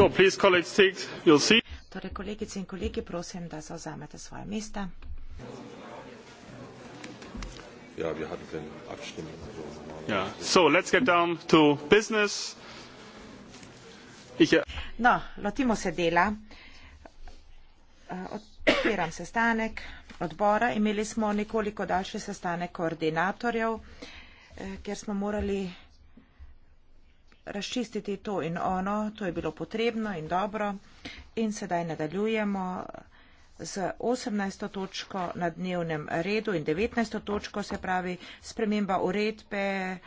Torej, kolegice in kolegi, prosim, da zauzamete svoje mesta. Ja, ja. äh, no, lotimo se dela. Äh, odpiram sestanek odbora. Imeli smo nekoliko daljši sestanek koordinatorjev, äh, kjer smo morali razčistiti to in ono, to je bilo potrebno in dobro. In sedaj nadaljujemo z 18. točko na dnevnem redu in 19. točko, se pravi sprememba uredbe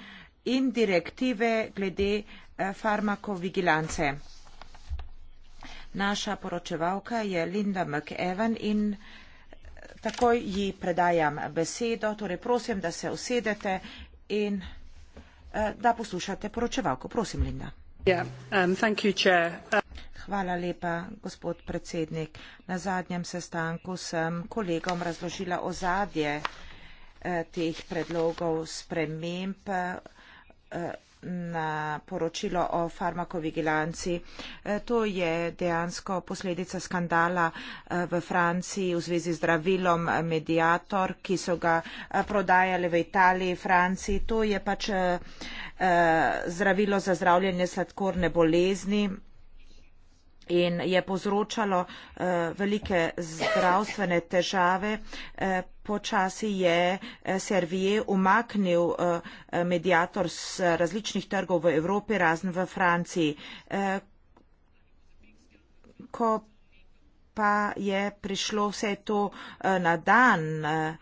in direktive glede eh, farmakovigilance. Naša poročevalka je Linda McEwan in eh, takoj ji predajam besedo, torej prosim, da se usedete in Eh, da poslušate poročevalko. Prosim, Linda. Yeah, um, Hvala lepa, gospod predsednik. Na zadnjem sestanku sem kolegom razložila ozadje eh, teh predlogov sprememb. Eh, na poročilo o farmakovigilanci. E, to je dejansko posledica skandala e, v Franciji v zvezi z zdravilom e, Mediator, ki so ga prodajali v Italiji, Franciji. To je pač zdravilo za zdravljenje sladkorne bolezni in je povzročalo uh, velike zdravstvene težave. Uh, počasi je eh, Servier umaknil uh, medijator z različnih trgov v Evropi, razen v Franciji. Uh, ko pa je prišlo vse to uh, na dan, uh,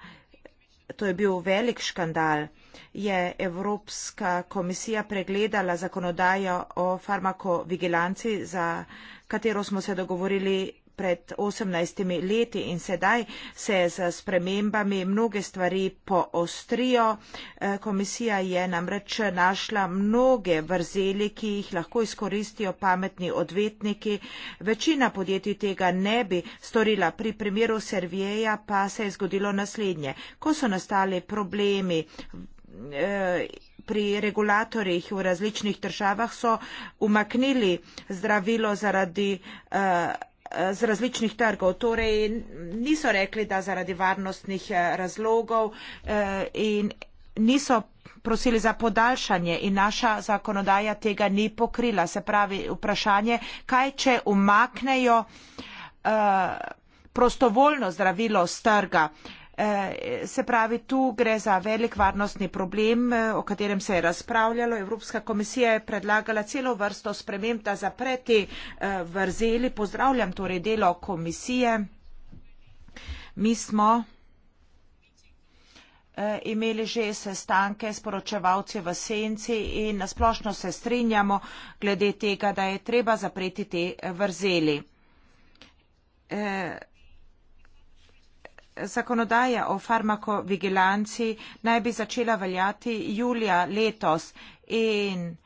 to je bil velik škandal je Evropska komisija pregledala zakonodajo o farmakovigilanci, za katero smo se dogovorili pred 18 leti in sedaj se z spremembami mnoge stvari poostrijo. Eh, komisija je namreč našla mnoge vrzeli, ki jih lahko izkoristijo pametni odvetniki. Večina podjetij tega ne bi storila. Pri primeru Servijeja pa se je zgodilo naslednje. Ko so nastali problemi, Eh, pri regulatorjih v različnih državah so umaknili zdravilo zaradi eh, z različnih trgov. Torej niso rekli, da zaradi varnostnih eh, razlogov in niso prosili za podaljšanje in naša zakonodaja tega ni pokrila. Se pravi vprašanje, kaj če umaknejo prostovoljno zdravilo z trga. Eh, se pravi, tu gre za velik varnostni problem, eh, o katerem se je razpravljalo. Evropska komisija je predlagala celo vrsto sprememb, da zapreti eh, vrzeli. Pozdravljam torej delo komisije. Mi smo imeli že sestanke s poročevalci v senci in nasplošno se strinjamo glede tega, da je treba zapreti te vrzeli. Zakonodaja o farmakovigilanci naj bi začela veljati julija letos in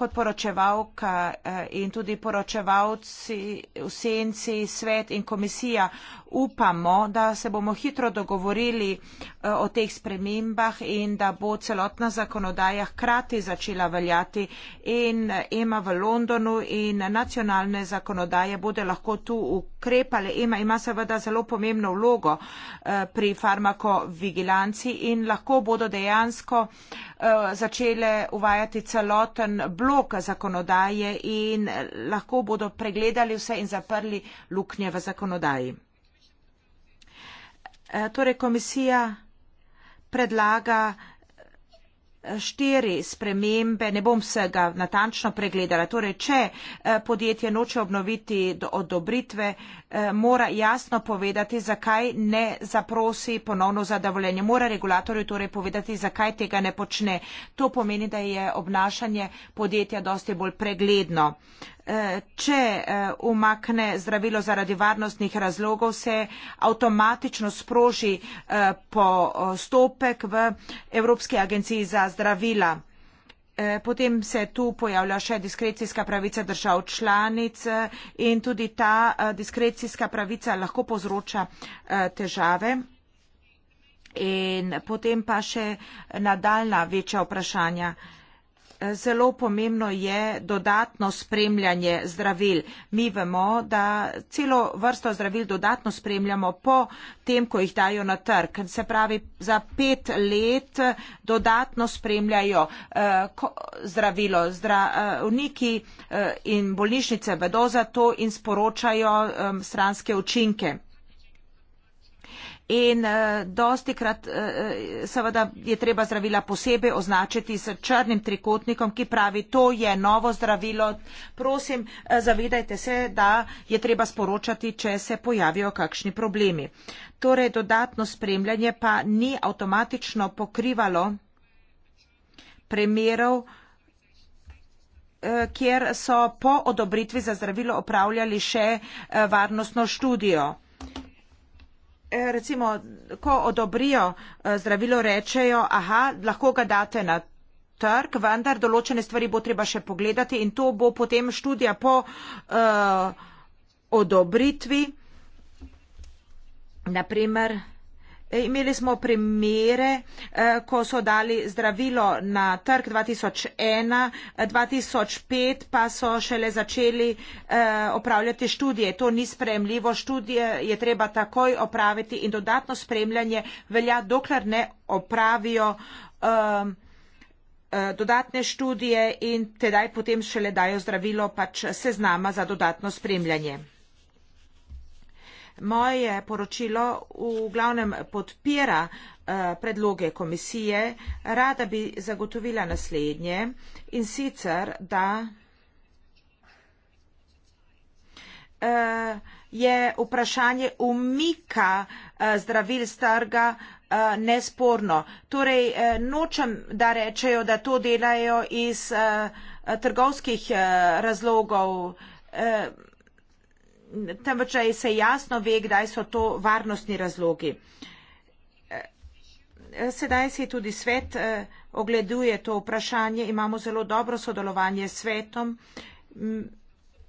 kot poročevalka eh, in tudi poročevalci v senci, svet in komisija upamo, da se bomo hitro dogovorili Eh, o teh spremembah in da bo celotna zakonodaja hkrati začela veljati in eh, EMA v Londonu in nacionalne zakonodaje bodo lahko tu ukrepali. EMA ima seveda zelo pomembno vlogo eh, pri farmakovigilanci in lahko bodo dejansko začele uvajati celoten blok zakonodaje in lahko bodo pregledali vse in zaprli luknje v zakonodaji. Torej, komisija predlaga eh, štiri spremembe, ne bom vsega natančno pregledala. Torej, če eh, podjetje noče obnoviti do odobritve, Eh, mora jasno povedati, zakaj ne zaprosi ponovno zadovoljenje. Mora regulatorju torej povedati, zakaj tega ne počne. To pomeni, da je obnašanje podjetja dosti bolj pregledno. Eh, če eh, umakne zdravilo zaradi varnostnih razlogov, se avtomatično sproži postopek v Evropski agenciji za zdravila. Eh, potem se tu pojavlja še diskrecijska pravica držav članic eh, in tudi ta eh, diskrecijska pravica lahko povzroča težave. In potem pa še nadaljna večja vprašanja zelo pomembno je dodatno spremljanje zdravil. Mi vemo, da celo vrsto zdravil dodatno spremljamo po tem, ko jih dajo na trg. Se pravi, za pet let dodatno spremljajo eh, zdravilo. Zdravniki eh, eh, in bolnišnice vedo za to in sporočajo eh, stranske učinke. In uh, eh, dosti krat uh, eh, eh, seveda je treba zdravila posebej označiti s črnim trikotnikom, ki pravi, to je novo zdravilo. Prosim, uh, zavedajte se, da je treba sporočati, če se pojavijo kakšni problemi. Torej, dodatno spremljanje pa ni avtomatično pokrivalo primerov, uh, kjer so po odobritvi za zdravilo opravljali še uh, varnostno študijo. Eh, recimo, ko odobrijo eh, zdravilo, rečejo, aha, lahko ga date na trg, vendar določene stvari bo treba še pogledati in to bo potem študija po uh, odobritvi. Naprimer, Eh, imeli smo primere, eh, ko so dali zdravilo na trg 2001, 2005 eh, pa so šele začeli opravljati študije. To ni spremljivo, študije je treba takoj opraviti in dodatno spremljanje velja, dokler ne opravijo dodatne študije in tedaj potem šele dajo zdravilo pač seznama za dodatno spremljanje moje poročilo v glavnem podpira eh, predloge komisije, rada bi zagotovila naslednje in sicer, da eh, je vprašanje umika eh, zdravil z trga nesporno. Torej, nočem, da rečejo, da to delajo iz trgovskih razlogov temveč je se jasno ve, kdaj so to varnostni razlogi. E, sedaj si tudi svet e, ogleduje to vprašanje, imamo zelo dobro sodelovanje s svetom.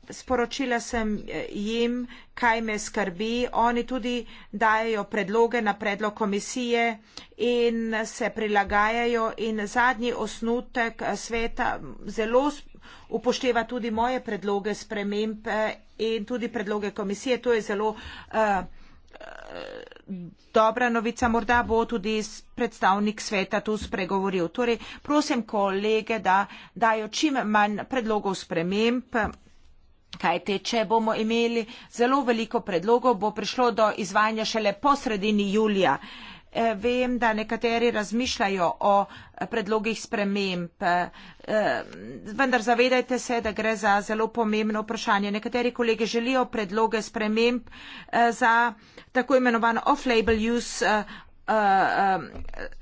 Sporočila sem e, jim, kaj me skrbi. Oni tudi dajo predloge na predlog komisije in se prilagajajo. In zadnji osnutek sveta zelo upošteva tudi moje predloge sprememb eh, in tudi predloge komisije. To je zelo eh, eh, dobra novica, morda bo tudi predstavnik sveta tu spregovoril. Torej, prosim kolege, da dajo čim manj predlogov sprememb, kajte, če bomo imeli zelo veliko predlogov, bo prišlo do izvajanja šele po sredini julija. Uh, Eh, vem, da nekateri razmišljajo o predlogih sprememb, eh, vendar zavedajte se, da gre za zelo pomembno vprašanje. Nekateri kolege želijo predloge sprememb eh, za tako imenovan off-label use Eh, eh,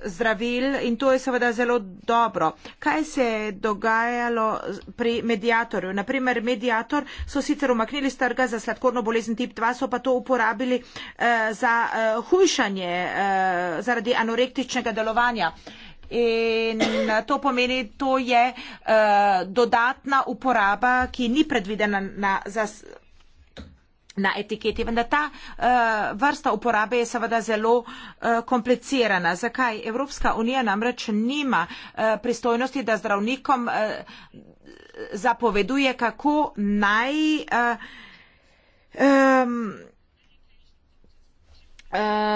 zdravil in to je seveda zelo dobro. Kaj se je dogajalo pri medijatorju? Naprimer, medijator so sicer umaknili strga za sladkorno bolezen tip 2, so pa to uporabili uh, za uh, hujšanje uh, zaradi anorektičnega delovanja. In to pomeni, to je uh, dodatna uporaba, ki ni predvidena na, za na etiketi. Vendar ta uh, vrsta uporabe je seveda zelo uh, komplicirana. Zakaj? Evropska unija namreč nima uh, pristojnosti, da zdravnikom uh, zapoveduje, kako naj. Uh,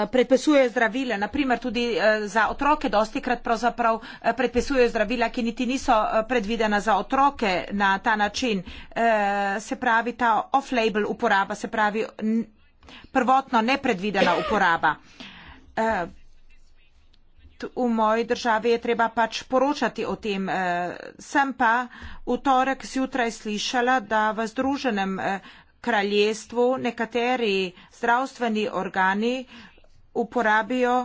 predpisujejo zdravila, naprimer tudi eh, za otroke, dosti krat pravzaprav eh, predpisujejo zdravila, ki niti niso eh, predvidena za otroke na ta način. Se pravi, ta off-label uporaba, se pravi, prvotno nepredvidena uporaba. V moji državi je treba pač poročati o tem. Sem pa v torek zjutraj slišala, da v združenem kraljestvu nekateri zdravstveni organi uporabijo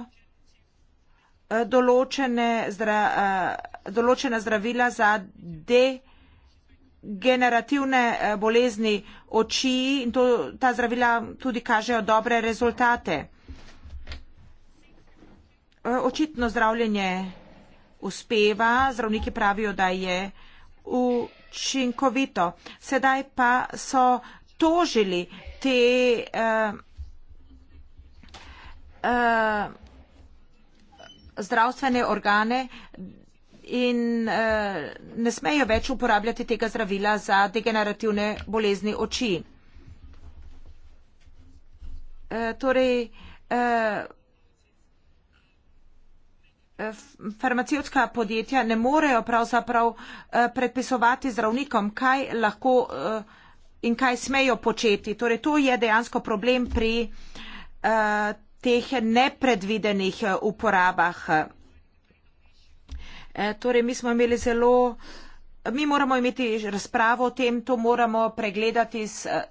eh, določene, zdra, eh, določena zdravila za degenerativne eh, bolezni oči in to, ta zdravila tudi kažejo dobre rezultate. Očitno zdravljenje uspeva, zdravniki pravijo, da je učinkovito. Sedaj pa so tožili te eh, uh, zdravstvene organe in uh, ne smejo več uporabljati tega zdravila za degenerativne bolezni oči. Uh, torej, uh, farmacijska podjetja ne morejo pravzaprav uh, predpisovati zdravnikom, kaj lahko uh, in kaj smejo početi. Torej, to je dejansko problem pri uh, teh nepredvidenih eh, uporabah. Eh, torej, mi smo imeli zelo, mi moramo imeti razpravo o tem, to moramo pregledati s eh,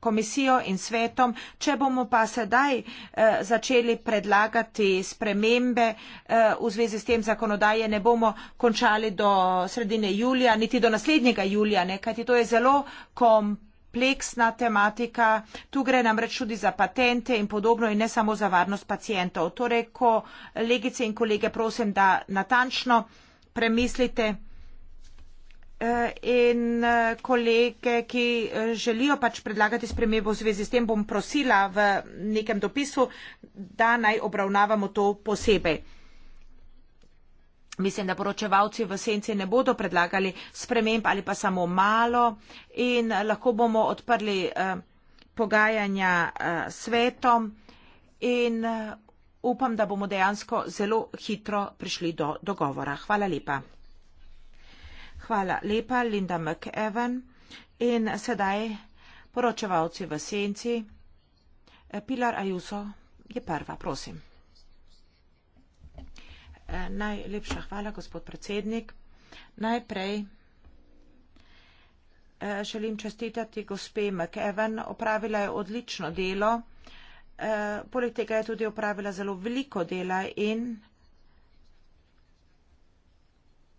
komisijo in svetom. Če bomo pa sedaj eh, začeli predlagati spremembe eh, v zvezi s tem zakonodaje, ne bomo končali do sredine julija, niti do naslednjega julija, ne, kajti to je zelo kompleksno kompleksna tematika, tu gre namreč tudi za patente in podobno in ne samo za varnost pacijentov. Torej, ko legice in kolege prosim, da natančno premislite eh, in eh, kolege, ki eh, želijo pač predlagati spremembo v zvezi s tem, bom prosila v nekem dopisu, da naj obravnavamo to posebej. Mislim, da poročevalci v senci ne bodo predlagali sprememb ali pa samo malo in eh, lahko bomo odprli eh, pogajanja eh, svetom in upam, da bomo dejansko zelo hitro prišli do dogovora. Hvala lepa. Hvala lepa, Linda McEwen. In sedaj poročevalci v senci. Pilar Ajuso je prva, prosim. Najlepša hvala, gospod predsednik. Najprej eh, želim čestitati gospe McEwen. Opravila je odlično delo. Eh, poleg tega je tudi opravila zelo veliko dela in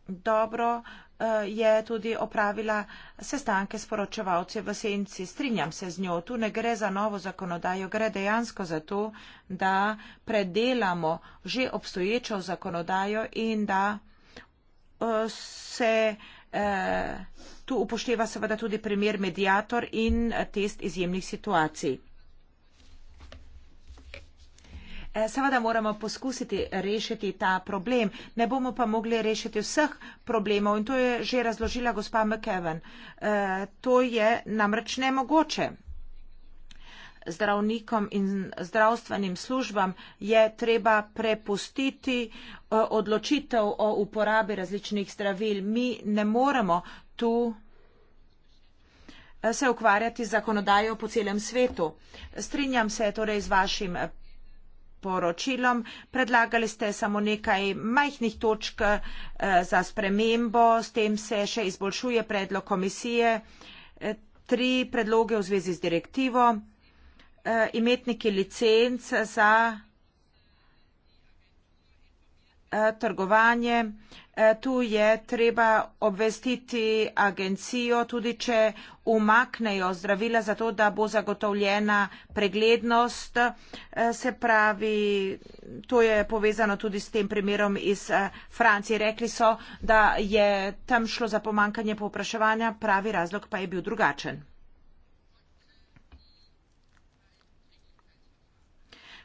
dobro eh, je tudi opravila sestanke s poročevalci v senci. Strinjam se z njo, tu ne gre za novo zakonodajo, gre dejansko za to, da predelamo že obstoječo zakonodajo in da eh, se eh, tu upošteva seveda tudi primer medijator in test izjemnih situacij. Seveda moramo poskusiti rešiti ta problem. Ne bomo pa mogli rešiti vseh problemov in to je že razložila gospa McKeven. E, to je namreč nemogoče. Zdravnikom in zdravstvenim službam je treba prepustiti e, odločitev o uporabi različnih zdravil. Mi ne moremo tu e, se ukvarjati z zakonodajo po celem svetu. Strinjam se torej z vašim poročilom. Predlagali ste samo nekaj majhnih točk eh, za spremembo, s tem se še izboljšuje predlog komisije. Eh, tri predloge v zvezi z direktivo. Eh, imetniki licenc za trgovanje Eh, tu je treba obvestiti agencijo, tudi če umaknejo zdravila za to, da bo zagotovljena preglednost, eh, se pravi, to je povezano tudi s tem primerom iz eh, Francije. Rekli so, da je tam šlo za pomankanje povpraševanja, pravi razlog pa je bil drugačen.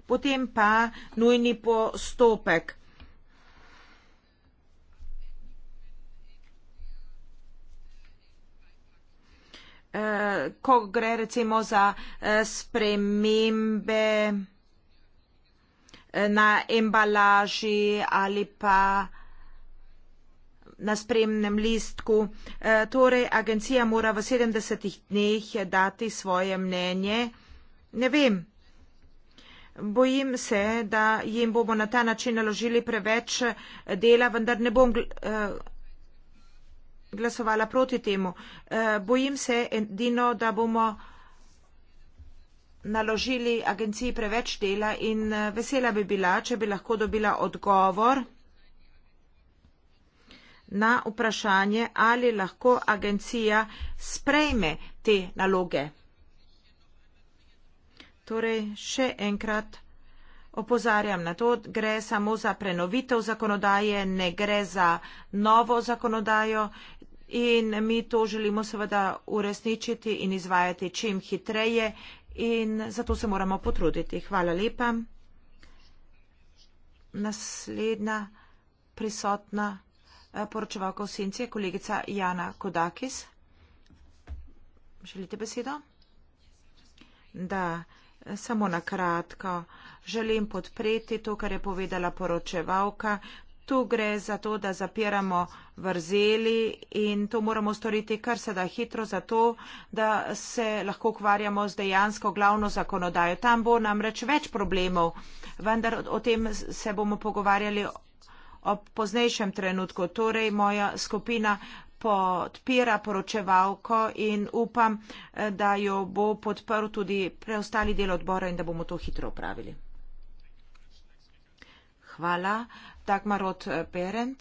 Potem pa nujni postopek. eh, ko gre recimo za eh, spremembe eh, na embalaži ali pa na spremnem listku. Eh, torej, agencija mora v 70 dneh dati svoje mnenje. Ne vem. Bojim se, da jim bomo na ta način naložili preveč eh, dela, vendar ne bom. Eh, glasovala proti temu. Eh, bojim se edino, da bomo naložili agenciji preveč dela in eh, vesela bi bila, če bi lahko dobila odgovor na vprašanje, ali lahko agencija sprejme te naloge. Torej, še enkrat opozarjam na to, gre samo za prenovitev zakonodaje, ne gre za novo zakonodajo in mi to želimo seveda uresničiti in izvajati čim hitreje in zato se moramo potruditi. Hvala lepa. Naslednja prisotna eh, poročevalka v senci je kolegica Jana Kodakis. Želite besedo? Da, samo na kratko. Želim podpreti to, kar je povedala poročevalka. Tu gre za to, da zapiramo vrzeli in to moramo storiti kar se da hitro, zato da se lahko ukvarjamo z dejansko glavno zakonodajo. Tam bo namreč več problemov, vendar o tem se bomo pogovarjali ob poznejšem trenutku. Torej, moja skupina podpira poročevalko in upam, da jo bo podprl tudi preostali del odbora in da bomo to hitro upravili hvala. Dagmar od eh, Berend.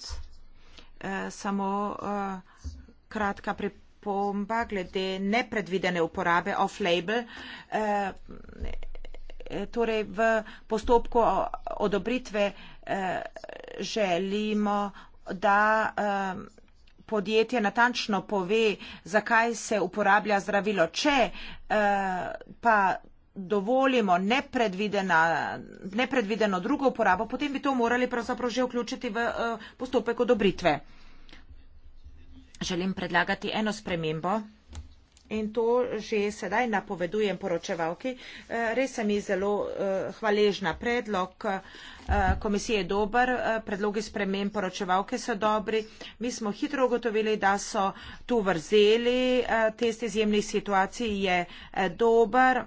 Eh, samo eh, kratka pripomba glede nepredvidene uporabe off-label. Torej v postopku odobritve želimo, da podjetje natančno pove, zakaj se uporablja zdravilo. Če pa dovolimo nepredvideno drugo uporabo, potem bi to morali pravzaprav že vključiti v eh, postopek odobritve. Želim predlagati eno spremembo in to že sedaj napovedujem poročevalki. Eh, res sem jih zelo eh, hvaležna. Predlog komisije je dober, predlogi sprememb poročevalke so dobri. Mi smo hitro ugotovili, da so tu vrzeli test izjemnih situacij, je dober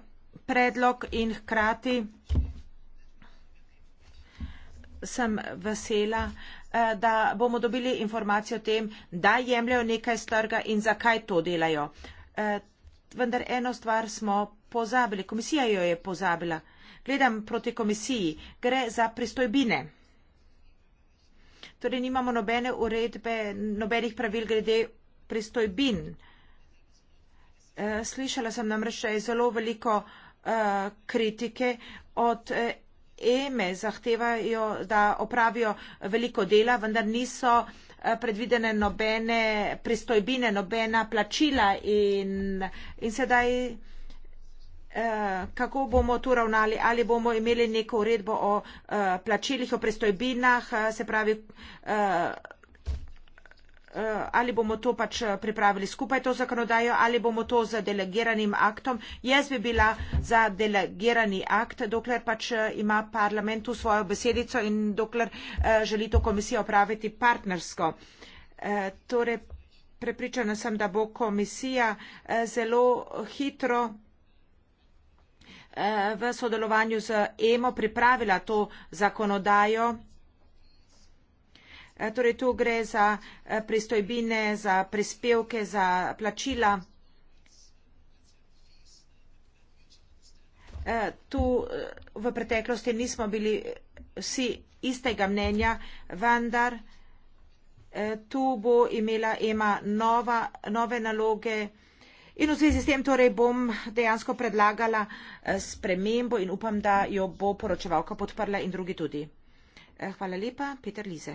predlog in hkrati sem vesela, eh, da bomo dobili informacijo o tem, da jemljajo nekaj z trga in zakaj to delajo. Eh, vendar eno stvar smo pozabili, komisija jo je pozabila. Gledam proti komisiji, gre za pristojbine. Torej nimamo nobene uredbe, nobenih pravil glede pristojbin. Eh, slišala sem namreč, da je zelo veliko Eh, kritike od eh, EME, zahtevajo, da opravijo veliko dela, vendar niso eh, predvidene nobene pristojbine, nobena plačila in, in sedaj kako bomo tu ravnali, ali bomo imeli neko uredbo o plačilih, o pristojbinah, se pravi, Eh, ali bomo to pač eh, pripravili skupaj to zakonodajo ali bomo to z delegiranim aktom. Jaz bi bila za delegirani akt, dokler pač eh, ima parlament tu svojo besedico in dokler želi to komisijo opraviti partnersko. Torej, prepričana sem, da bo komisija zelo hitro v sodelovanju z EMO pripravila to zakonodajo Eh, torej, tu gre za eh, pristojbine, za prispevke, za plačila. Eh, tu v preteklosti nismo bili vsi istega mnenja, vendar tu bo imela EMA nova, nove naloge in v zvezi s tem torej bom dejansko predlagala spremembo in upam, da jo bo poročevalka podprla in drugi tudi. Hvala lepa, Peter Lize.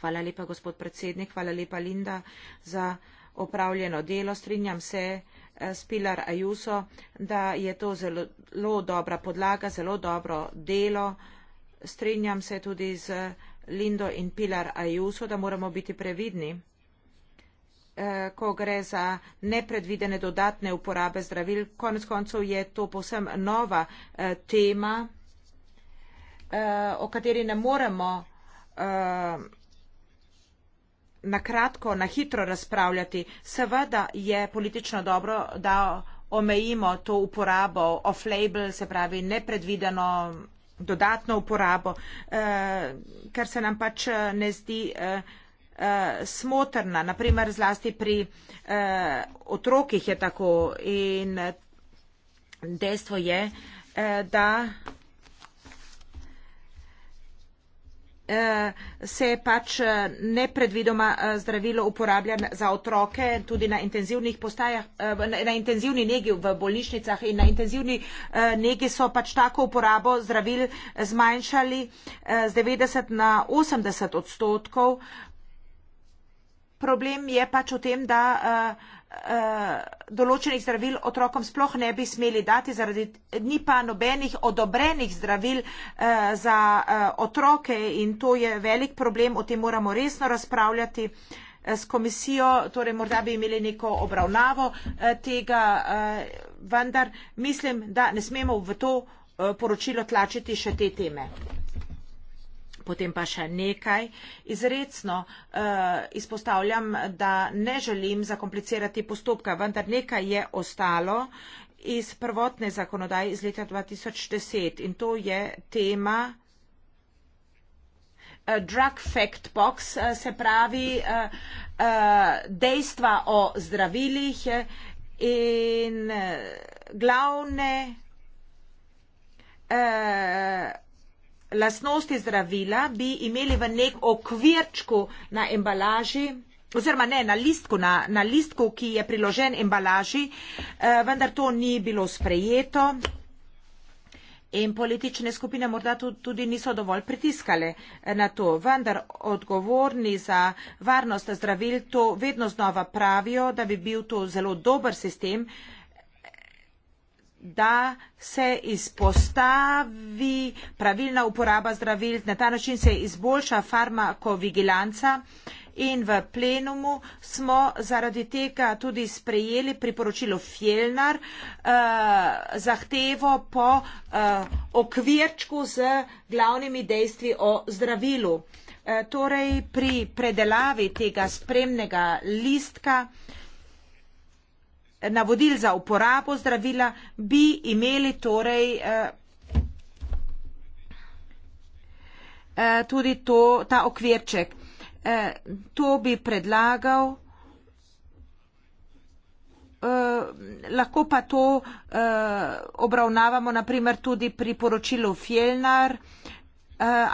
Hvala lepa, gospod predsednik. Hvala lepa, Linda, za opravljeno delo. Strinjam se eh, s Pilar Ajuso, da je to zelo, zelo dobra podlaga, zelo dobro delo. Strinjam se tudi z Lindo in Pilar Ajuso, da moramo biti previdni, eh, ko gre za nepredvidene dodatne uporabe zdravil. Konec koncev je to povsem nova eh, tema, o kateri ne moremo na kratko, na hitro razpravljati. Seveda je politično dobro, da omejimo to uporabo off-label, se pravi nepredvideno dodatno uporabo, eh, ker se nam pač eh, ne zdi eh, eh, smotrna. Naprimer, zlasti pri eh, otrokih je tako in eh, dejstvo je, eh, da. Eh, se pač eh, nepredvidoma eh, zdravilo uporablja za otroke tudi na intenzivnih postajah, na intenzivni negi v bolnišnicah in na intenzivni negi so pač tako uporabo zdravil zmanjšali z 90 na 80 odstotkov. Problem je pač v tem, da uh, Eh, določenih zdravil otrokom sploh ne bi smeli dati, zaradi ni pa nobenih odobrenih zdravil eh, za eh, otroke in to je velik problem, o tem moramo resno razpravljati s komisijo, torej morda bi imeli neko obravnavo tega, vendar mislim, da ne smemo v to poročilo tlačiti še te teme. Potem pa še nekaj. Izredno uh, eh, izpostavljam, da ne želim zakomplicirati postopka, vendar nekaj je ostalo iz prvotne zakonodaje iz leta 2010 in to je tema. Eh, drug fact box, eh, se pravi dejstva o zdravilih in glavne lastnosti zdravila bi imeli v nek okvirčku na embalaži, oziroma ne na listku, na, na listku, ki je priložen embalaži, eh, vendar to ni bilo sprejeto in politične skupine morda tudi niso dovolj pritiskale eh, na to. Vendar odgovorni za varnost zdravil to vedno znova pravijo, da bi bil to zelo dober sistem, da se izpostavi pravilna uporaba zdravil, na ta način se izboljša farmakovigilanca in v plenumu smo zaradi tega tudi sprejeli priporočilo Fjellnar eh, zahtevo po eh, okvirčku z glavnimi dejstvi o zdravilu. Eh, torej pri predelavi tega spremnega listka navodil za uporabo zdravila, bi imeli torej eh, eh, tudi to, ta okvirček. Eh, to bi predlagal. Uh, lahko pa to uh, obravnavamo naprimer tudi pri poročilu Fjellnar uh,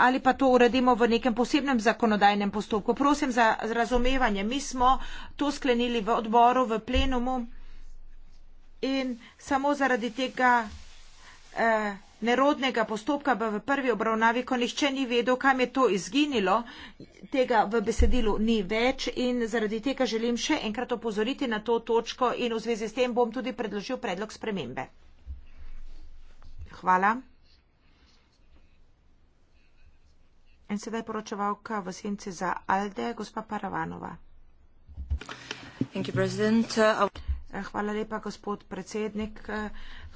ali pa to uredimo v nekem posebnem zakonodajnem postopku. Prosim za razumevanje. Mi smo to sklenili v odboru, v plenumu in samo zaradi tega eh, nerodnega postopka v prvi obravnavi, ko nihče ni vedel, kam je to izginilo, tega v besedilu ni več in zaradi tega želim še enkrat opozoriti na to točko in v zvezi s tem bom tudi predložil predlog spremembe. Hvala. In sedaj poročevalka v senci za Alde, gospa Paravanova. Thank you, President. Uh, Hvala lepa, gospod predsednik.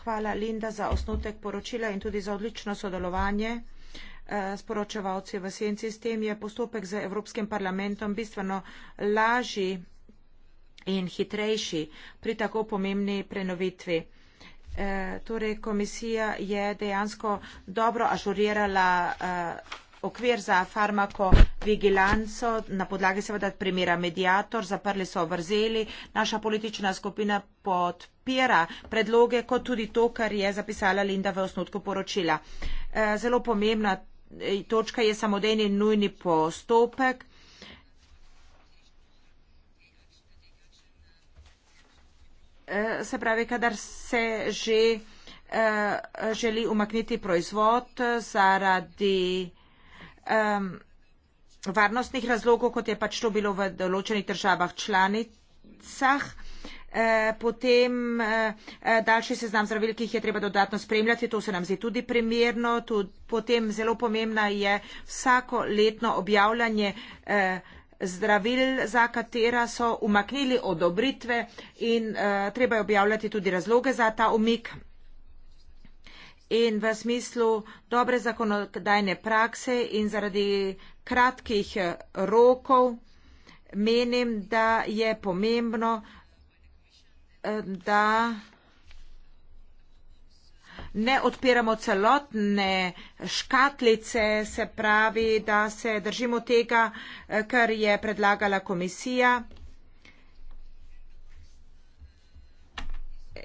Hvala, Linda, za osnutek poročila in tudi za odlično sodelovanje eh, s poročevalci v senci. S tem je postopek z Evropskim parlamentom bistveno lažji in hitrejši pri tako pomembni prenovitvi. Eh, torej, komisija je dejansko dobro ažurirala eh, okvir za farmakovigilanco, na podlagi seveda primera medijator, zaprli so vrzeli. Naša politična skupina podpira predloge, kot tudi to, kar je zapisala Linda v osnutku poročila. E, zelo pomembna e, točka je samodejni nujni postopek. E, se pravi, kadar se že želi umakniti proizvod zaradi um, varnostnih razlogov, kot je pač to bilo v določenih državah članicah. Eh, potem eh, eh, daljši seznam zdravil, ki jih je treba dodatno spremljati, to se nam zdi tudi primerno. Tud, potem zelo pomembna je vsako letno objavljanje zdravil, za katera so umaknili odobritve in treba je objavljati tudi razloge za ta omik in v smislu dobre zakonodajne prakse in zaradi kratkih eh, rokov menim, da je pomembno, eh, da ne odpiramo celotne škatlice, se pravi, da se držimo tega, eh, kar je predlagala komisija.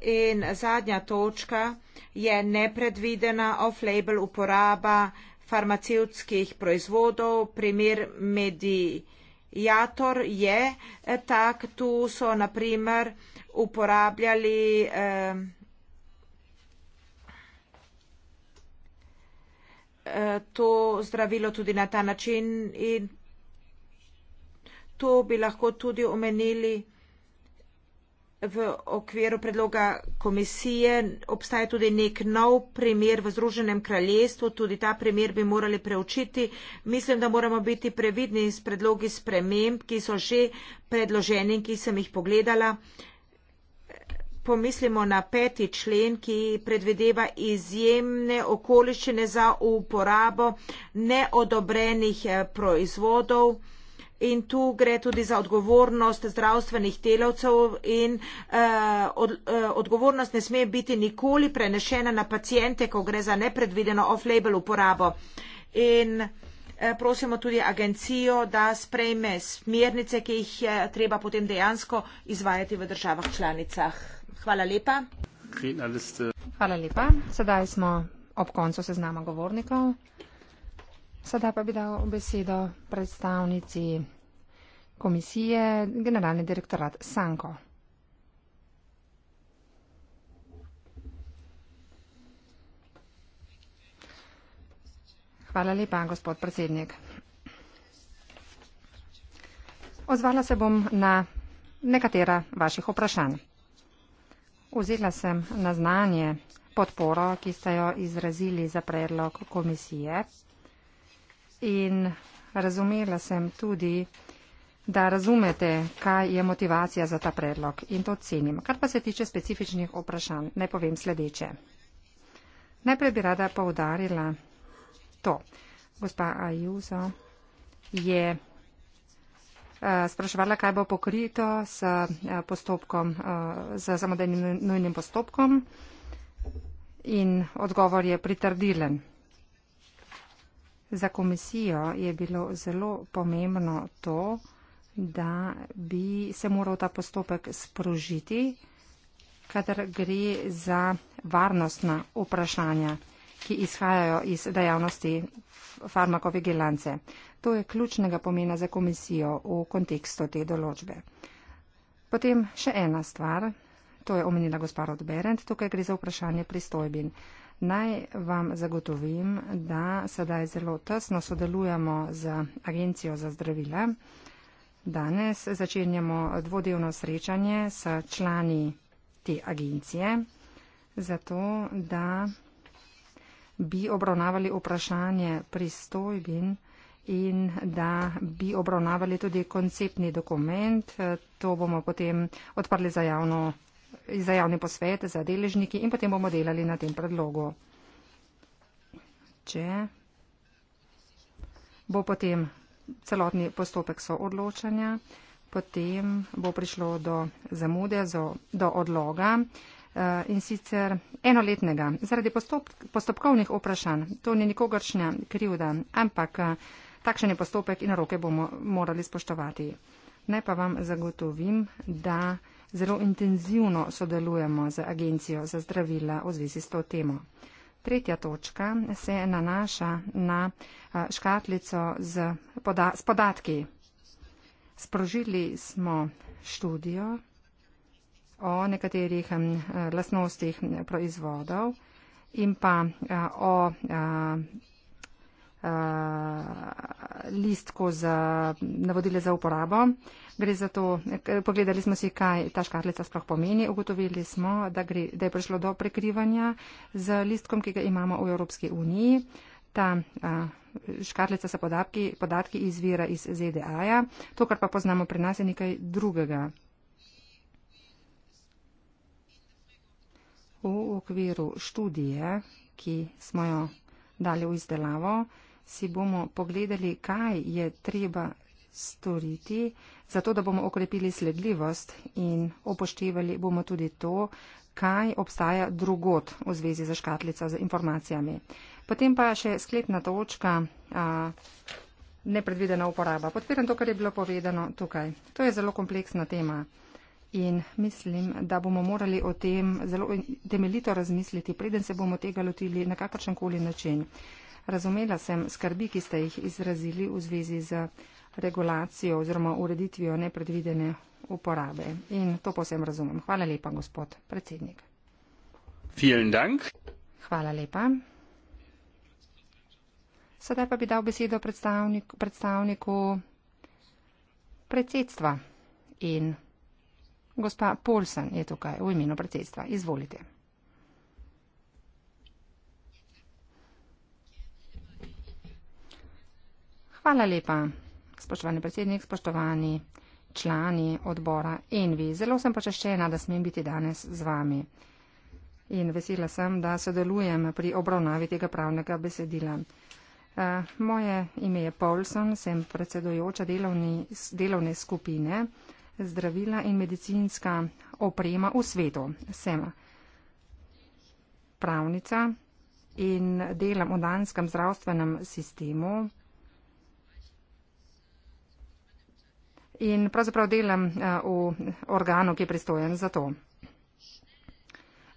in zadnja točka je nepredvidena off-label uporaba farmacevtskih proizvodov, primer medijator je eh, tak, tu so na primer uporabljali eh, eh, to zdravilo tudi na ta način in to bi lahko tudi omenili v okviru predloga komisije obstaja tudi nek nov primer v Združenem kraljestvu, tudi ta primer bi morali preučiti. Mislim, da moramo biti previdni s predlogi sprememb, ki so že predloženi in ki sem jih pogledala. Pomislimo na peti člen, ki predvedeva izjemne okoliščine za uporabo neodobrenih eh, proizvodov in tu gre tudi za odgovornost zdravstvenih delavcev in eh, eh, odgovornost ne sme biti nikoli prenešena na pacijente, ko gre za nepredvideno off-label uporabo. In eh, prosimo tudi agencijo, da sprejme smernice, ki jih je treba potem dejansko izvajati v državah članicah. Hvala lepa. Hvala lepa. Sedaj smo ob koncu seznama govornikov. Sedaj pa bi dal besedo predstavnici komisije, generalni direktorat Sanko. Hvala lepa, gospod predsednik. Ozvala se bom na nekatera vaših vprašanj. Vzela sem na znanje podporo, ki ste jo izrazili za predlog komisije in razumela sem tudi, da razumete, kaj je motivacija za ta predlog in to cenim. Kar pa se tiče specifičnih vprašanj, ne povem sledeče. Najprej bi rada poudarila to. Gospa Ajuso je eh, spraševala, kaj bo pokrito s eh, postopkom, eh, z samodejnim nujnim postopkom in odgovor je pritrdilen. Za komisijo je bilo zelo pomembno to, da bi se moral ta postopek sprožiti, kadar gre za varnostna vprašanja, ki izhajajo iz dejavnosti farmakovigilance. To je ključnega pomena za komisijo v kontekstu te določbe. Potem še ena stvar, to je omenila gospod Berend, tukaj gre za vprašanje pristojbin. Naj vam zagotovim, da sedaj zelo tesno sodelujemo z Agencijo za zdravile. Danes začenjamo dvodelno srečanje s člani te agencije, zato da bi obravnavali vprašanje pristojbin in da bi obravnavali tudi konceptni dokument. To bomo potem odprli za javno za javni posvet, za deležniki in potem bomo delali na tem predlogu. Če bo potem celotni postopek soodločanja, potem bo prišlo do zamude, do odloga eh, in sicer enoletnega. Zaradi postop, postopkovnih vprašanj, to ni nikogaršnja krivda, ampak eh, takšen je postopek in roke bomo morali spoštovati. Naj pa vam zagotovim, da zelo intenzivno sodelujemo z Agencijo za zdravila v zvezi s to temo. Tretja točka se nanaša na eh, škatlico z poda podatki. Sprožili smo študijo o nekaterih mm, eh, lasnostih mm, proizvodov in pa eh, o a, Eh, listko za navodile za uporabo. Gre za to, pogledali smo si, kaj ta škarlica sploh pomeni. Ugotovili smo, da, gre, da je prišlo do prekrivanja z listkom, ki ga imamo v Evropski uniji. Ta a, eh, škarlica sa podatki, podatki izvira iz ZDA-ja. To, kar pa poznamo pri nas, je nekaj drugega. V okviru študije, ki smo jo dali v izdelavo, si bomo pogledali, kaj je treba storiti, zato da bomo okrepili sledljivost in upoštevali bomo tudi to, kaj obstaja drugot v zvezi za škatlico z informacijami. Potem pa še sklepna točka, a, nepredvidena uporaba. Podpiram to, kar je bilo povedano tukaj. To je zelo kompleksna tema in mislim, da bomo morali o tem zelo temeljito razmisliti, preden se bomo tega lotili na kakršen koli način. Razumela sem skrbi, ki ste jih izrazili v zvezi z regulacijo oziroma ureditvijo nepredvidene uporabe. In to posem razumem. Hvala lepa, gospod predsednik. Hvala lepa. Sedaj pa bi dal besedo predstavnik, predstavniku predsedstva. In gospa Polsen je tukaj v imenu predsedstva. Izvolite. Hvala lepa, spoštovani predsednik, spoštovani člani odbora Envi. Zelo sem počaščena, da smem biti danes z vami. In vesela sem, da sodelujem pri obravnavi tega pravnega besedila. Eh, moje ime je Paulson, sem predsedojoča delovni, delovne skupine zdravila in medicinska oprema v svetu. Sem pravnica in delam v danskem zdravstvenem sistemu. in pravzaprav delam eh, v organu, ki je pristojen za to.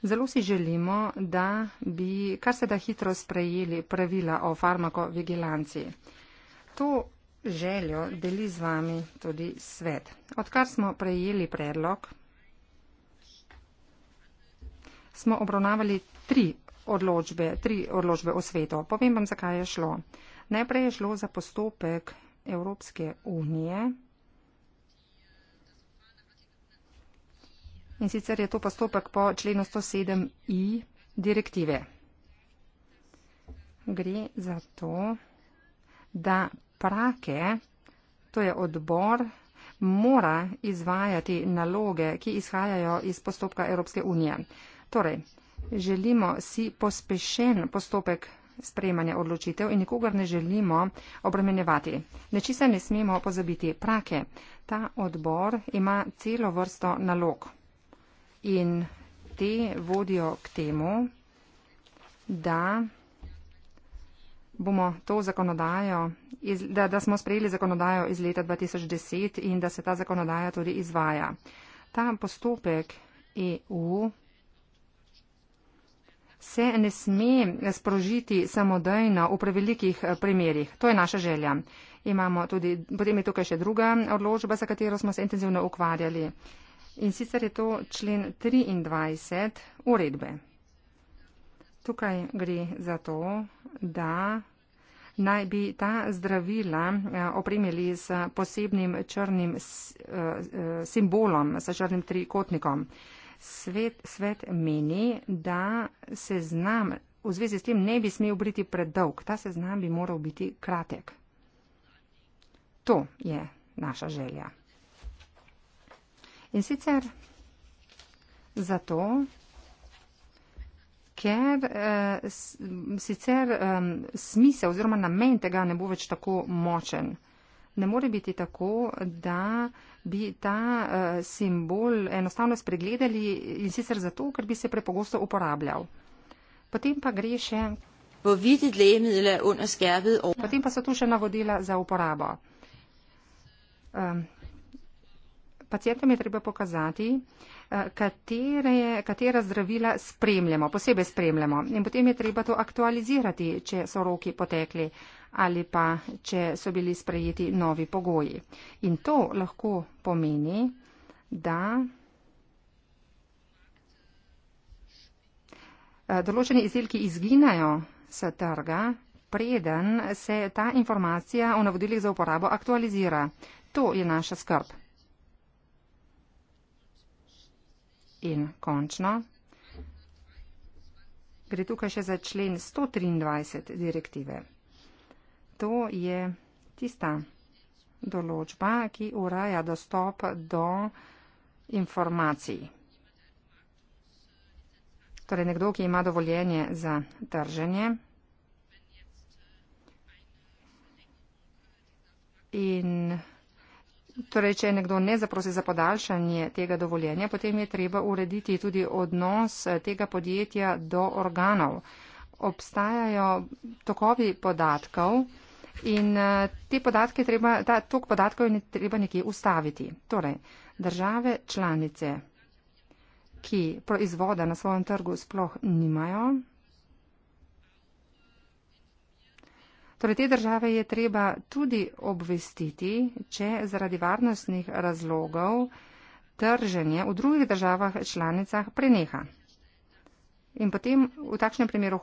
Zelo si želimo, da bi kar se da hitro sprejeli pravila o farmakovigilanciji. To željo deli z vami tudi svet. Odkar smo prejeli predlog, smo obravnavali tri odločbe, tri odločbe o svetu. Povem vam, zakaj je šlo. Najprej je šlo za postopek Evropske unije. in sicer je to postopek po členu 107i direktive. Gre za to, da prake, to je odbor, mora izvajati naloge, ki izhajajo iz postopka Evropske unije. Torej, želimo si pospešen postopek sprejmanja odločitev in nikogar ne želimo obremenjevati. Nečisa ne smemo pozabiti prake. Ta odbor ima celo vrsto nalog. In te vodijo k temu, da bomo to zakonodajo, iz, da, da smo sprejeli zakonodajo iz leta 2010 in da se ta zakonodaja tudi izvaja. Ta postopek EU se ne sme sprožiti samodejno v prevelikih eh, primerjih. To je naša želja. Tudi, potem je tukaj še druga odložba, za katero smo se intenzivno ukvarjali. In sicer je to člen 23 uredbe. Tukaj gre za to, da naj bi ta zdravila eh, opremili s posebnim črnim eh, eh, simbolom, s črnim trikotnikom. Svet, svet meni, da se znam v zvezi s tem ne bi smel biti predolg. Ta seznam bi moral biti kratek. To je naša želja. In sicer zato, ker eh, sicer eh, smisel oziroma namen tega ne bo več tako močen. Ne more biti tako, da bi ta eh, simbol enostavno spregledali in sicer zato, ker bi se prepogosto uporabljal. Potem pa gre še. Er Potem pa so tu še navodila za uporabo. Um, pacijentom je treba pokazati, eh, katere, katera zdravila spremljamo, posebej spremljamo. In potem je treba to aktualizirati, če so roki potekli ali pa če so bili sprejeti novi pogoji. In to lahko pomeni, da eh, določeni izdelki izginajo s trga, preden se ta informacija o navodilih za uporabo aktualizira. To je naša skrb. In končno, gre tukaj še za člen 123 direktive. To je tista določba, ki uraja dostop do informacij. Torej, nekdo, ki ima dovoljenje za trženje in Torej, če nekdo ne zaprosi za podaljšanje tega dovoljenja, potem je treba urediti tudi odnos eh, tega podjetja do organov. Obstajajo tokovi podatkov in eh, te podatke treba, ta tok podatkov je treba nekje ustaviti. Torej, države članice, ki proizvoda na svojem trgu sploh nimajo, Torej, te države je treba tudi obvestiti, če zaradi varnostnih razlogov trženje v drugih državah članicah preneha. In potem v takšnem primeru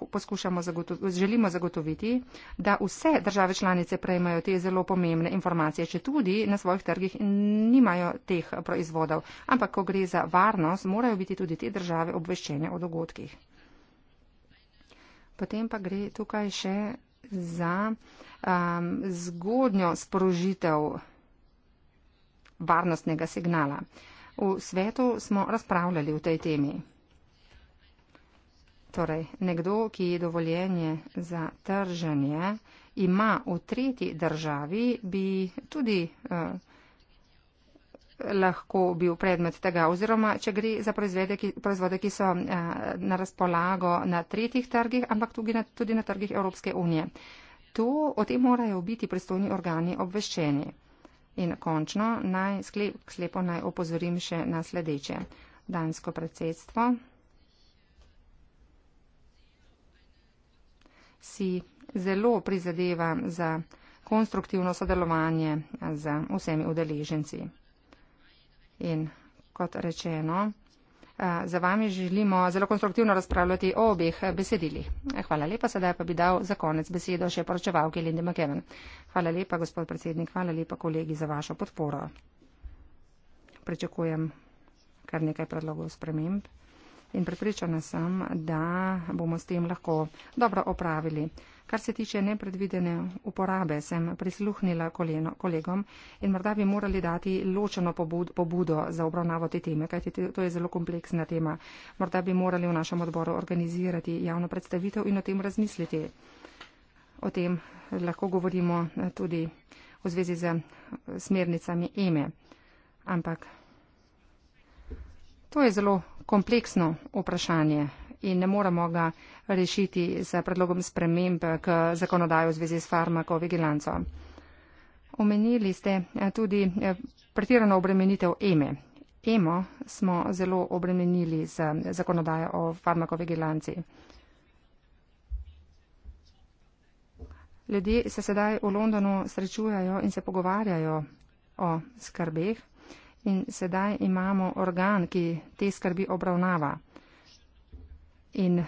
zagotov, želimo zagotoviti, da vse države članice prejmajo te zelo pomembne informacije, če tudi na svojih trgih nimajo teh proizvodov. Ampak, ko gre za varnost, morajo biti tudi te države obveščene o dogodkih. Potem pa gre tukaj še za um, zgodnjo sporožitev varnostnega signala. V svetu smo razpravljali o tej temi. Torej, nekdo, ki je dovoljenje za trženje, ima v tretji državi, bi tudi uh, lahko bil predmet tega oziroma če gre za proizvode, ki, proizvode, ki so eh, na razpolago na tretjih trgih, ampak tudi na, tudi na trgih Evropske unije. To, o tem morajo biti pristojni organi obveščeni. In končno, naj, sklep, sklepo naj opozorim še na sledeče. Dansko predsedstvo si zelo prizadeva za konstruktivno sodelovanje z vsemi udeleženci. In kot rečeno, eh, za vami želimo zelo konstruktivno razpravljati o obeh besedilih. Eh, hvala lepa, sedaj pa bi dal za konec besedo še poročevalki Linde McKeven. Hvala lepa, gospod predsednik, hvala lepa kolegi za vašo podporo. Pričakujem kar nekaj predlogov sprememb. In pripričana sem, da bomo s tem lahko dobro opravili. Kar se tiče nepredvidene uporabe, sem prisluhnila koleno, kolegom in morda bi morali dati ločeno pobud, pobudo za obravnavo te teme, kajti to je zelo kompleksna tema. Morda bi morali v našem odboru organizirati javno predstavitev in o tem razmisliti. O tem lahko govorimo eh, tudi v zvezi z eh, smernicami EME. E. Ampak to je zelo kompleksno vprašanje in ne moremo ga rešiti z predlogom sprememb k zakonodaju v zvezi s farmakovigilanco. Omenili ste eh, tudi eh, pretirano obremenitev EME. EMO smo zelo obremenili z eh, zakonodajo o farmakovigilanci. Ljudje se sedaj v Londonu srečujajo in se pogovarjajo o skrbeh in sedaj imamo organ, ki te skrbi obravnava. In uh,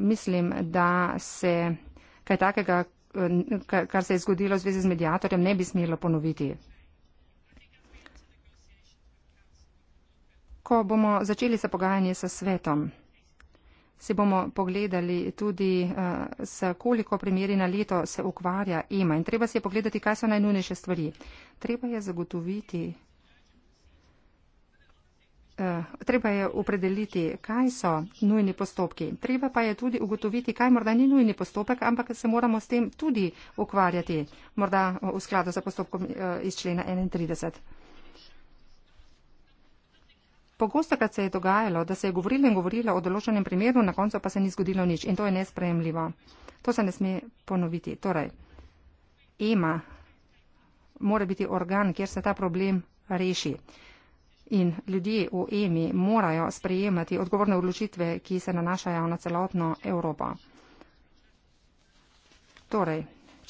mislim, da se kaj takega, eh, kar se je zgodilo v zvezi z medijatorjem, ne bi smelo ponoviti. Ko bomo začeli sa pogajanje sa svetom, si bomo pogledali tudi, uh, s koliko primeri na leto se ukvarja EMA in treba si je pogledati, kaj so najnujnejše stvari. Treba je zagotoviti Eh, treba je opredeliti, kaj so nujni postopki. Treba pa je tudi ugotoviti, kaj morda ni nujni postopek, ampak se moramo s tem tudi ukvarjati, morda eh, v skladu za postopkom eh, iz člena 31. Pogosto krat se je dogajalo, da se je govorilo in govorilo o določenem primeru, na koncu pa se ni zgodilo nič in to je nespremljivo. To se ne sme ponoviti. Torej, EMA mora biti organ, kjer se ta problem reši. In ljudje v EMI morajo sprejemati odgovorne odločitve, ki se nanašajo na celotno Evropo. Torej,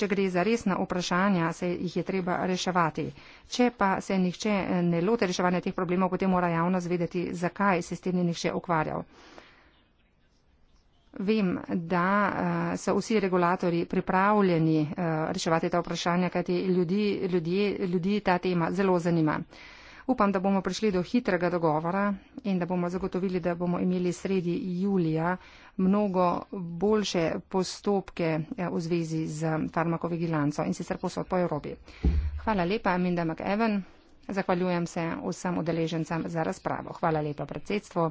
če gre za resna vprašanja, se jih je treba reševati. Če pa se nihče ne lote reševanja teh problemov, potem mora javnost vedeti, zakaj se s tem ni nihče ukvarjal. Vem, da eh, so vsi regulatori pripravljeni eh, reševati ta vprašanja, kajti ljudi, ljudi, ljudi ta tema zelo zanima. Upam, da bomo prišli do hitrega dogovora in da bomo zagotovili, da bomo imeli sredi julija mnogo boljše postopke eh, v zvezi z farmakovigilanco in sicer posod po Evropi. Hvala lepa, Minda McEwen. Zahvaljujem se vsem udeležencem za razpravo. Hvala lepa predsedstvo.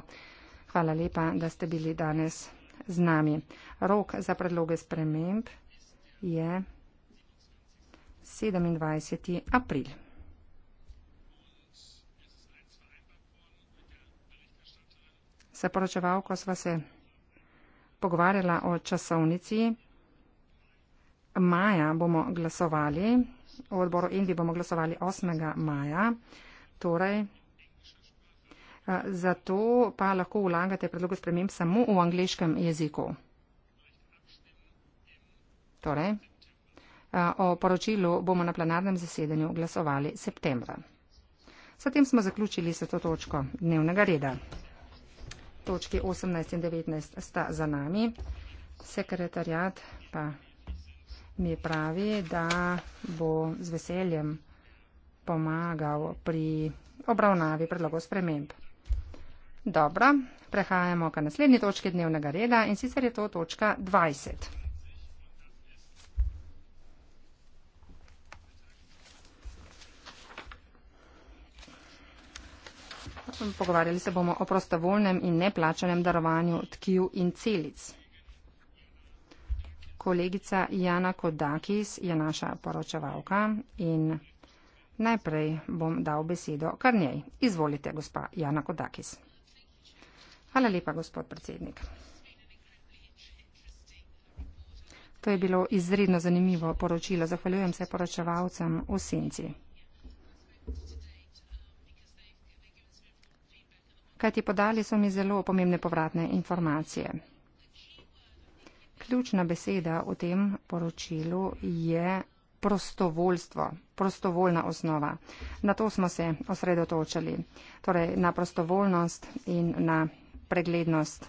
Hvala lepa, da ste bili danes z nami. Rok za predloge sprememb je 27. april. sa poročeval, ko sva se pogovarjala o časovnici. Maja bomo glasovali, v odboru Indi bomo glasovali 8. maja, torej zato pa lahko vlagate predlog sprememb samo v angliškem jeziku. Torej, o poročilu bomo na plenarnem zasedanju glasovali septembra. S tem smo zaključili s to točko dnevnega reda točki 18 in 19 sta za nami. Sekretarjat pa mi pravi, da bo z veseljem pomagal pri obravnavi predlogov sprememb. Dobro, prehajamo k naslednji točki dnevnega reda in sicer je to točka 20. pogovarjali se bomo o prostovoljnem in neplačanem darovanju tkiv in celic. Kolegica Jana Kodakis je naša poročevalka in najprej bom dal besedo kar njej. Izvolite, gospa Jana Kodakis. Hvala lepa, gospod predsednik. To je bilo izredno zanimivo poročilo. Zahvaljujem se poročevalcem v Sinci. kajti podali so mi zelo pomembne povratne informacije. Ključna beseda v tem poročilu je prostovoljstvo, prostovoljna osnova. Na to smo se osredotočali, torej na prostovoljnost in na preglednost.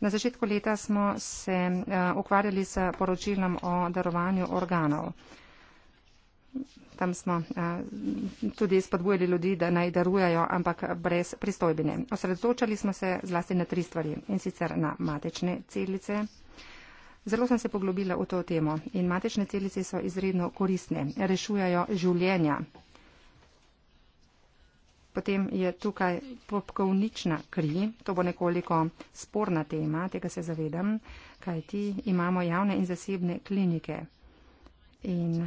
Na začetku leta smo se eh, ukvarjali s poročilom o darovanju organov. Tam smo eh, tudi spodbujali ljudi, da naj darujajo, ampak brez pristojbine. Osredotočali smo se zlasti na tri stvari in sicer na matične celice. Zelo sem se poglobila v to temo in matične celice so izredno koristne, rešujajo življenja. Potem je tukaj popkovnična kri, to bo nekoliko sporna tema, tega se zavedam, kajti imamo javne in zasebne klinike. In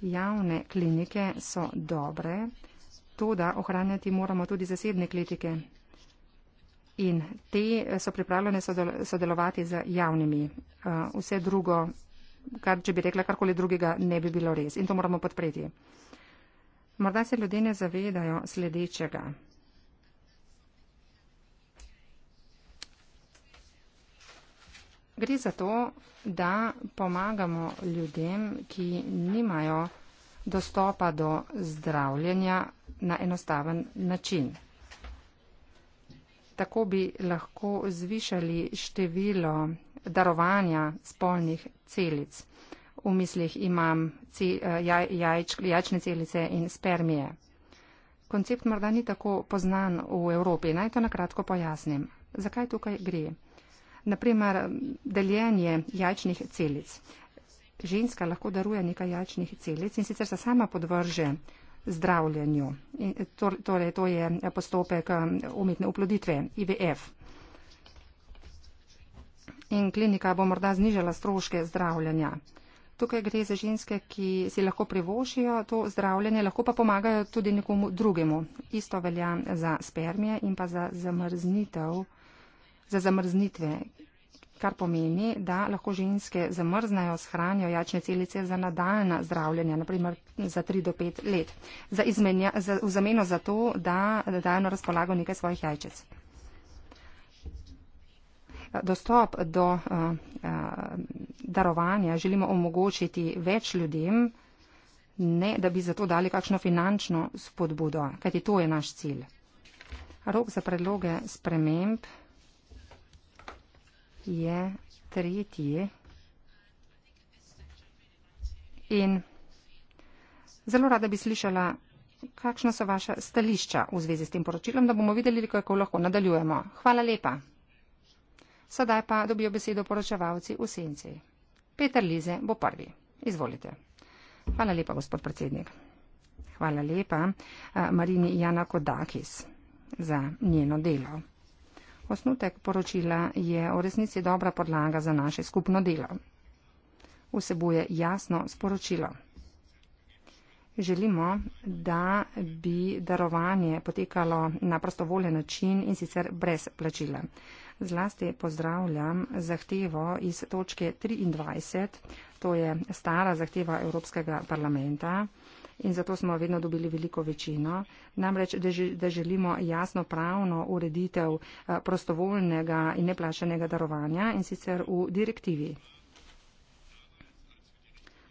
Javne klinike so dobre, to da ohranjati moramo tudi zasebne klinike. In te so pripravljene sodelovati z javnimi. Eh, vse drugo, kar, če bi rekla karkoli drugega, ne bi bilo res. In to moramo podpreti. Morda se ljudje ne zavedajo sledečega. Gre za to, da pomagamo ljudem, ki nimajo dostopa do zdravljenja na enostaven način. Tako bi lahko zvišali število darovanja spolnih celic. V mislih imam eh, jajčne celice in spermije. Koncept morda ni tako poznan v Evropi. Naj to nakratko pojasnim. Zakaj tukaj gre? naprimer deljenje jajčnih celic. Ženska lahko daruje nekaj jajčnih celic in sicer se sama podvrže zdravljenju. Torej, to je postopek umetne oploditve IVF. In klinika bo morda znižala stroške zdravljenja. Tukaj gre za ženske, ki si lahko privošijo to zdravljenje, lahko pa pomagajo tudi nekomu drugemu. Isto velja za spermije in pa za zamrznitev, za zamrznitve, kar pomeni, da lahko ženske zamrznajo, shranijo jačne celice za nadaljna zdravljenja, naprimer za 3 do 5 let, za izmenja, za, v zameno za to, da dajo na razpolago nekaj svojih jajčec. Dostop do uh, uh, darovanja želimo omogočiti več ljudem, ne da bi zato dali kakšno finančno spodbudo, kajti to je naš cilj. Rok za predloge sprememb je tretji in zelo rada bi slišala, kakšna so vaša stališča v zvezi s tem poročilom, da bomo videli, kako lahko nadaljujemo. Hvala lepa. Sedaj pa dobijo besedo poročevalci v senci. Peter Lize bo prvi. Izvolite. Hvala lepa, gospod predsednik. Hvala lepa eh, Marini Jana Kodakis za njeno delo. Osnutek poročila je v resnici dobra podlaga za naše skupno delo. Vsebuje jasno sporočilo. Želimo, da bi darovanje potekalo na prostovoljen način in sicer brez plačila. Zlasti pozdravljam zahtevo iz točke 23, to je stara zahteva Evropskega parlamenta, in zato smo vedno dobili veliko večino. Namreč, da želimo jasno pravno ureditev eh, prostovoljnega in neplašenega darovanja in sicer v direktivi.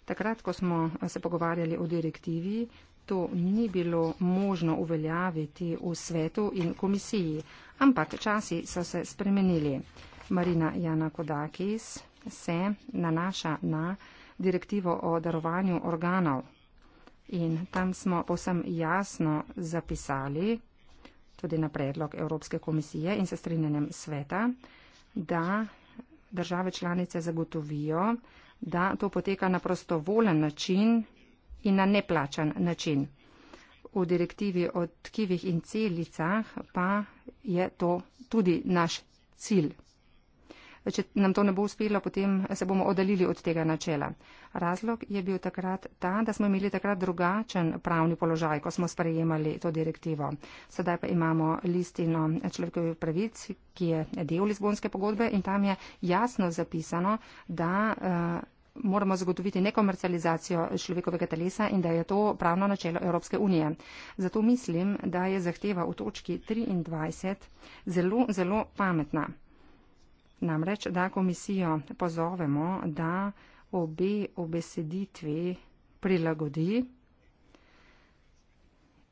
Takrat, ko smo eh, se pogovarjali o direktivi, to ni bilo možno uveljaviti v svetu in komisiji, ampak časi so se spremenili. Marina Jana Kodakis se nanaša na direktivo o darovanju organov. In tam smo posem jasno zapisali, tudi na predlog Evropske komisije in se strinjenjem sveta, da države članice zagotovijo, da to poteka na prostovolen način in na neplačan način. V direktivi o tkivih in celicah pa je to tudi naš cilj če nam to ne bo uspelo, potem se bomo oddaljili od tega načela. Razlog je bil takrat ta, da smo imeli takrat drugačen pravni položaj, ko smo sprejemali to direktivo. Sedaj pa imamo listino človekovih pravic, ki je del Lizbonske pogodbe in tam je jasno zapisano, da. Uh, moramo zagotoviti nekomercializacijo človekovega telesa in da je to pravno načelo Evropske unije. Zato mislim, da je zahteva v točki 23 zelo, zelo pametna. Namreč, da komisijo pozovemo, da obe obeseditvi prilagodi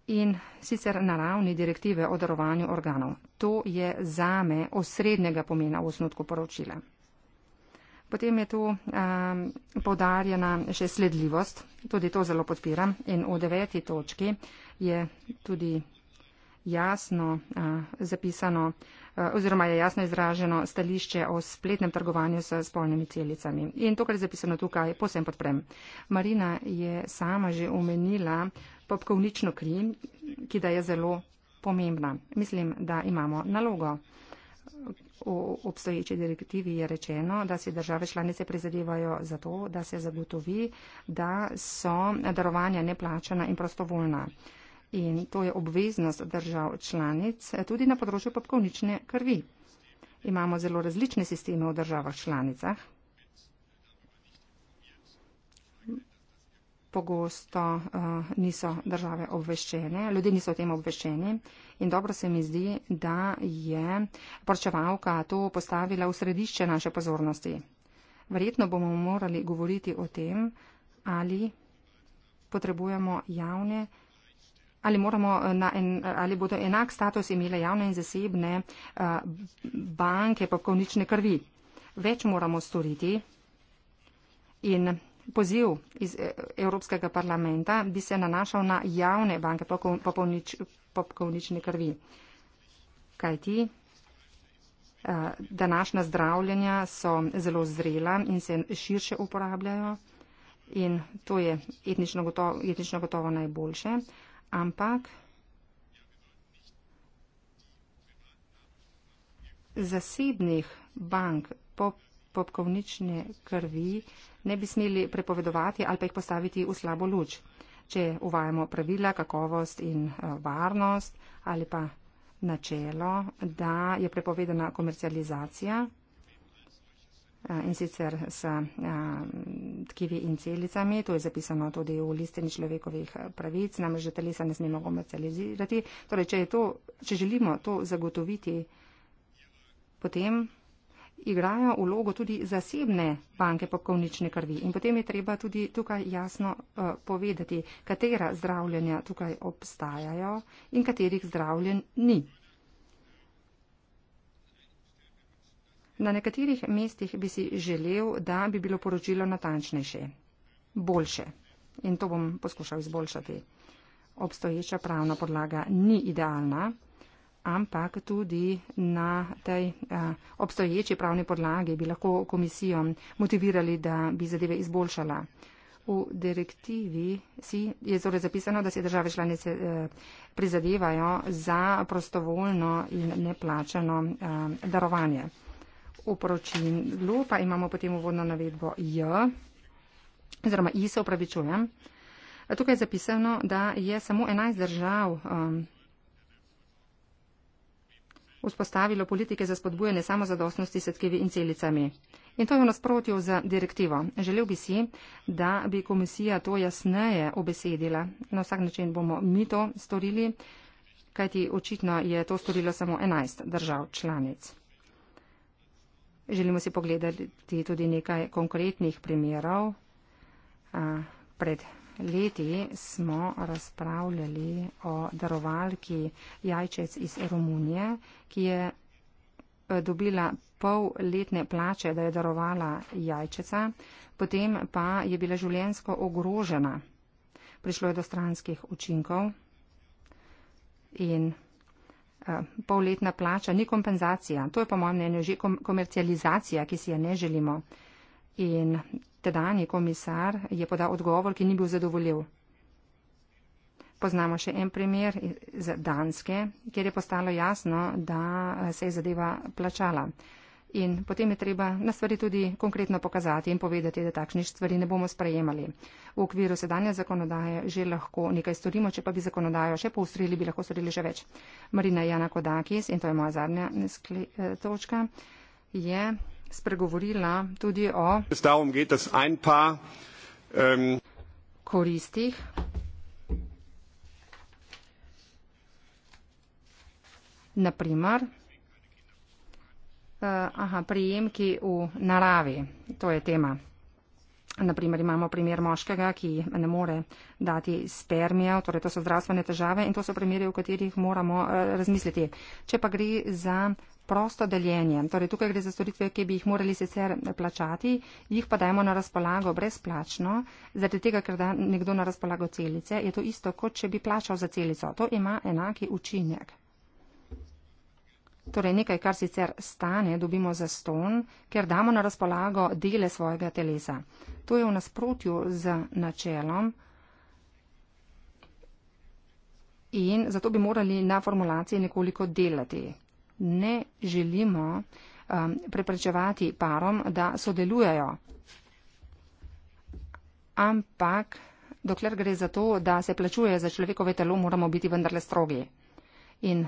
in sicer na ravni direktive o darovanju organov. To je zame osrednjega pomena v osnutku poročila. Potem je tu um, podarjena še sledljivost, tudi to zelo podpiram in v deveti točki je tudi jasno uh, zapisano, uh, Eh, oziroma je jasno izraženo stališče o spletnem trgovanju s spolnimi celicami. In to, kar je zapisano tukaj, posem podprem. Marina je sama že omenila popkovnično kri, ki da je zelo pomembna. Mislim, da imamo nalogo. V obstoječi direktivi je rečeno, da si države članice prizadevajo za to, da se zagotovi, da so darovanja neplačana in prostovoljna. Uh, in to je obveznost držav članic eh, tudi na področju popkovnične krvi. Imamo zelo različne sisteme v državah članicah. Pogosto uh, niso države obveščene, ljudje niso o tem obveščeni in dobro se mi zdi, da je porčevalka to postavila v središče naše pozornosti. Verjetno bomo morali govoriti o tem, ali potrebujemo javne ali, eh, en, eh, ali bodo enak status imele javne in zasebne eh, banke popkovnične krvi. Več moramo storiti in poziv iz Evropskega parlamenta bi se nanašal na javne banke popkovnične krvi. Kaj ti? Današnja zdravljenja so zelo zrela in se širše uporabljajo in to je etnično gotovo, etnično gotovo najboljše ampak zasebnih bank pop, popkovnične krvi ne bi smeli prepovedovati ali pa jih postaviti v slabo luč. Če uvajamo pravila, kakovost in eh, varnost ali pa načelo, da je prepovedana komercializacija, Eh, in sicer s eh, tkivi in celicami, to je zapisano tudi v listini človekovih eh, pravic, namreč že telesa ne smemo komercializirati. Torej, če, to, če želimo to zagotoviti, potem igrajo vlogo tudi zasebne banke popkovnične krvi in potem je treba tudi tukaj jasno uh, povedati, katera zdravljenja tukaj obstajajo in katerih zdravljen ni. Na nekaterih mestih bi si želel, da bi bilo poročilo natančnejše, boljše. In to bom poskušal izboljšati. Obstoječa pravna podlaga ni idealna, ampak tudi na tej a, eh, obstoječi pravni podlagi bi lahko komisijo motivirali, da bi zadeve izboljšala. V direktivi si, je torej zapisano, da se države članice eh, prizadevajo za prostovoljno in neplačano eh, darovanje v poročilu, pa imamo potem uvodno navedbo J, oziroma I se upravičujem. Tukaj je zapisano, da je samo 11 držav um, vzpostavilo politike za spodbujanje samozadostnosti s tkivi in celicami. In to je v nasprotju z direktivo. Želel bi si, da bi komisija to jasneje obesedila. Na vsak način bomo mi to storili, kajti očitno je to storilo samo 11 držav članic. Želimo si pogledati tudi nekaj konkretnih primerov. Pred leti smo razpravljali o darovalki jajčec iz Romunije, ki je e, dobila pol letne plače, da je darovala jajčeca, potem pa je bila življensko ogrožena. Prišlo je do stranskih učinkov in Eh, polletna plača ni kompenzacija. To je po mojem mnenju že komercializacija, ki si je ne želimo. In tedajni komisar je podal odgovor, ki ni bil zadovoljiv. Poznamo še en primer iz Danske, kjer je postalo jasno, da se je zadeva plačala in potem je treba na stvari tudi konkretno pokazati in povedati, da takšnih stvari ne bomo sprejemali. V okviru sedanje zakonodaje že lahko nekaj storimo, če pa bi zakonodajo še poustrili, bi lahko storili že več. Marina Jana Kodakis, in to je moja zadnja eh, skli, eh, točka, je spregovorila tudi o ähm, koristih. Naprimer, Uh, aha, prijemki v naravi, to je tema. Naprimer, imamo primer moškega, ki ne more dati spermija, torej to so zdravstvene težave in to so primere, v katerih moramo uh, razmisliti. Če pa gre za prosto deljenje, torej tukaj gre za storitve, ki bi jih morali sicer plačati, jih pa dajemo na razpolago brezplačno, zaradi tega, ker da nekdo na razpolago celice, je to isto, kot če bi plačal za celico. To ima enaki učinek torej nekaj, kar sicer stane, dobimo za ston, ker damo na razpolago dele svojega telesa. To je v nasprotju z načelom in zato bi morali na formulaciji nekoliko delati. Ne želimo um, preprečevati parom, da sodelujejo, ampak dokler gre za to, da se plačuje za človekove telo, moramo biti vendarle strogi. In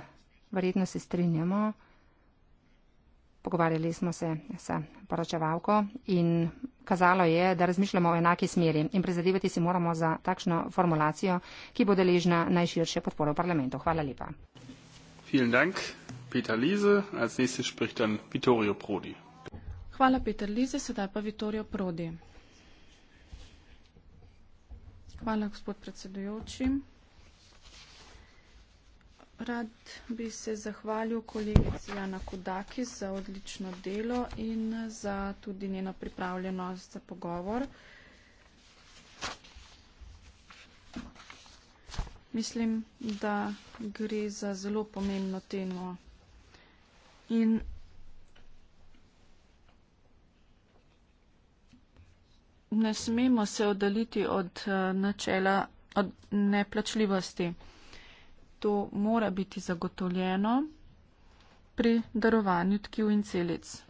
verjetno se strinjamo. Pogovarjali smo se s poročevalko in kazalo je, da razmišljamo v enaki smeri in prizadevati si moramo za takšno formulacijo, ki bo deležna najširše podporo v parlamentu. Hvala lepa. Dank, Peter Lise, Hvala, Peter Lize, sedaj pa Vittorio Prodi. Hvala, gospod predsedujoči. Rad bi se zahvalil kolegici Jana Kodaki za odlično delo in za tudi njeno pripravljenost za pogovor. Mislim, da gre za zelo pomembno temo. In ne smemo se oddaliti od eh, načela od neplačljivosti to mora biti zagotovljeno pri darovanju tkiv in celic.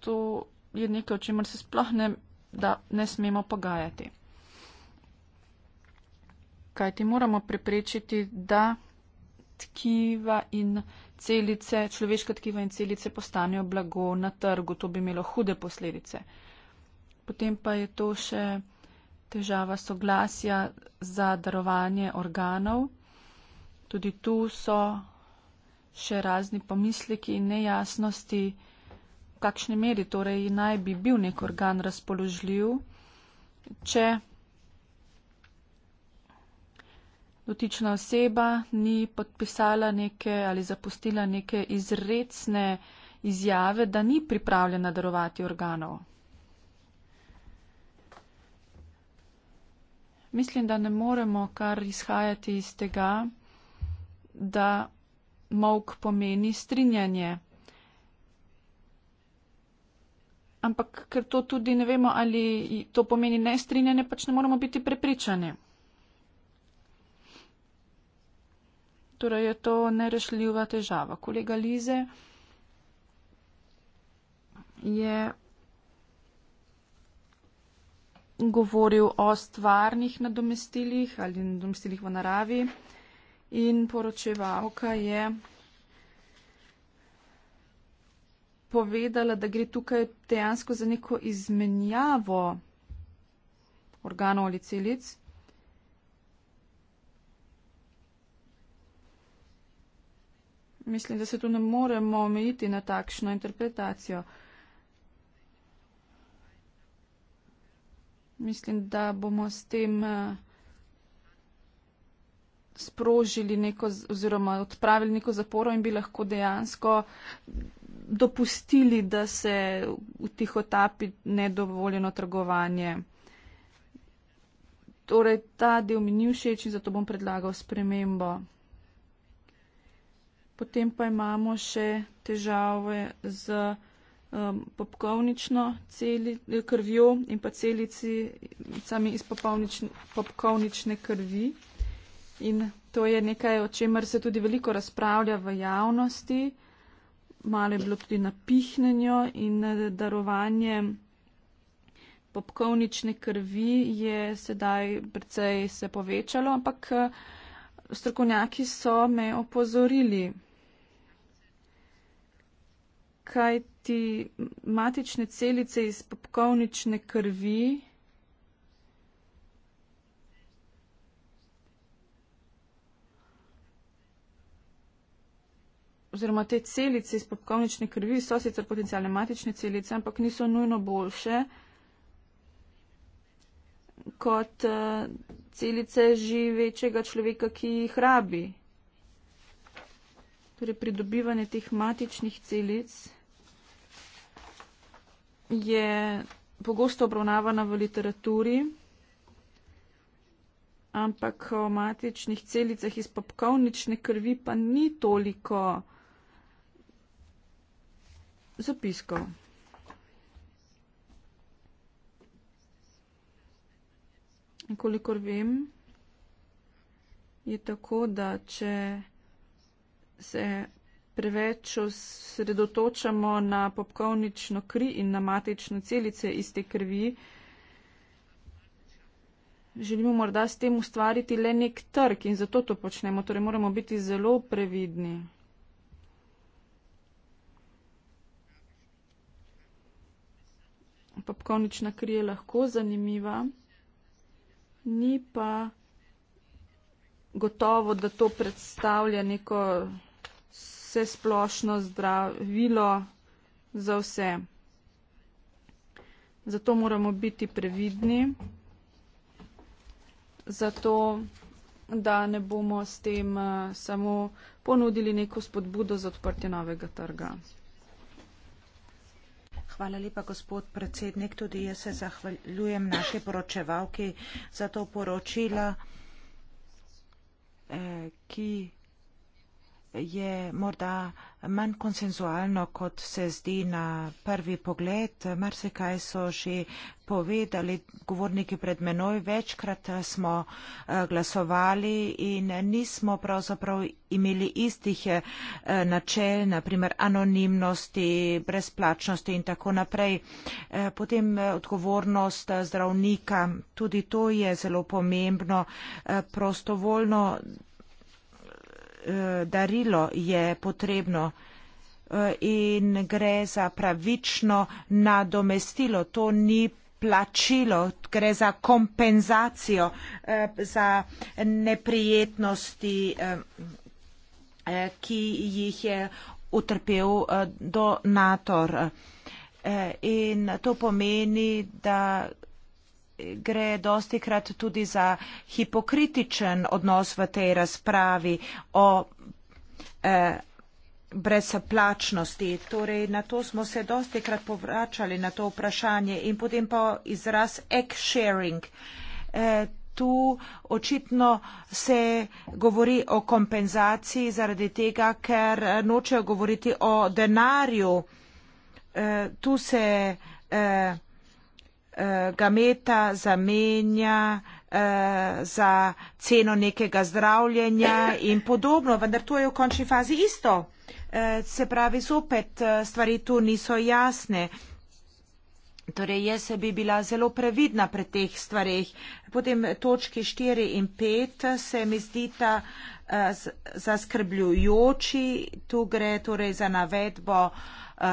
To je nekaj, o čemer se sploh ne, da, ne smemo pogajati. Kaj ti moramo preprečiti, da tkiva in celice, človeška tkiva in celice postanejo blago na trgu. To bi imelo hude posledice. Potem pa je to še težava soglasja za darovanje organov. Tudi tu so še razni pomisleki in nejasnosti, v kakšni meri torej naj bi bil nek organ razpoložljiv, če dotična oseba ni podpisala neke ali zapustila neke izredne izjave, da ni pripravljena darovati organov. mislim, da ne moremo kar izhajati iz tega, da mok pomeni strinjanje. Ampak ker to tudi ne vemo, ali to pomeni nestrinjanje, pač ne moremo biti prepričani. Torej je to nerešljiva težava. Kolega Lize je govoril o stvarnih nadomestilih ali nadomestilih v naravi in poročevalka je povedala, da gre tukaj dejansko za neko izmenjavo organov ali celic. Mislim, da se tu ne moremo omejiti na takšno interpretacijo. mislim, da bomo s tem eh, sprožili neko oziroma odpravili neko zaporo in bi lahko dejansko dopustili, da se v tih otapi nedovoljeno trgovanje. Torej, ta del mi ni všeč in zato bom predlagal spremembo. Potem pa imamo še težave z um, popkovnično celi, eh, krvjo in pa celicami iz popkovnične krvi. In to je nekaj, o čemer se tudi veliko razpravlja v javnosti. Malo je bilo tudi napihnenjo in eh, darovanje popkovnične krvi je sedaj precej se povečalo, ampak eh, strokovnjaki so me opozorili. Kaj ti matične celice iz popkovnične krvi. Oziroma, te celice iz popkovnične krvi so sicer potencijalne matične celice, ampak niso nujno boljše kot eh, celice živečega človeka, ki jih rabi. Torej, pridobivanje teh matičnih celic je pogosto obravnavana v literaturi, ampak v matičnih celicah iz popkovnične krvi pa ni toliko zapiskov. Kolikor vem, je tako, da če se preveč osredotočamo na popkovnično kri in na matično celice iz te krvi. Želimo morda s tem ustvariti le nek trg in zato to počnemo, torej moramo biti zelo previdni. Popkovnična kri je lahko zanimiva, ni pa gotovo, da to predstavlja neko vse splošno zdravilo za vse. Zato moramo biti previdni, zato da ne bomo s tem eh, samo ponudili neko spodbudo za odprtje novega trga. Hvala lepa, gospod predsednik. Tudi jaz se zahvaljujem naši poročevalki za to poročila, eh, ki je morda manj konsenzualno, kot se zdi na prvi pogled. Marsikaj so že povedali govorniki pred menoj, večkrat smo eh, glasovali in nismo pravzaprav imeli istih eh, načel, naprimer anonimnosti, brezplačnosti in tako naprej. Eh, potem odgovornost zdravnika, tudi to je zelo pomembno, prostovoljno Eh, darilo je potrebno eh, in gre za pravično nadomestilo. To ni plačilo, gre za kompenzacijo eh, za neprijetnosti, ki jih je utrpel donator. In to pomeni, da gre dosti krat tudi za hipokritičen odnos v tej razpravi o eh, brezplačnosti. Torej, na to smo se dosti krat povračali, na to vprašanje in potem pa izraz egg sharing. Eh, tu očitno se govori o kompenzaciji zaradi tega, ker eh, nočejo govoriti o denarju. Eh, tu se eh, eh, gameta zamenja eh, za ceno nekega zdravljenja in podobno, vendar to je v končni fazi isto. Eh, se pravi, zopet eh, stvari tu niso jasne. Torej, jaz bi bila zelo previdna pri teh stvarih. Potem točki 4 in 5 se mi zdita eh, zaskrbljujoči. Tu gre torej za navedbo eh,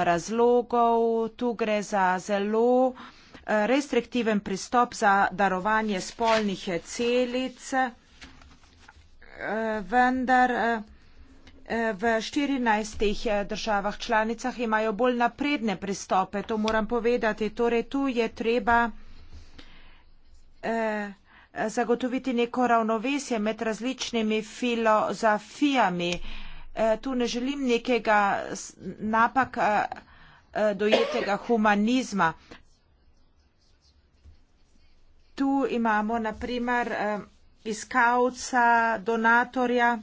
razlogov, tu gre za zelo eh, restriktiven pristop za darovanje spolnih celic, eh, vendar eh, v 14 eh, državah članicah imajo bolj napredne pristope, to moram povedati. Torej, tu je treba zagotoviti neko ravnovesje med različnimi filozofijami. Tu ne želim nekega napaka dojetega humanizma tu imamo naprimer iskalca, donatorja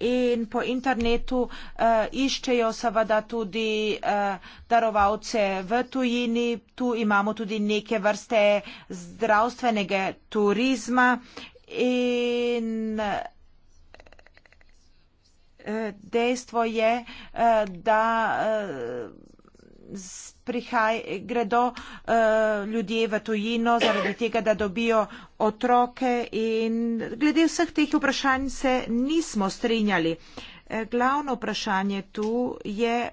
in po internetu uh, iščejo seveda tudi uh, darovalce v tujini. Tu imamo tudi neke vrste zdravstvenega turizma in uh, dejstvo je, uh, da uh, prihaj, gredo uh, ljudje v tujino zaradi tega, da dobijo otroke in glede vseh teh vprašanj se nismo strinjali. Eh, glavno vprašanje tu je eh,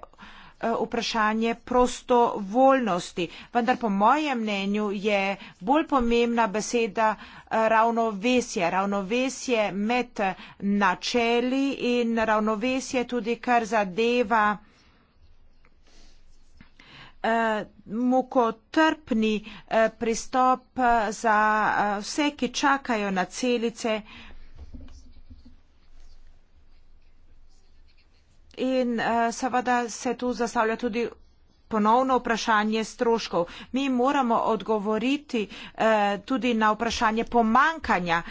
vprašanje prostovoljnosti. Vendar po mojem mnenju je bolj pomembna beseda ravnovesje. Ravnovesje med načeli in ravnovesje tudi, kar zadeva Eh, mukotrpni eh, pristop eh, za vse, ki čakajo na celice. In seveda se tu zastavlja tudi ponovno vprašanje stroškov. Mi moramo odgovoriti tudi na vprašanje pomankanja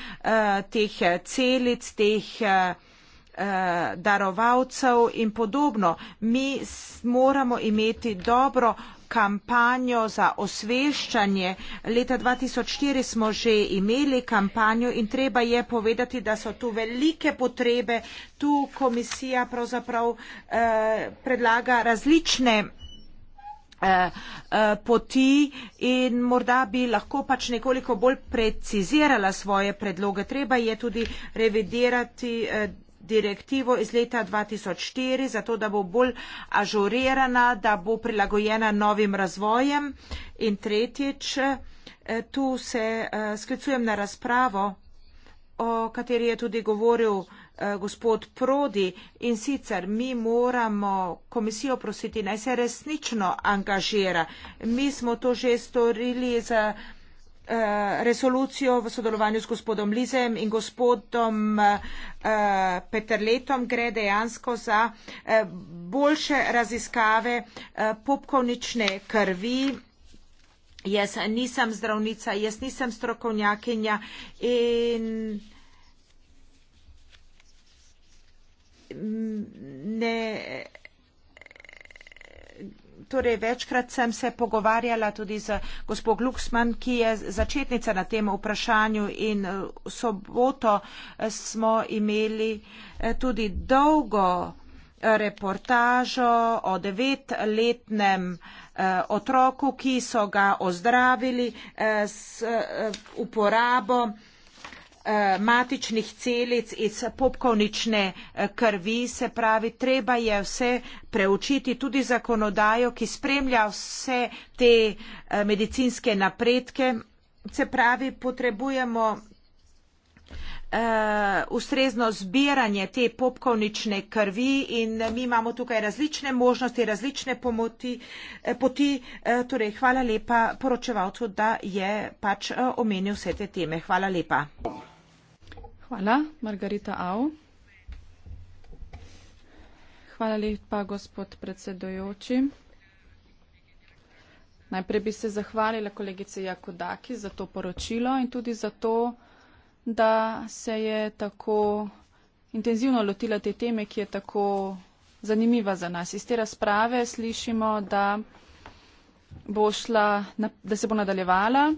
teh celic, teh eh, darovalcev in podobno. Mi moramo imeti dobro kampanjo za osveščanje. Leta 2004 smo že imeli kampanjo in treba je povedati, da so tu velike potrebe. Tu komisija pravzaprav eh, predlaga različne eh, eh, poti in morda bi lahko pač nekoliko bolj precizirala svoje predloge. Treba je tudi revidirati eh, direktivo iz leta 2004, zato da bo bolj ažurirana, da bo prilagojena novim razvojem. In tretjič, eh, tu se eh, sklicujem na razpravo, o kateri je tudi govoril eh, gospod Prodi in sicer mi moramo komisijo prositi, naj se resnično angažira. Mi smo to že storili za Eh, resolucijo v sodelovanju z gospodom Lizem in gospodom eh, Peterletom gre dejansko za eh, boljše raziskave popkovnične krvi. Jaz nisem zdravnica, jaz nisem strokovnjakinja in ne torej večkrat sem se pogovarjala tudi z gospod Glucksmann, ki je začetnica na tem vprašanju in eh, v soboto eh, smo imeli eh, tudi dolgo reportažo o devetletnem otroku, ki so ga ozdravili s uporabo Eh, matičnih celic iz popkovnične eh, krvi, se pravi, treba je vse preučiti, tudi zakonodajo, ki spremlja vse te eh, medicinske napredke, se pravi, potrebujemo ustrezno zbiranje te popkovnične krvi in mi imamo tukaj različne možnosti, različne pomoti, poti. Torej, hvala lepa poročevalcu, da je pač omenil vse te teme. Hvala lepa. Hvala. Hvala. Margarita Av. Hvala lepa, gospod predsedojoči. Najprej bi se zahvalila kolegice Jakodaki za to poročilo in tudi za to, da se je tako intenzivno lotila te teme, ki je tako zanimiva za nas. Iz te razprave slišimo, da, bo šla, da se bo nadaljevala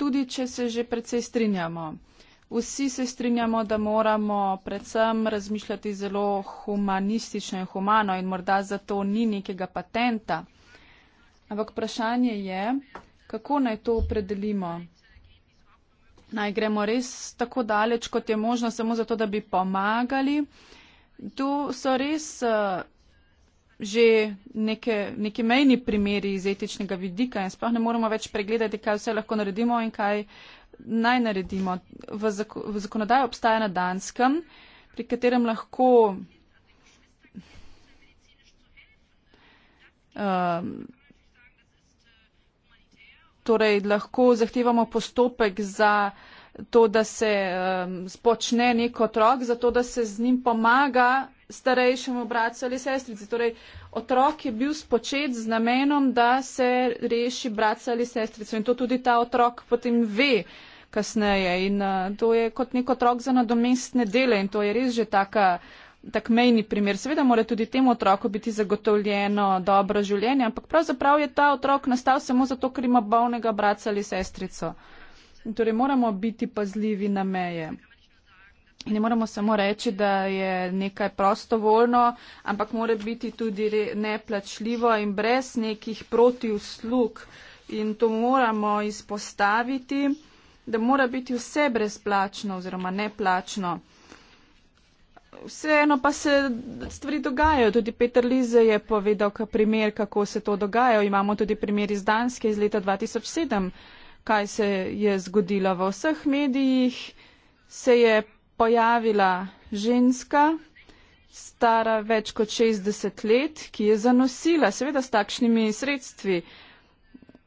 tudi če se že predvsej strinjamo. Vsi se strinjamo, da moramo predvsem razmišljati zelo humanistično in humano in morda zato ni nekega patenta. Ampak vprašanje je, kako naj to opredelimo. Naj gremo res tako daleč, kot je možno, samo zato, da bi pomagali. To so res. Uh, že neke, neki mejni primeri iz etičnega vidika in sploh ne moramo več pregledati, kaj vse lahko naredimo in kaj naj naredimo. V, zako, v zakonodaju obstaja na Danskem, pri katerem lahko. Um, torej, lahko zahtevamo postopek za to, da se um, spočne nek otrok, zato da se z njim pomaga starejšemu bratu ali sestrici. Torej, otrok je bil spočet z namenom, da se reši brata ali sestrico in to tudi ta otrok potem ve kasneje in uh, to je kot nek otrok za nadomestne dele in to je res že taka, tak mejni primer. Seveda mora tudi temu otroku biti zagotovljeno dobro življenje, ampak pravzaprav je ta otrok nastal samo zato, ker ima bolnega brata ali sestrico. In torej moramo biti pazljivi na meje ne moremo samo reči, da je nekaj prostovoljno, ampak mora biti tudi neplačljivo in brez nekih protivslug. In to moramo izpostaviti, da mora biti vse brezplačno oziroma neplačno. Vseeno pa se stvari dogajajo. Tudi Peter Lize je povedal ka primer, kako se to dogaja. Imamo tudi primer iz Danske iz leta 2007, kaj se je zgodilo. V vseh medijih se je pojavila ženska, stara več kot 60 let, ki je zanosila, seveda s takšnimi sredstvi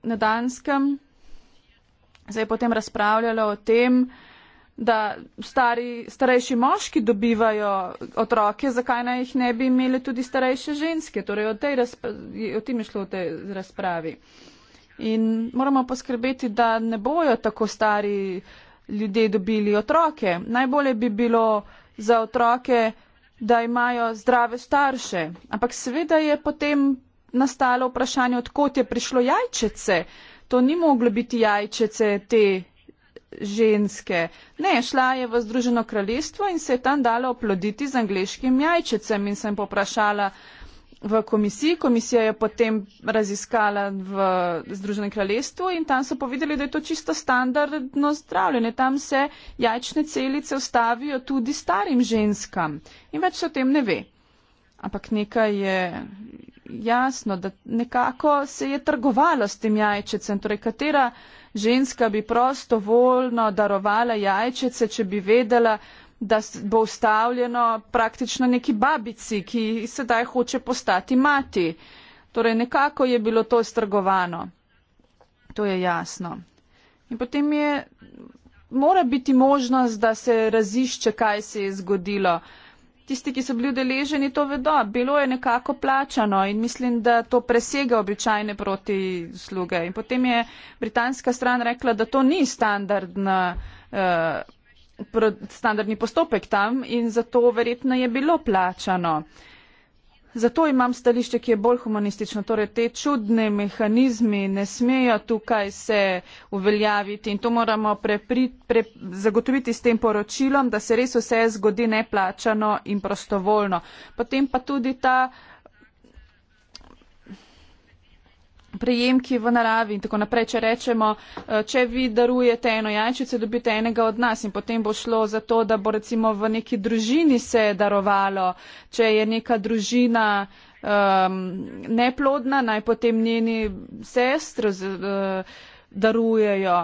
na Danskem. Zdaj je potem razpravljala o tem, da stari, starejši moški dobivajo otroke, zakaj naj jih ne bi imeli tudi starejše ženske. Torej o, o tem je šlo v tej razpravi. In moramo poskrbeti, da ne bojo tako stari ljudje dobili otroke. Najbolje bi bilo za otroke, da imajo zdrave starše. Ampak seveda je potem nastalo vprašanje, odkot je prišlo jajčece. To ni moglo biti jajčece te ženske. Ne, šla je v Združeno kraljestvo in se je tam dala oploditi z angliškim jajčecem in sem poprašala, v komisiji. Komisija je potem raziskala v Združenem kraljestvu in tam so povedali, da je to čisto standardno zdravljenje. Tam se jajčne celice ustavijo tudi starim ženskam in več se o tem ne ve. Ampak nekaj je jasno, da nekako se je trgovalo s tem jajčecem. Torej, katera ženska bi prosto voljno darovala jajčece, če bi vedela, da bo ustavljeno praktično neki babici, ki sedaj hoče postati mati. Torej, nekako je bilo to strgovano. To je jasno. In potem je, mora biti možnost, da se razišče, kaj se je zgodilo. Tisti, ki so bili udeleženi, to vedo. Bilo je nekako plačano in mislim, da to presega običajne proti sluge. In potem je britanska stran rekla, da to ni standardna. Uh, standardni postopek tam in zato verjetno je bilo plačano. Zato imam stališče, ki je bolj humanistično. Torej, te čudne mehanizmi ne smejo tukaj se uveljaviti in to moramo prepri, pre, zagotoviti s tem poročilom, da se res vse zgodi neplačano in prostovoljno. Potem pa tudi ta uh, prejemki v naravi in tako naprej. Če rečemo, eh, če vi darujete eno jajčico, dobite enega od nas in potem bo šlo za to, da bo recimo v neki družini se darovalo, če je neka družina um, neplodna, naj potem njeni sestr uh, eh, darujejo.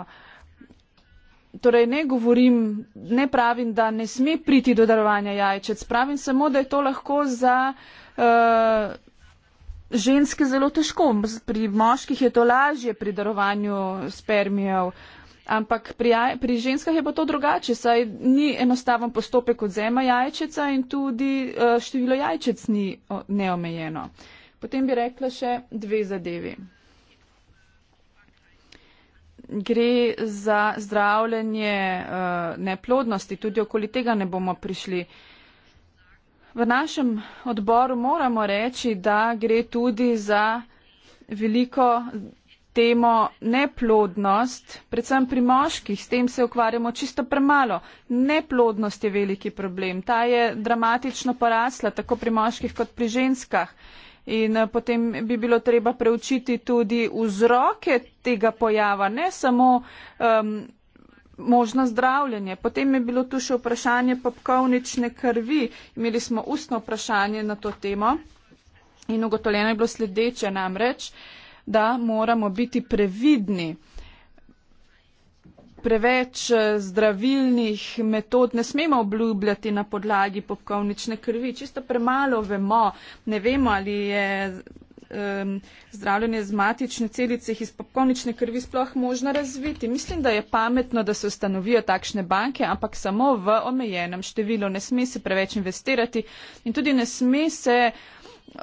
Torej, ne govorim, ne pravim, da ne sme priti do darovanja jajčec, pravim samo, da je to lahko za. Uh, ženske zelo težko, pri moških je to lažje pri darovanju spermijev, ampak pri, jaj, pri ženskah je pa to drugače, saj ni enostaven postopek odzema jajčeca in tudi eh, število jajčec ni neomejeno. Potem bi rekla še dve zadevi. Gre za zdravljanje uh, eh, neplodnosti, tudi okoli tega ne bomo prišli. Uh, V našem odboru moramo reči, da gre tudi za veliko temo neplodnost, predvsem pri moških, s tem se ukvarjamo čisto premalo. Neplodnost je veliki problem, ta je dramatično porasla tako pri moških kot pri ženskah. In eh, potem bi bilo treba preučiti tudi vzroke tega pojava, ne samo um, možno zdravljenje. Potem je bilo tu še vprašanje popkovnične krvi. Imeli smo ustno vprašanje na to temo in ugotovljeno je bilo sledeče namreč, da moramo biti previdni. Preveč eh, zdravilnih metod ne smemo obljubljati na podlagi popkovnične krvi. Čisto premalo vemo, ne vemo, ali je um, zdravljenje z matične celice iz popkovnične krvi sploh možno razviti. Mislim, da je pametno, da se ustanovijo takšne banke, ampak samo v omejenem številu. Ne sme se preveč investirati in tudi ne sme se uh,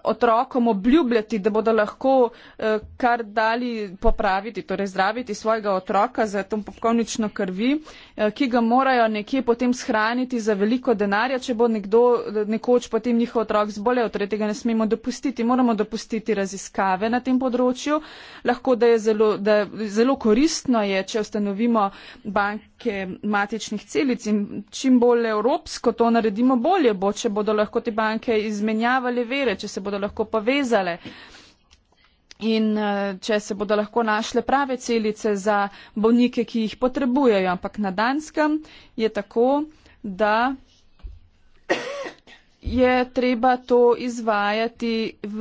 otrokom obljubljati, da bodo lahko eh, kar dali popraviti, torej zdraviti svojega otroka za to popkovnično krvi, eh, ki ga morajo nekje potem shraniti za veliko denarja, če bo nekdo nekoč potem njihov otrok zbolel. Torej tega ne smemo dopustiti. Moramo dopustiti raziskave na tem področju. Lahko, da je zelo, da zelo koristno, je, če ustanovimo bank oblike matičnih celic in čim bolj evropsko to naredimo, bolje bo, če bodo lahko te banke izmenjavali vere, če se bodo lahko povezale. In eh, če se bodo lahko našle prave celice za bolnike, ki jih potrebujejo. Ampak na Danskem je tako, da je treba to izvajati v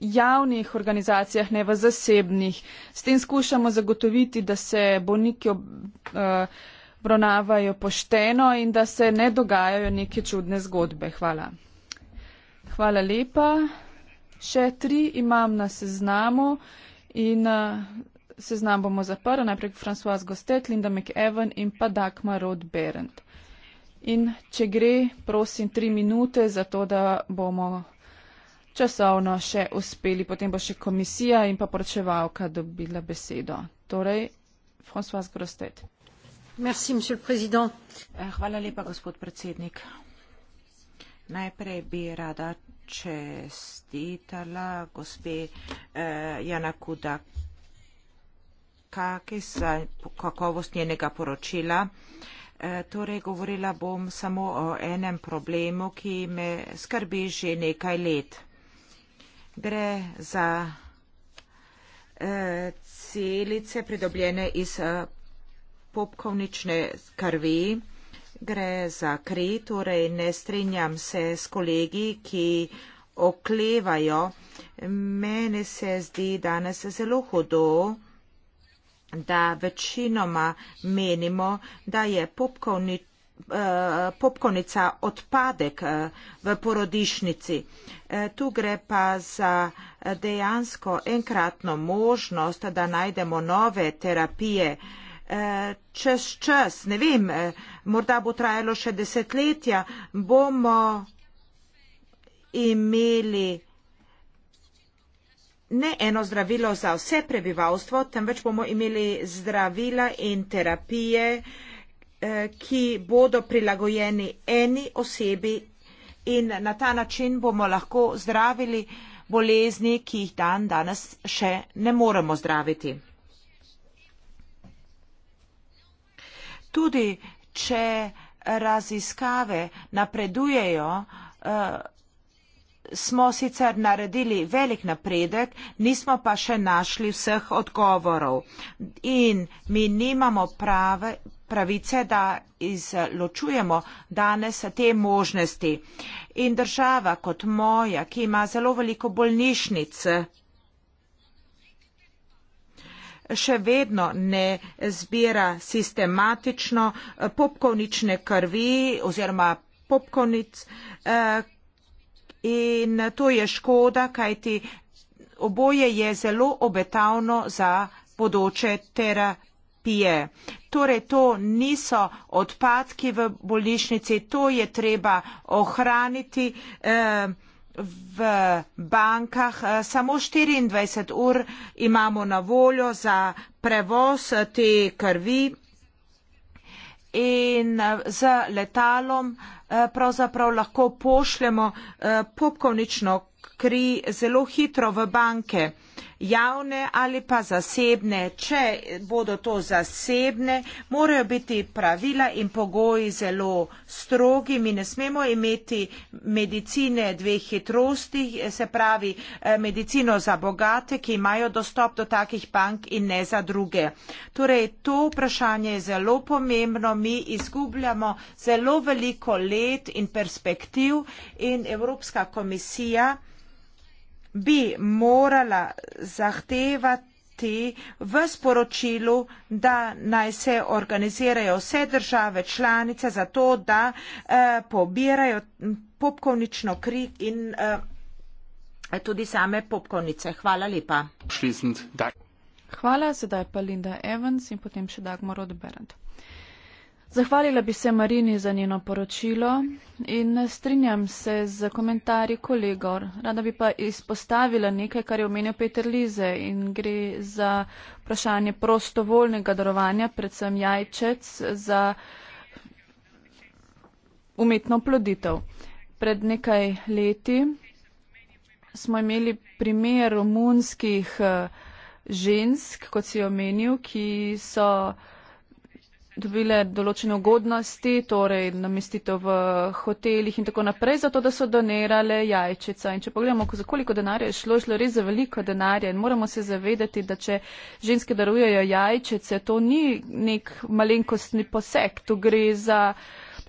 javnih organizacijah, ne v zasebnih. S tem skušamo zagotoviti, da se bolniki eh, obravnavajo pošteno in da se ne dogajajo neke čudne zgodbe. Hvala. Hvala lepa. Še tri imam na seznamu in eh, seznam bomo zaprli. Najprej François Gostet, Linda McEwen in pa Dagmar Rod Berendt. In če gre, prosim, tri minute za to, da bomo časovno še uspeli. Potem bo še komisija in pa poročevalka dobila besedo. Torej, François Grostet. Merci, eh, Hvala lepa, gospod predsednik. Najprej bi rada čestitala gospe eh, Jana Kuda kakis za kakovost njenega poročila. Eh, Eh, torej, govorila bom samo o enem problemu, ki me skrbi že nekaj let. Gre za eh, celice pridobljene iz eh, popkovnične krvi. Gre za kri, torej ne strinjam se s kolegi, ki oklevajo. Mene se zdi danes zelo hudo, da večinoma menimo, da je popkovni, eh, popkovnica odpadek eh, v porodišnici. Eh, tu gre pa za dejansko enkratno možnost, da najdemo nove terapije. Čez čas, ne vem, morda bo trajalo še desetletja, bomo imeli ne eno zdravilo za vse prebivalstvo, temveč bomo imeli zdravila in terapije, eh, ki bodo prilagojeni eni osebi in na ta način bomo lahko zdravili bolezni, ki jih dan danes še ne moremo zdraviti. Tudi, če raziskave napredujejo, eh, smo sicer naredili velik napredek, nismo pa še našli vseh odgovorov. In mi nimamo prave, pravice, da izločujemo danes te možnosti. In država kot moja, ki ima zelo veliko bolnišnic, še vedno ne zbira sistematično popkovnične krvi oziroma popkovnic, eh, In to je škoda, kajti oboje je zelo obetavno za bodoče terapije. Torej, to niso odpadki v bolnišnici, to je treba ohraniti eh, v bankah. Eh, samo 24 ur imamo na voljo za prevoz te krvi in eh, z letalom eh, pravzaprav lahko pošljemo eh, popkovnično kri zelo hitro v banke, javne ali pa zasebne. Če bodo to zasebne, morajo biti pravila in pogoji zelo strogi. Mi ne smemo imeti medicine dveh hitrosti, se pravi eh, medicino za bogate, ki imajo dostop do takih bank in ne za druge. Torej, to vprašanje je zelo pomembno. Mi izgubljamo zelo veliko let in perspektiv in Evropska komisija, bi morala zahtevati v sporočilu, da naj se organizirajo vse države članice za to, da eh, pobirajo popkovnično kri in eh, tudi same popkovnice. Hvala lepa. Hvala, sedaj pa Linda Evans in potem še Dagmar Odberend. Zahvalila bi se Marini za njeno poročilo in strinjam se z komentarji kolegor. Rada bi pa izpostavila nekaj, kar je omenil Peter Lize in gre za vprašanje prostovoljnega darovanja, predvsem jajčec za umetno ploditev. Pred nekaj leti smo imeli primer romunskih eh, žensk, kot si omenil, ki so dobile določene ugodnosti, torej namestitev v hotelih in tako naprej, zato da so donirale jajčica. In če pogledamo, za koliko denarja je šlo, šlo res za veliko denarja in moramo se zavedati, da če ženske darujejo jajčice, to ni nek malenkostni poseg, to gre za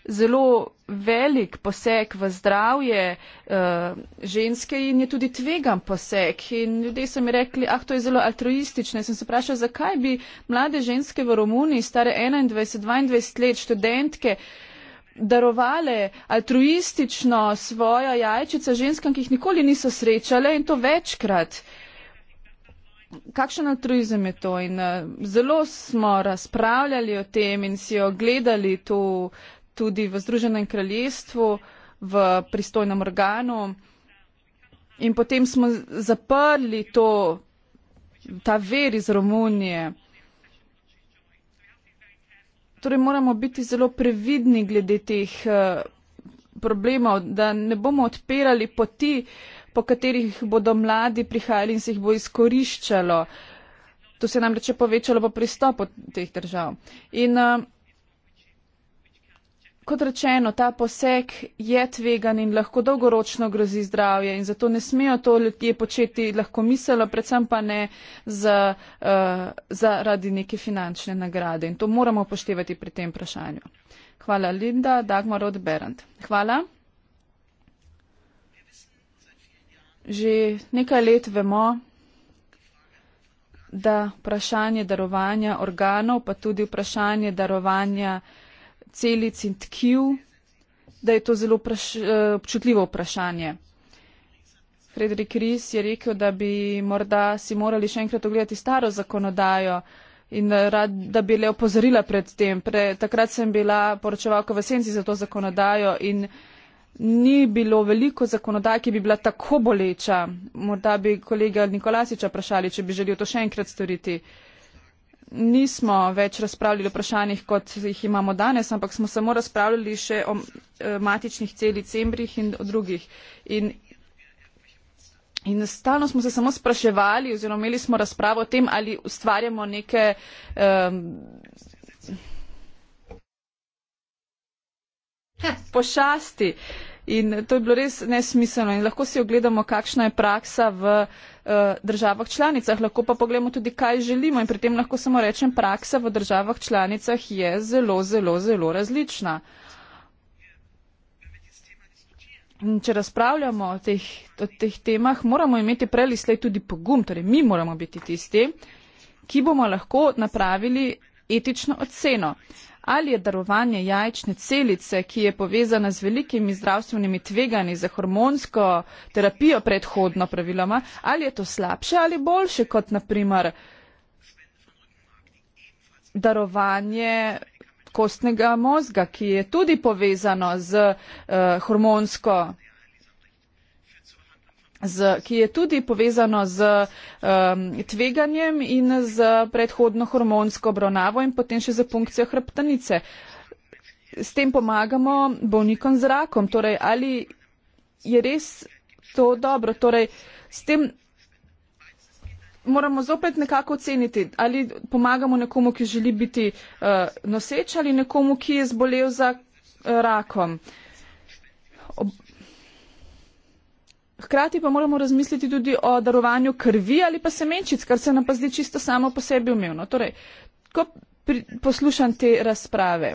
zelo velik poseg v zdravje uh, ženske in je tudi tvegan poseg. In ljudje so mi rekli, ah, to je zelo altruistično. In sem se vprašala, zakaj bi mlade ženske v Romuniji, stare 21-22 let, študentke, darovale altruistično svojo jajčico ženskam, ki jih nikoli niso srečale in to večkrat. Kakšen altruizem je to? In, uh, zelo smo razpravljali o tem in si ogledali to tudi v Združenem kraljestvu, v pristojnem organu. In potem smo zaprli to, ta ver iz Romunije. Torej moramo biti zelo previdni glede teh eh, problemov, da ne bomo odpirali poti, po katerih bodo mladi prihajali in se jih bo izkoriščalo. To se nam reče povečalo po pristopu teh držav. In uh, kot rečeno, ta poseg je tvegan in lahko dolgoročno grozi zdravje in zato ne smejo to ljudje početi lahko miselo, predvsem pa ne za, uh, zaradi neke finančne nagrade. In to moramo poštevati pri tem vprašanju. Hvala Linda, Dagmar od Berend. Hvala. Že nekaj let vemo, da vprašanje darovanja organov, pa tudi vprašanje darovanja uh, celic in tkiv, da je to zelo praš, eh, občutljivo vprašanje. Frederik Ries je rekel, da bi morda si morali še enkrat ogledati staro zakonodajo in rad, da bi le opozorila pred tem. Pre, takrat sem bila poročevalka v senci za to zakonodajo in ni bilo veliko zakonodaj, ki bi bila tako boleča. Morda bi kolega Nikolasiča vprašali, če bi želel to še enkrat storiti. Uh, nismo več razpravljali o vprašanjih, kot jih imamo danes, ampak smo samo razpravljali še o eh, matičnih celih cembrih in o drugih. In, in stalno smo se samo spraševali oziroma imeli smo razpravo o tem, ali ustvarjamo neke. Um, pošasti. In to je bilo res nesmiselno. In lahko si ogledamo, kakšna je praksa v eh, državah članicah, lahko pa pogledamo tudi, kaj želimo in pri tem lahko samo rečem, praksa v državah članicah je zelo, zelo, zelo različna. In če razpravljamo o teh, o teh temah, moramo imeti prelislej tudi pogum, torej mi moramo biti tisti, ki bomo lahko napravili etično oceno ali je darovanje jajčne celice, ki je povezana z velikimi zdravstvenimi tveganji za hormonsko terapijo predhodno praviloma, ali je to slabše ali boljše kot naprimer darovanje kostnega mozga, ki je tudi povezano z uh, hormonsko terapijo z, ki je tudi povezano z um, tveganjem in z predhodno hormonsko obravnavo in potem še za funkcijo hrbtenice. S tem pomagamo bolnikom z rakom. Torej, ali je res to dobro? Torej, s tem moramo zopet nekako oceniti, ali pomagamo nekomu, ki želi biti uh, noseč ali nekomu, ki je zbolel za uh, rakom. Uh, Hkrati pa moramo razmisliti tudi o darovanju krvi ali pa semenčic, kar se nam pa zdi čisto samo po sebi umevno. Torej, ko pri, poslušam te razprave,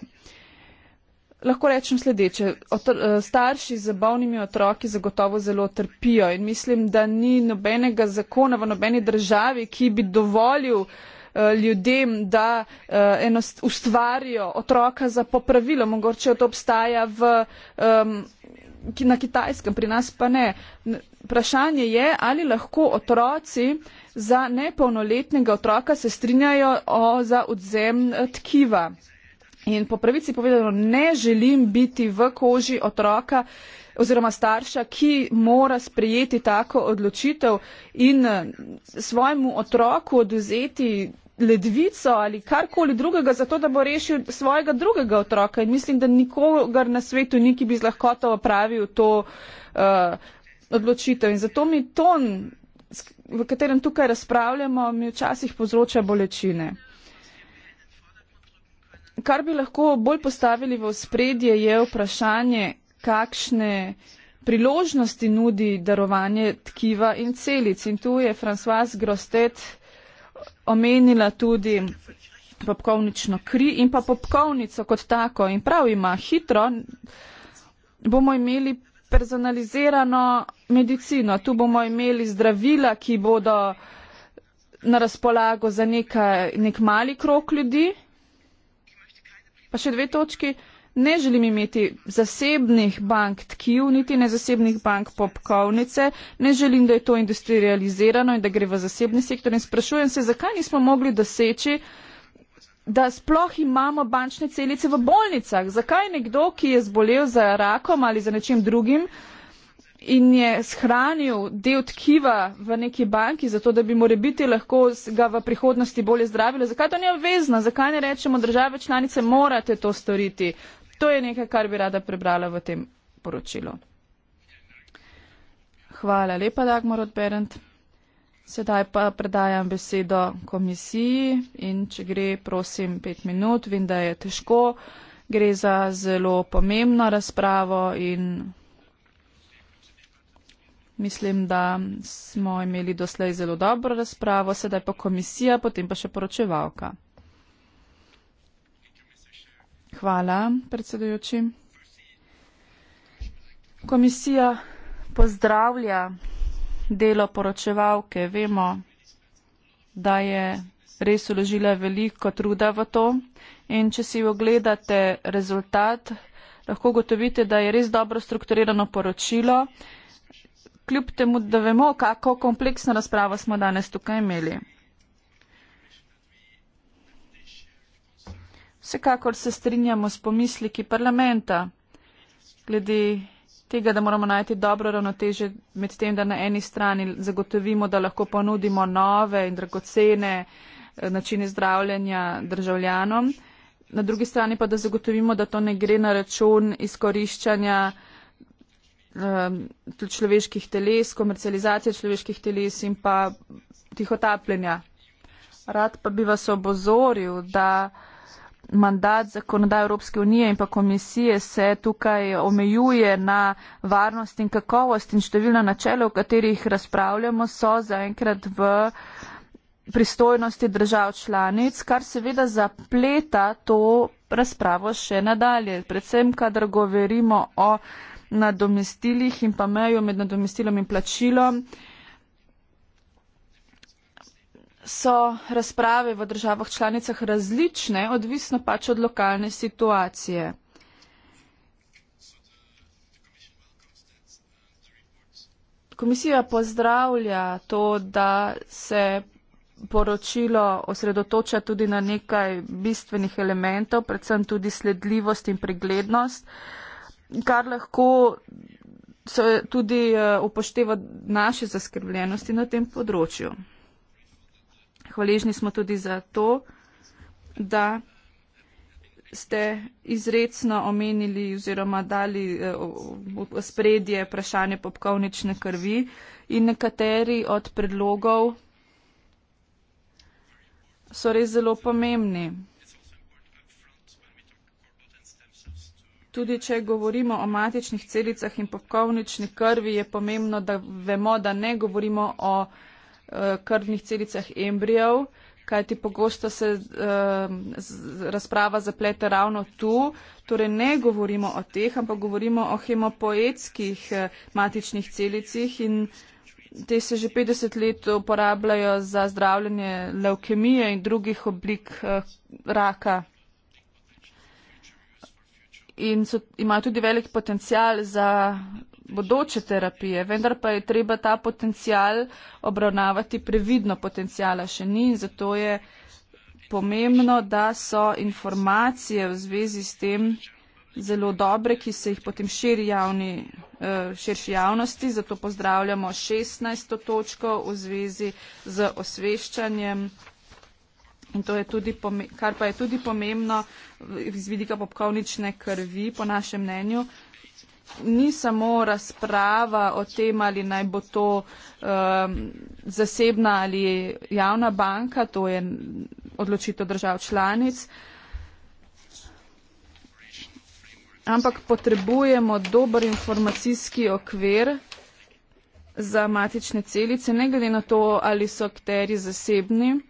lahko rečem sledeče. Otr, eh, starši z bolnimi otroki zagotovo zelo trpijo in mislim, da ni nobenega zakona v nobeni državi, ki bi dovolil eh, ljudem, da uh, enost, ustvarijo otroka za popravilo. Mogoče to obstaja v um, ki na kitajskem, pri nas pa ne. Vprašanje je, ali lahko otroci za nepolnoletnega otroka se strinjajo o, za odzem eh, tkiva. In po pravici povedano, ne želim biti v koži otroka oziroma starša, ki mora sprejeti tako odločitev in eh, svojemu otroku oduzeti ledvico ali karkoli drugega, zato da bo rešil svojega drugega otroka. In mislim, da nikogar na svetu ni, ki bi z lahkoto opravil to uh, odločitev. In zato mi ton, v katerem tukaj razpravljamo, mi včasih povzroča bolečine. Kar bi lahko bolj postavili v spredje, je vprašanje, kakšne priložnosti nudi darovanje tkiva in celic. In tu je Françoise Grostet omenila tudi popkovnično kri in pa popkovnico kot tako. In prav ima, hitro bomo imeli personalizirano medicino. Tu bomo imeli zdravila, ki bodo na razpolago za nekaj, nek mali krok ljudi. Pa še dve točki. Uh, ne želim imeti zasebnih bank tkiv, niti ne zasebnih bank popkovnice, ne želim, da je to industrializirano in da gre v zasebni sektor in sprašujem se, zakaj nismo mogli doseči, da sploh imamo bančne celice v bolnicah. Zakaj nekdo, ki je zbolel za rakom ali za nečim drugim in je shranil del tkiva v neki banki, zato da bi more biti lahko ga v prihodnosti bolje zdravilo, zakaj to ni obvezno? Zakaj ne rečemo, države članice morate to storiti? To je nekaj, kar bi rada prebrala v tem poročilu. Hvala lepa, Dagmar Odberend. Sedaj pa predajam besedo komisiji in če gre, prosim, pet minut. Vem, da je težko. Gre za zelo pomembno razpravo in mislim, da smo imeli doslej zelo dobro razpravo. Sedaj pa komisija, potem pa še poročevalka. Hvala, predsedujoči. Komisija pozdravlja delo poročevalke. Vemo, da je res uložila veliko truda v to in če si ogledate rezultat, lahko gotovite, da je res dobro strukturirano poročilo, kljub temu, da vemo, kako kompleksno razpravo smo danes tukaj imeli. Vsekakor se strinjamo s pomisliki parlamenta glede tega, da moramo najti dobro ravnoteže med tem, da na eni strani zagotovimo, da lahko ponudimo nove in dragocene eh, načine zdravljenja državljanom, na drugi strani pa da zagotovimo, da to ne gre na račun izkoriščanja um, človeških teles, komercializacije človeških teles in pa tihotapljenja. Rad pa bi vas obozoril, da mandat zakonodaje Evropske unije in pa komisije se tukaj omejuje na varnost in kakovost in številna načela, o katerih razpravljamo, so zaenkrat v pristojnosti držav članic, kar seveda zapleta to razpravo še nadalje. Predvsem, kadar govorimo o nadomestilih in pa mejo med nadomestilom in plačilom, so razprave v državah članicah različne, odvisno pač od lokalne situacije. Komisija pozdravlja to, da se poročilo osredotoča tudi na nekaj bistvenih elementov, predvsem tudi sledljivost in preglednost, kar lahko se tudi eh, upošteva naše zaskrbljenosti na tem področju hvaležni smo tudi za to, da ste izredno omenili oziroma dali eh, v spredje vprašanje popkovnične krvi in nekateri od predlogov so res zelo pomembni. Tudi če govorimo o matičnih celicah in popkovnični krvi, je pomembno, da vemo, da ne govorimo o Eh, krvnih celicah embrijev, kajti pogosto se eh, razprava zaplete ravno tu. Torej ne govorimo o teh, ampak govorimo o hemopoetskih eh, matičnih celicah in te se že 50 let uporabljajo za zdravljenje leukemije in drugih oblik raka. In so, imajo tudi velik potencial za bodoče terapije, vendar pa je treba ta potencial obravnavati previdno, potencijala še ni in zato je pomembno, da so informacije v zvezi s tem zelo dobre, ki se jih potem širi javni, eh, širši javnosti, zato pozdravljamo 16. točko v zvezi z osveščanjem. In to je tudi, kar pa je tudi pomembno iz vidika popkovnične krvi, po našem mnenju, ni samo razprava o tem, ali naj bo to um, zasebna ali javna banka, to je odločitev držav članic. Ampak potrebujemo dober informacijski okvir za matične celice, ne glede na to, ali so akteri zasebni.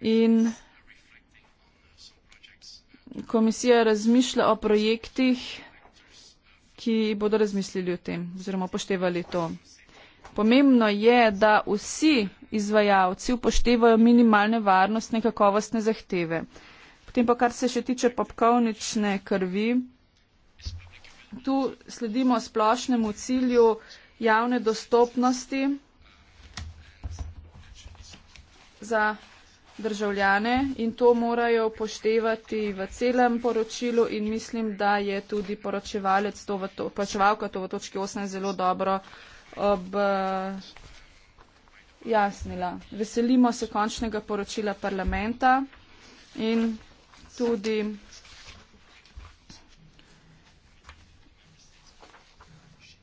In komisija razmišlja o projektih, ki bodo razmislili o tem oziroma upoštevali to. Pomembno je, da vsi izvajalci upoštevajo minimalne varnostne kakovostne zahteve. Potem pa, kar se še tiče popkovnične krvi, tu sledimo splošnemu cilju javne dostopnosti za državljane in to morajo poštevati v celem poročilu in mislim, da je tudi poročevalec to v, to, poročevalka to v točki 8 zelo dobro ob, uh, jasnila. Veselimo se končnega poročila parlamenta in tudi.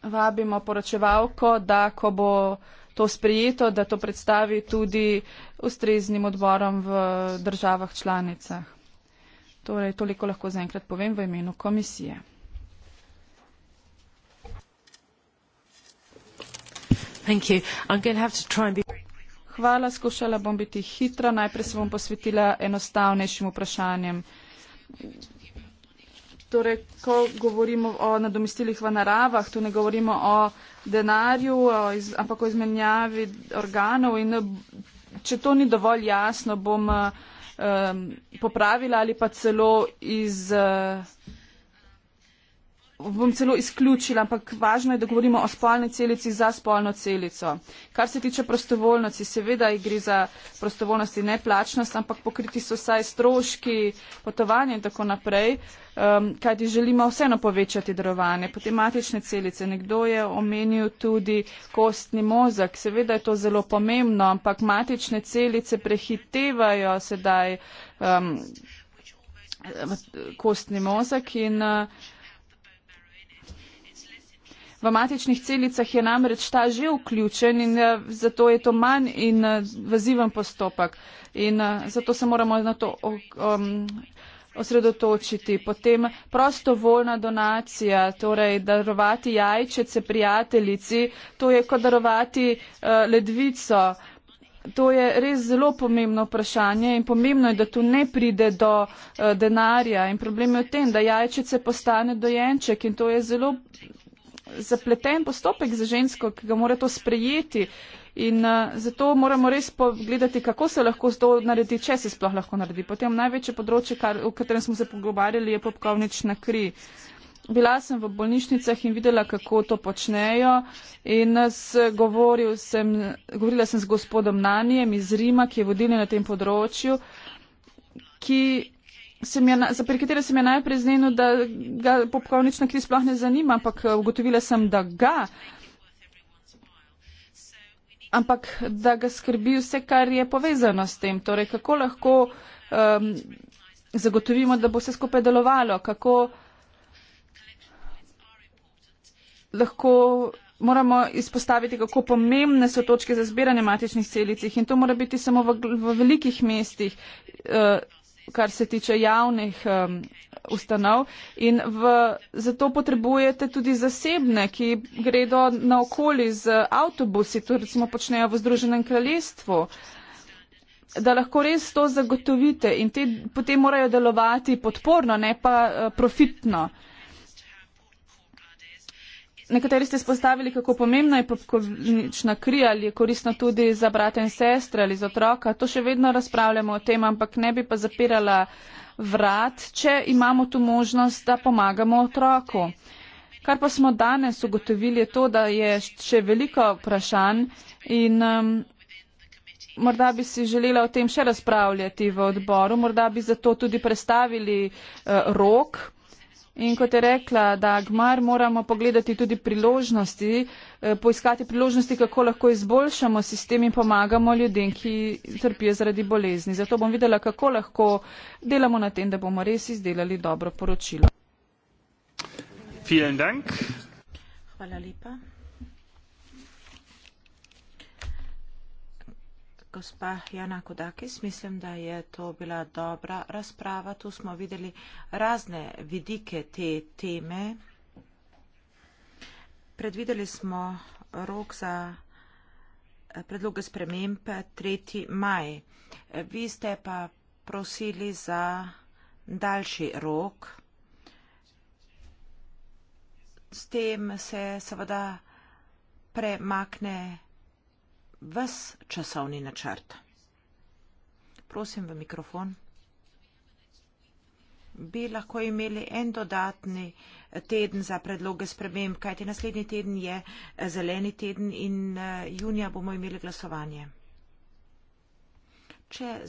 Vabimo poročevalko, da ko bo to sprejeto, da to predstavi tudi ustreznim odborom v državah članicah. Torej, toliko lahko zaenkrat povem v imenu komisije. Hvala, skušala bom biti hitra. Najprej se bom posvetila enostavnejšim vprašanjem. Torej, ko govorimo o nadomestilih v naravah, tu ne govorimo o denarju, o iz, ampak o izmenjavi organov. In, če to ni dovolj jasno, bom um, popravila ali pa celo iz. Uh, bom celo izključila, ampak važno je, da govorimo o spolni celici za spolno celico. Kar se tiče prostovoljnosti, seveda gre za prostovoljnost in neplačnost, ampak pokriti so vsaj stroški potovanja in tako naprej, um, kajti želimo vseeno povečati darovanje. Potem matične celice, nekdo je omenil tudi kostni mozak, seveda je to zelo pomembno, ampak matične celice prehitevajo sedaj um, kostni mozak in uh, V matičnih celicah je namreč ta že vključen in eh, zato je to manj in eh, vaziven postopek. In eh, zato se moramo na to um, osredotočiti. Potem prostovoljna donacija, torej darovati jajčece prijateljici, to je kot darovati uh, ledvico. To je res zelo pomembno vprašanje in pomembno je, da tu ne pride do uh, denarja. In problem je v tem, da jajčice postane dojenček in to je zelo zapleten postopek za žensko, ki ga mora to sprejeti. In uh, zato moramo res pogledati, kako se lahko to naredi, če se sploh lahko naredi. Potem največje področje, kar, o katerem smo se pogovarjali, je popkovnična kri. Bila sem v bolnišnicah in videla, kako to počnejo. In eh, s, sem, govorila sem z gospodom Nanijem iz Rima, ki je vodilni na tem področju, ki Na, pri kateri sem jaz najprej zneno, da ga popkovnična kriz sploh ne zanima, ampak eh, ugotovila sem, da ga, ampak da ga skrbi vse, kar je povezano s tem. Torej, kako lahko um, zagotovimo, da bo vse skupaj delovalo, kako lahko moramo izpostaviti, kako pomembne so točke za zbiranje matičnih celic in to mora biti samo v, v velikih mestih. Uh, kar se tiče javnih um, ustanov in v, zato potrebujete tudi zasebne, ki gredo naokoli z avtobusi, to recimo počnejo v Združenem kraljestvu, da lahko res to zagotovite in te potem morajo delovati podporno, ne pa uh, profitno. Nekateri ste spostavili, kako pomembna je popkovnična kri ali je koristna tudi za brata in sestre ali za otroka. To še vedno razpravljamo o tem, ampak ne bi pa zapirala vrat, če imamo tu možnost, da pomagamo otroku. Kar pa smo danes ugotovili, je to, da je še veliko vprašanj in um, morda bi si želela o tem še razpravljati v odboru, morda bi zato tudi predstavili uh, rok In kot je rekla Dagmar, moramo pogledati tudi priložnosti, eh, poiskati priložnosti, kako lahko izboljšamo sistem in pomagamo ljudem, ki trpijo zaradi bolezni. Zato bom videla, kako lahko delamo na tem, da bomo res izdelali dobro poročilo. Hvala lepa. gospa Jana Kodakis. Mislim, da je to bila dobra razprava. Tu smo videli razne vidike te teme. Predvideli smo rok za eh, predloge sprememb 3. maj. Vi ste pa prosili za daljši rok. S tem se seveda premakne ves časovni načrt. Prosim v mikrofon. Bi lahko imeli en dodatni teden za predloge sprememb, kajti naslednji teden je eh, zeleni teden in eh, junija bomo imeli glasovanje. Če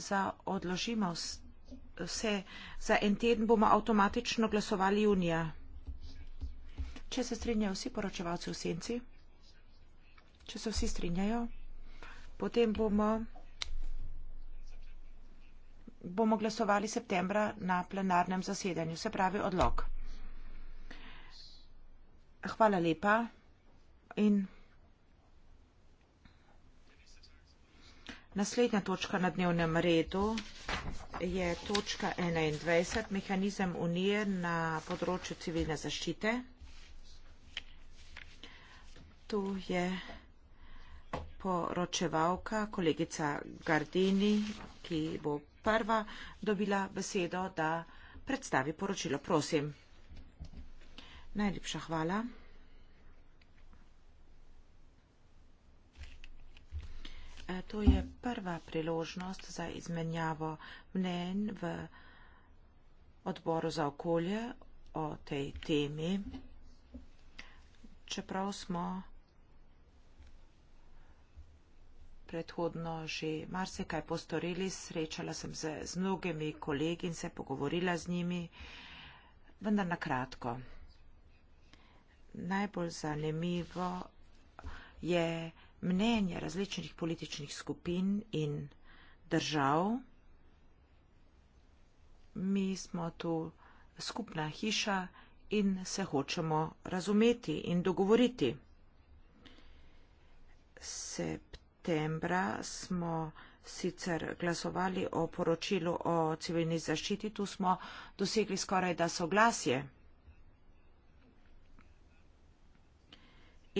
odložimo vse za en teden, bomo avtomatično glasovali junija. Če se strinjajo vsi poročevalci v senci, če se vsi strinjajo. Potem bomo, bomo glasovali septembra na plenarnem zasedanju, se pravi odlog. Hvala lepa in naslednja točka na dnevnem redu je točka 21, mehanizem unije na področju civilne zaščite. Tu je poročevalka, kolegica Gardini, ki bo prva dobila besedo, da predstavi poročilo. Prosim. Najlepša hvala. E, to je prva priložnost za izmenjavo mnen v odboru za okolje o tej temi. Čeprav smo predhodno že marsikaj postorili, srečala sem se z mnogimi kolegi in se pogovorila z njimi, vendar na kratko. Najbolj zanimivo je mnenje različnih političnih skupin in držav. Mi smo tu skupna hiša in se hočemo razumeti in dogovoriti. September septembra smo sicer glasovali o poročilu o civilni zaščiti, tu smo dosegli skoraj da soglasje.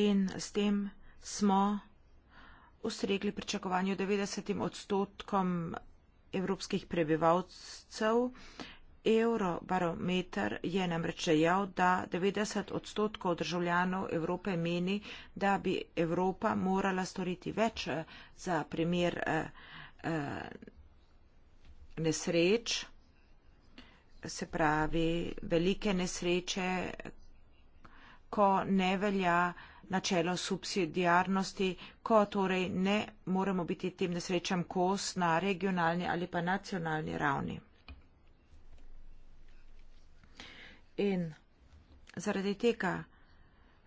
In s tem smo ustregli pričakovanju 90 odstotkom evropskih prebivalcev, Eurobarometer je namreč dejal, da 90 odstotkov državljanov Evrope meni, da bi Evropa morala storiti več eh, za primer eh, eh, nesreč, se pravi velike nesreče, ko ne velja načelo subsidijarnosti, ko torej ne moremo biti tem nesrečam kos na regionalni ali pa nacionalni ravni. in zaradi tega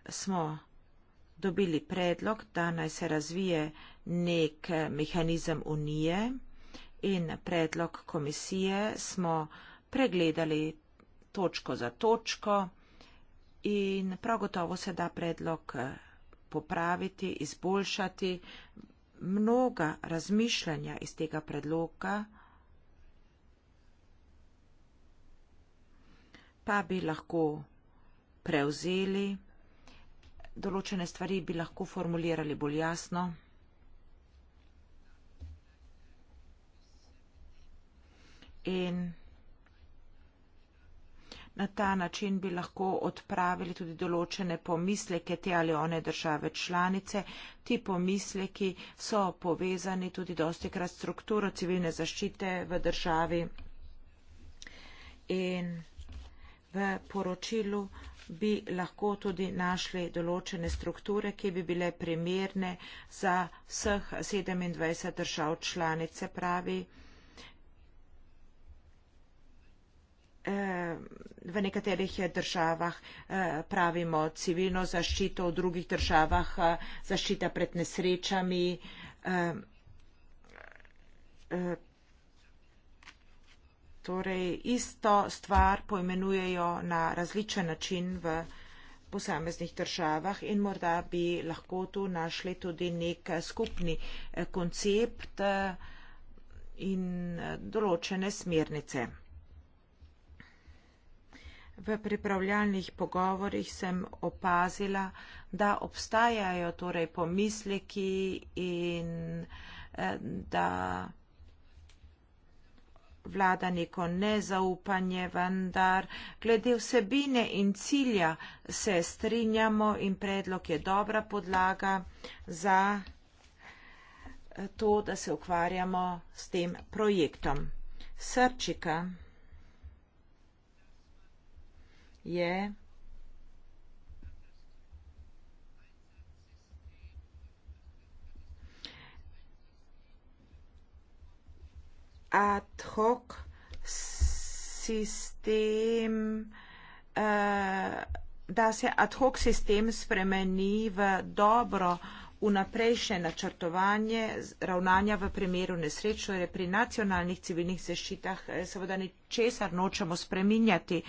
smo dobili predlog, da naj se razvije nek mehanizem unije in predlog komisije smo pregledali točko za točko in prav gotovo se da predlog eh, popraviti, izboljšati. Mnoga razmišljanja iz tega predloga pa bi lahko prevzeli, določene stvari bi lahko formulirali bolj jasno. In na ta način bi lahko odpravili tudi določene pomisleke te ali one države članice. Ti pomisleki so povezani tudi dosti krat strukturo civilne zaščite v državi. In v poročilu bi lahko tudi našli določene strukture, ki bi bile primerne za vseh 27 držav članice pravi. Eh, v nekaterih državah eh, pravimo civilno zaščito, v drugih državah eh, zaščita pred nesrečami, Torej, isto stvar poimenujejo na različen način v posameznih državah in morda bi lahko tu našli tudi nek eh, skupni eh, koncept eh, in določene smernice. V pripravljalnih pogovorjih sem opazila, da obstajajo torej pomisleki in da vlada neko nezaupanje, vendar glede vsebine in cilja se strinjamo in predlog je dobra podlaga za eh, to, da se ukvarjamo s tem projektom. Srčika je yeah. ad hoc sistem, uh, da se ad hoc sistem spremeni v dobro vnaprejšnje načrtovanje ravnanja v primeru nesrečo, torej je pri nacionalnih civilnih zaščitah eh, seveda ničesar nočemo spreminjati.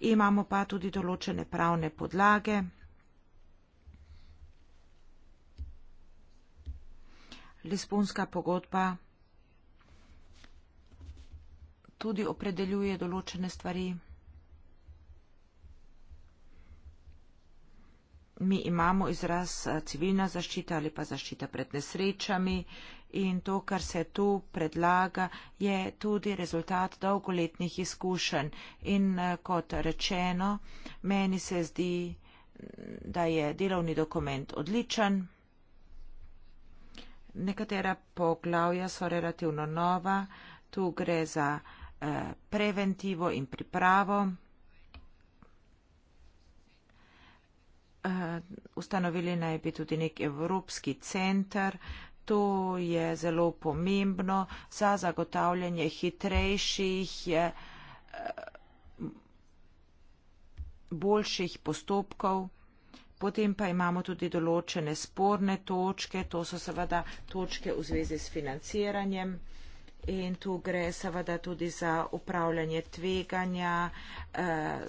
Imamo pa tudi določene pravne podlage. Lisbonska pogodba tudi opredeljuje določene stvari. Mi imamo izraz eh, civilna zaščita ali pa zaščita pred nesrečami in to, kar se tu predlaga, je tudi rezultat dolgoletnih izkušenj. In eh, kot rečeno, meni se zdi, mm, da je delovni dokument odličen. Nekatera poglavja so relativno nova. Tu gre za preventivo in pripravo. Eh, ustanovili naj bi tudi nek evropski center. To je zelo pomembno za zagotavljanje hitrejših, eh, boljših postopkov. Potem pa imamo tudi določene sporne točke, to so seveda točke v zvezi s financiranjem in tu gre seveda tudi za upravljanje tveganja, eh,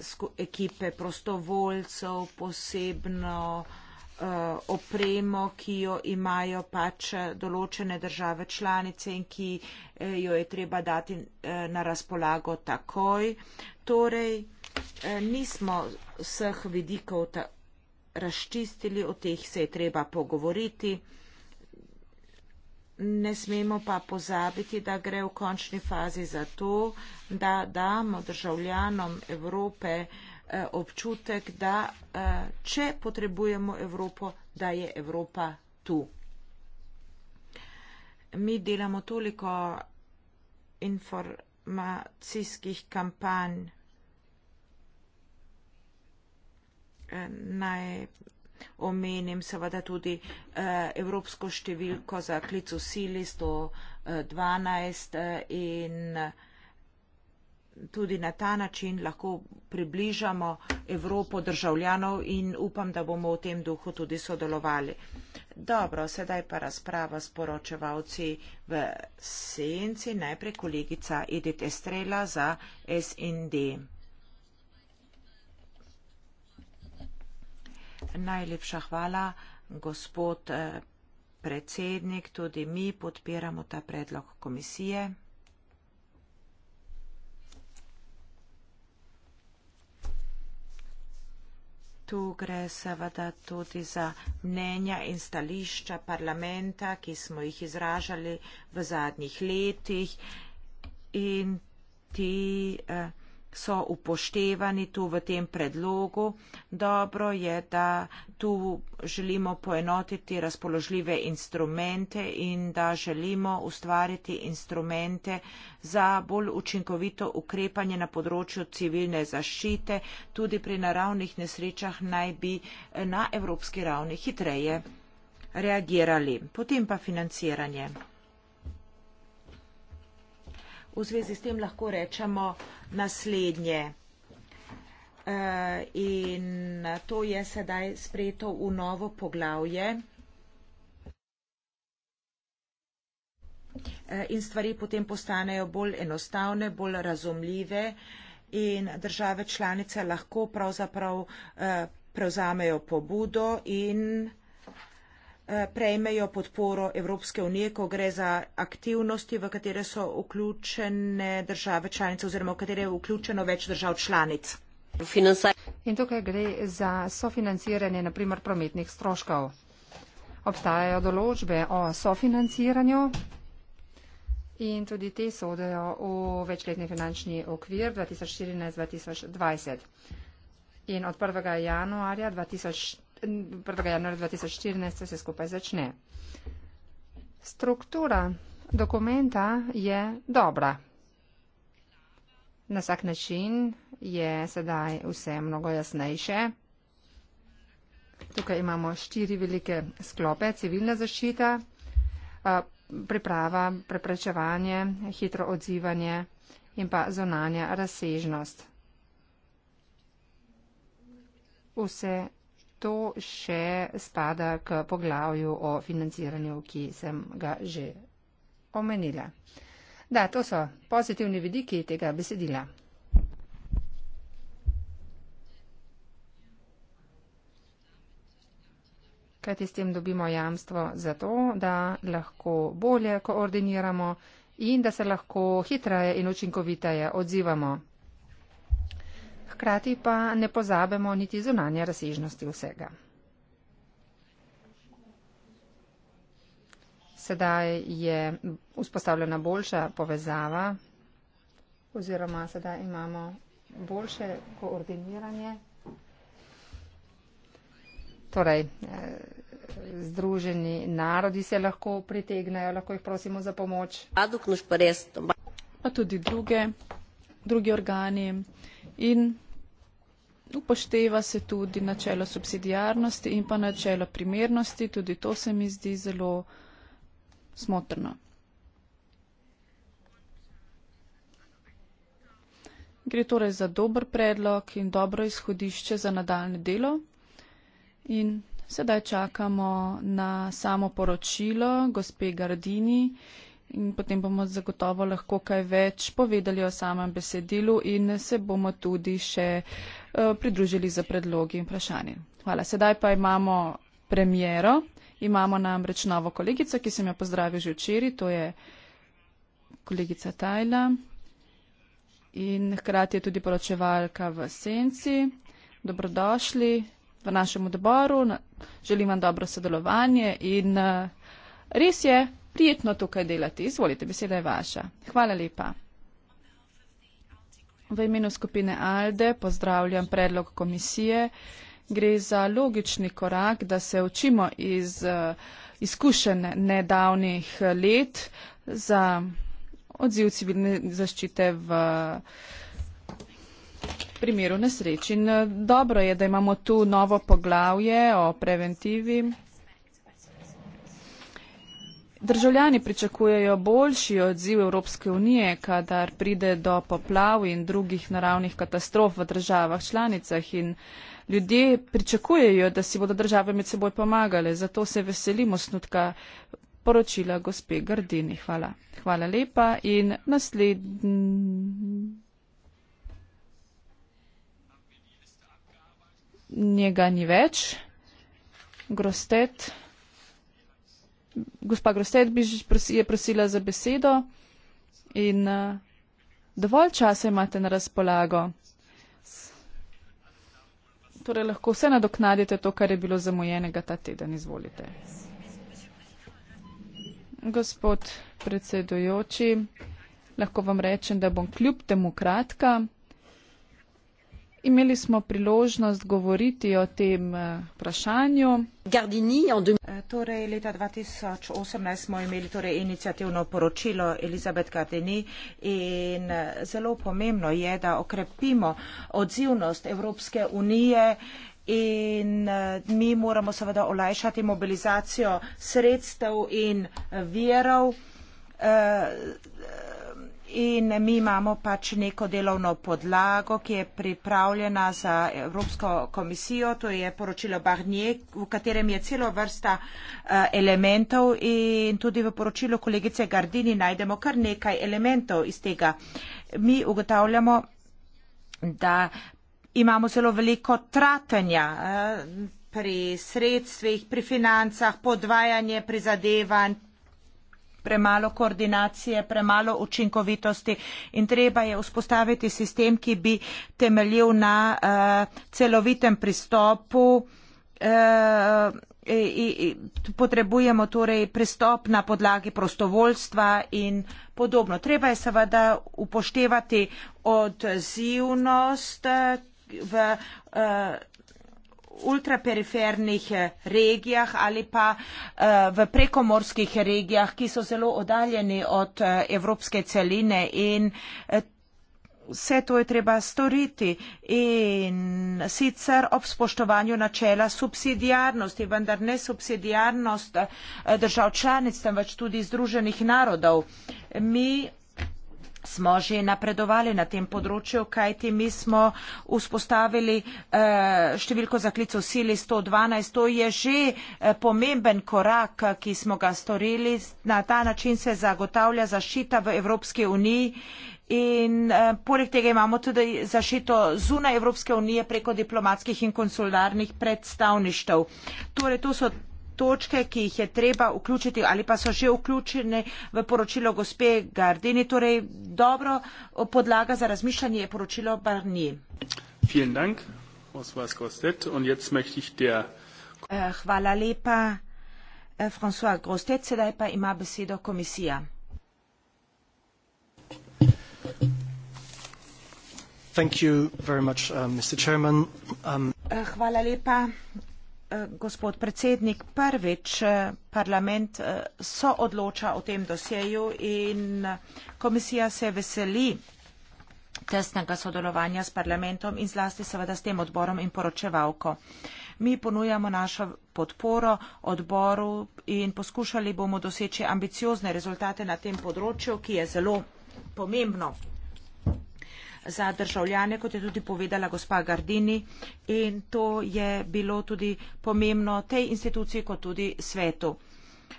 ekipe prostovoljcev, posebno eh, opremo, ki jo imajo pač eh, določene države članice in ki eh, jo je treba dati eh, na razpolago takoj. Torej, eh, nismo vseh vidikov ta, razčistili, o teh se je treba pogovoriti ne smemo pa pozabiti, da gre v končni fazi za to, da damo državljanom Evrope eh, občutek, da eh, če potrebujemo Evropo, da je Evropa tu. Mi delamo toliko informacijskih kampanj. Eh, naj Omenim seveda tudi eh, evropsko številko za klicu sili 112 eh, eh, in tudi na ta način lahko približamo Evropo državljanov in upam, da bomo v tem duhu tudi sodelovali. Dobro, sedaj pa razprava s poročevalci v senci, najprej kolegica Edith Estrela za SND. Najlepša hvala, gospod eh, predsednik. Tudi mi podpiramo ta predlog komisije. Tu gre seveda tudi za mnenja in stališča parlamenta, ki smo jih izražali v zadnjih letih. In ti. Eh, so upoštevani tu v tem predlogu. Dobro je, da tu želimo poenotiti razpoložljive instrumente in da želimo ustvariti instrumente za bolj učinkovito ukrepanje na področju civilne zaščite. Tudi pri naravnih nesrečah naj bi na evropski ravni hitreje reagirali. Potem pa financiranje v zvezi s tem lahko rečemo naslednje. E, in to je sedaj sprejeto v novo poglavje. E, in stvari potem postanejo bolj enostavne, bolj razumljive in države članice lahko pravzaprav e, prevzamejo pobudo in Eh, prejmejo podporo Evropske unije, ko gre za aktivnosti, v katere so vključene države članice oziroma v katere je vključeno več držav članic. In tukaj gre za sofinanciranje naprimer prometnih stroškov. Obstajajo določbe o sofinanciranju in tudi te sodajo v večletni finančni okvir 2014-2020. In od 1. januarja 2014 1. januar 2014 se skupaj začne. Struktura dokumenta je dobra. Na vsak način je sedaj vse mnogo jasnejše. Tukaj imamo štiri velike sklope. Civilna zaščita, priprava, preprečevanje, hitro odzivanje in pa zonanja razsežnost. Vse to še spada k poglavju o financiranju, ki sem ga že omenila. Da, to so pozitivni vidiki tega besedila. Kajti s tem dobimo jamstvo za to, da lahko bolje koordiniramo in da se lahko hitreje in učinkoviteje odzivamo hkrati pa ne pozabemo niti zunanje razsežnosti vsega. Sedaj je vzpostavljena boljša povezava oziroma sedaj imamo boljše koordiniranje. Torej, eh, združeni narodi se lahko pritegnajo, lahko jih prosimo za pomoč. Pa tudi druge, drugi organi in upošteva se tudi načelo subsidijarnosti in pa načelo primernosti, tudi to se mi zdi zelo smotrno. Gre torej za dober predlog in dobro izhodišče za nadaljne delo. In sedaj čakamo na samo poročilo gospe Gardini in potem bomo zagotovo lahko kaj več povedali o samem besedilu in se bomo tudi še eh, pridružili za predlogi in vprašanje. Hvala. Sedaj pa imamo premjero. Imamo namreč novo kolegico, ki sem jo pozdravil že včeraj, to je kolegica Tajla in hkrati je tudi poročevalka v Senci. Dobrodošli v našem odboru, želim vam dobro sodelovanje in eh, res je, Prijetno tukaj delati. Izvolite, beseda je vaša. Hvala lepa. V imenu skupine ALDE pozdravljam predlog komisije. Gre za logični korak, da se učimo iz eh, izkušenj nedavnih eh, let za odziv civilne zaščite v primeru nesreč. In eh, dobro je, da imamo tu novo poglavje o preventivi. Državljani pričakujejo boljši odziv Evropske unije, kadar pride do poplav in drugih naravnih katastrof v državah članicah in ljudje pričakujejo, da si bodo države med seboj pomagale. Zato se veselimo snutka poročila gospe Gardini. Hvala. Hvala lepa in naslednji. Njega ni več. Grostet gospa Grosted bi je prosila za besedo in uh, dovolj časa imate na razpolago. Torej lahko vse nadoknadite to, kar je bilo zamujenega ta teden. Izvolite. Gospod predsedujoči, lahko vam rečem, da bom kljub temu kratka. Imeli smo priložnost govoriti o tem eh, vprašanju. Gardini, de... Eh, torej, leta 2018 smo imeli torej, inicijativno poročilo Elizabet Gardini in eh, zelo pomembno je, da okrepimo odzivnost Evropske unije. In mi moramo seveda olajšati mobilizacijo sredstev in verov in mi imamo pač neko delovno podlago, ki je pripravljena za Evropsko komisijo, to je poročilo Barnier, v katerem je celo vrsta eh, elementov in tudi v poročilu kolegice Gardini najdemo kar nekaj elementov iz tega. Mi ugotavljamo, da imamo zelo veliko tratenja eh, pri sredstvih, pri financah, podvajanje prizadevanj, premalo koordinacije, premalo učinkovitosti in treba je vzpostaviti sistem, ki bi temeljil na uh, celovitem pristopu. Uh, i, i, potrebujemo torej pristop na podlagi prostovoljstva in podobno. Treba je seveda upoštevati odzivnost eh, v. Uh, ultraperifernih eh, regijah ali pa eh, v prekomorskih regijah, ki so zelo oddaljeni od eh, evropske celine in vse to je treba storiti in sicer ob spoštovanju načela subsidijarnosti, vendar ne subsidijarnost držav članic, temveč tudi združenih narodov. Mi smo že napredovali na tem področju, kajti mi smo vzpostavili eh, številko zaklicov sili 112. To je že eh, pomemben korak, eh, ki smo ga storili. Na ta način se zagotavlja zaščita v Evropski uniji. In eh, poleg tega imamo tudi zašito zunaj Evropske unije preko diplomatskih in konsularnih predstavništev. Torej, to so točke, ki jih je treba vključiti ali pa so že vključene v poročilo gospe Gardini. Torej, dobro podlaga za razmišljanje je poročilo Barni. Eh, hvala lepa, eh, François Grostet. Sedaj pa ima besedo komisija. Thank you very much, um, uh, Mr. Chairman. Um, eh, Hvala lepa, Eh, gospod predsednik, prvič eh, parlament eh, so odloča o tem dosjeju in komisija se veseli tesnega sodelovanja s parlamentom in zlasti seveda s tem odborom in poročevalko. Mi ponujamo našo podporo odboru in poskušali bomo doseči ambiciozne rezultate na tem področju, ki je zelo pomembno za državljane, kot je tudi povedala gospa Gardini. In to je bilo tudi pomembno tej instituciji, kot tudi svetu.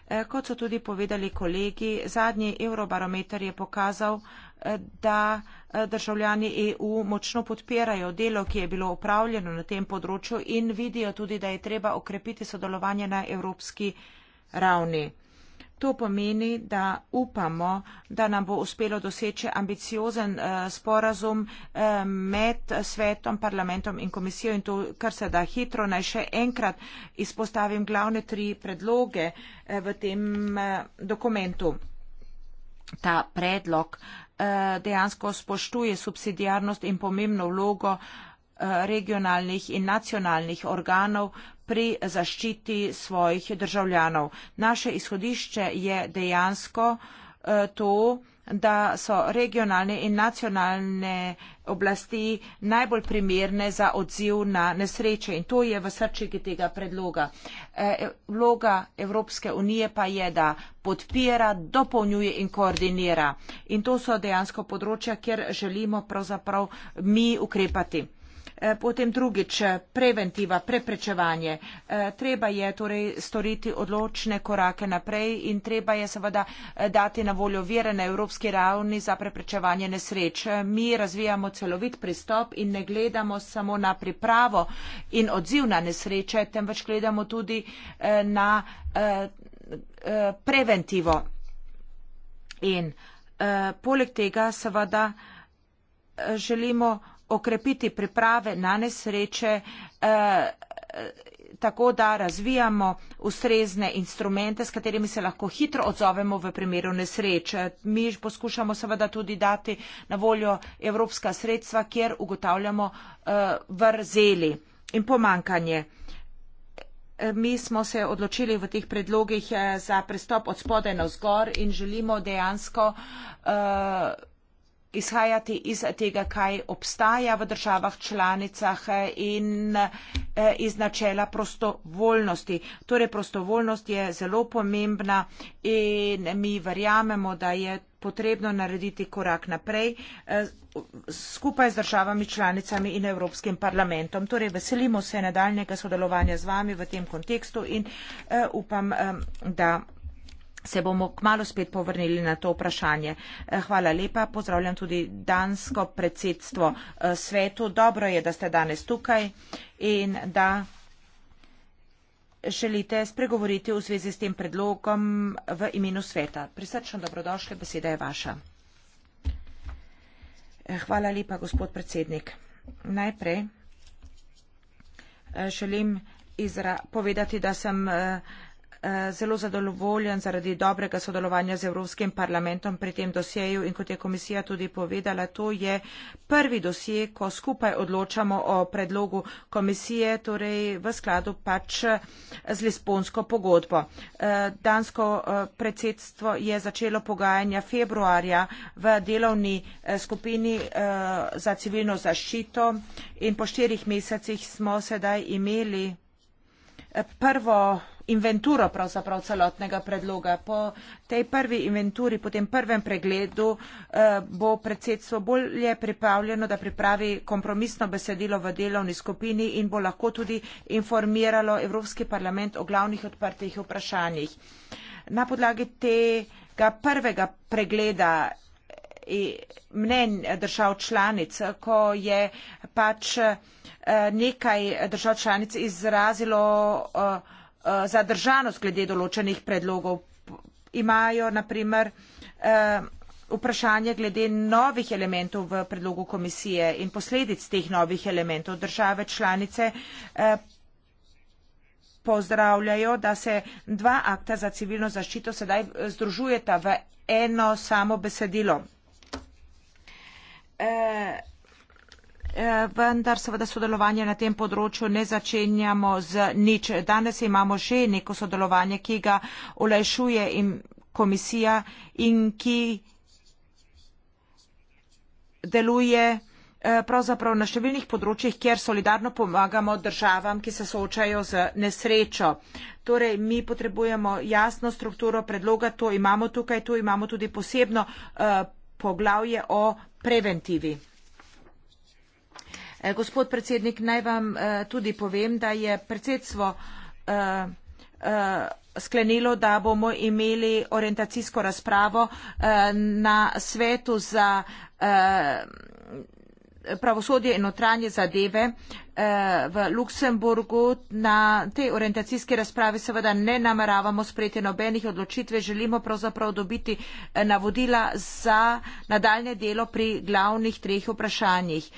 E, kot so tudi povedali kolegi, zadnji eurobarometer je pokazal, e, da e, državljani EU močno podpirajo delo, ki je bilo upravljeno na tem področju in vidijo tudi, da je treba okrepiti sodelovanje na evropski ravni. To pomeni, da upamo, da nam bo uspelo doseči ambiciozen eh, sporazum eh, med svetom, parlamentom in komisijo in to, kar se da hitro, naj še enkrat izpostavim glavne tri predloge eh, v tem dokumentu. Ta predlog dejansko spoštuje subsidijarnost in pomembno vlogo Eh, regionalnih in nacionalnih organov pri zaščiti svojih državljanov. Naše izhodišče je dejansko eh, to, da so regionalne in nacionalne oblasti najbolj primerne za odziv na nesreče in to je v srčiki tega predloga. Eh, vloga Evropske unije pa je, da podpira, dopolnjuje in koordinira in to so dejansko področja, kjer želimo pravzaprav mi ukrepati. Eh, potem drugič eh, preventiva, preprečevanje. Eh, treba je torej storiti odločne korake naprej in treba je seveda dati na voljo vire na evropski ravni za preprečevanje nesreč. Mi razvijamo celovit pristop in ne gledamo samo na pripravo in odziv na nesreče, temveč gledamo tudi na preventivo. In poleg tega seveda želimo okrepiti priprave na nesreče, eh, eh, tako da razvijamo ustrezne instrumente, s katerimi se lahko hitro odzovemo v primeru nesreče. Mi poskušamo seveda tudi dati na voljo evropska sredstva, kjer ugotavljamo eh, vrzeli in pomankanje. Mi smo se odločili v teh predlogih za prestop od spode na vzgor in želimo dejansko uh, izhajati iz tega, kaj obstaja v državah članicah eh, in eh, iz načela prostovoljnosti. Torej, prostovoljnost je zelo pomembna in mi verjamemo, da je potrebno narediti korak naprej eh, skupaj z državami članicami in Evropskim parlamentom. Torej, veselimo se nadaljnega sodelovanja z vami v tem kontekstu in upam, da se bomo kmalo spet povrnili na to vprašanje. Eh, hvala lepa, pozdravljam tudi dansko predsedstvo eh, svetu. Dobro je, da ste danes tukaj in da želite spregovoriti v zvezi s tem predlogom v imenu sveta. Prisrčno dobrodošli, beseda je vaša. Eh, hvala lepa, gospod predsednik. Najprej želim izra povedati, da sem uh, Eh, zelo zadovoljen zaradi dobrega sodelovanja z Evropskim parlamentom pri tem dosjeju in kot je komisija tudi povedala, to je prvi dosje, ko skupaj odločamo o predlogu komisije, torej v skladu pač eh, z Lisbonsko pogodbo. Eh, dansko predsedstvo je začelo pogajanja februarja v delovni skupini za civilno zaščito in po štirih mesecih smo sedaj imeli prvo inventuro pravzaprav celotnega predloga. Po tej prvi inventuri, po tem prvem pregledu eh, bo predsedstvo bolje pripravljeno, da pripravi kompromisno besedilo v delovni skupini in bo lahko tudi informiralo Evropski parlament o glavnih odprtih vprašanjih. Na podlagi tega prvega pregleda eh, mnen držav članic, ko je pač eh, nekaj držav članic izrazilo uh, Eh, zadržanost glede določenih predlogov. Imajo naprimer eh, vprašanje glede novih elementov v predlogu komisije in posledic teh novih elementov države članice eh, pozdravljajo, da se dva akta za civilno zaščito sedaj združujeta v eno samo besedilo. E, Eh, vendar seveda sodelovanje na tem področju ne začenjamo z nič. Danes imamo že neko sodelovanje, ki ga olajšuje in komisija in ki deluje eh, pravzaprav na številnih področjih, kjer solidarno pomagamo državam, ki se soočajo z nesrečo. Torej, mi potrebujemo jasno strukturo predloga, to imamo tukaj, tu imamo tudi posebno eh, poglavje o preventivi. Eh, gospod predsednik, naj vam eh, tudi povem, da je predsedstvo eh, sklenilo, da bomo imeli orientacijsko razpravo na svetu za pravosodje in notranje zadeve v Luksemburgu. Na tej orientacijski razpravi seveda ne nameravamo sprejeti nobenih odločitve, želimo pravzaprav dobiti navodila za nadaljne delo pri glavnih treh vprašanjih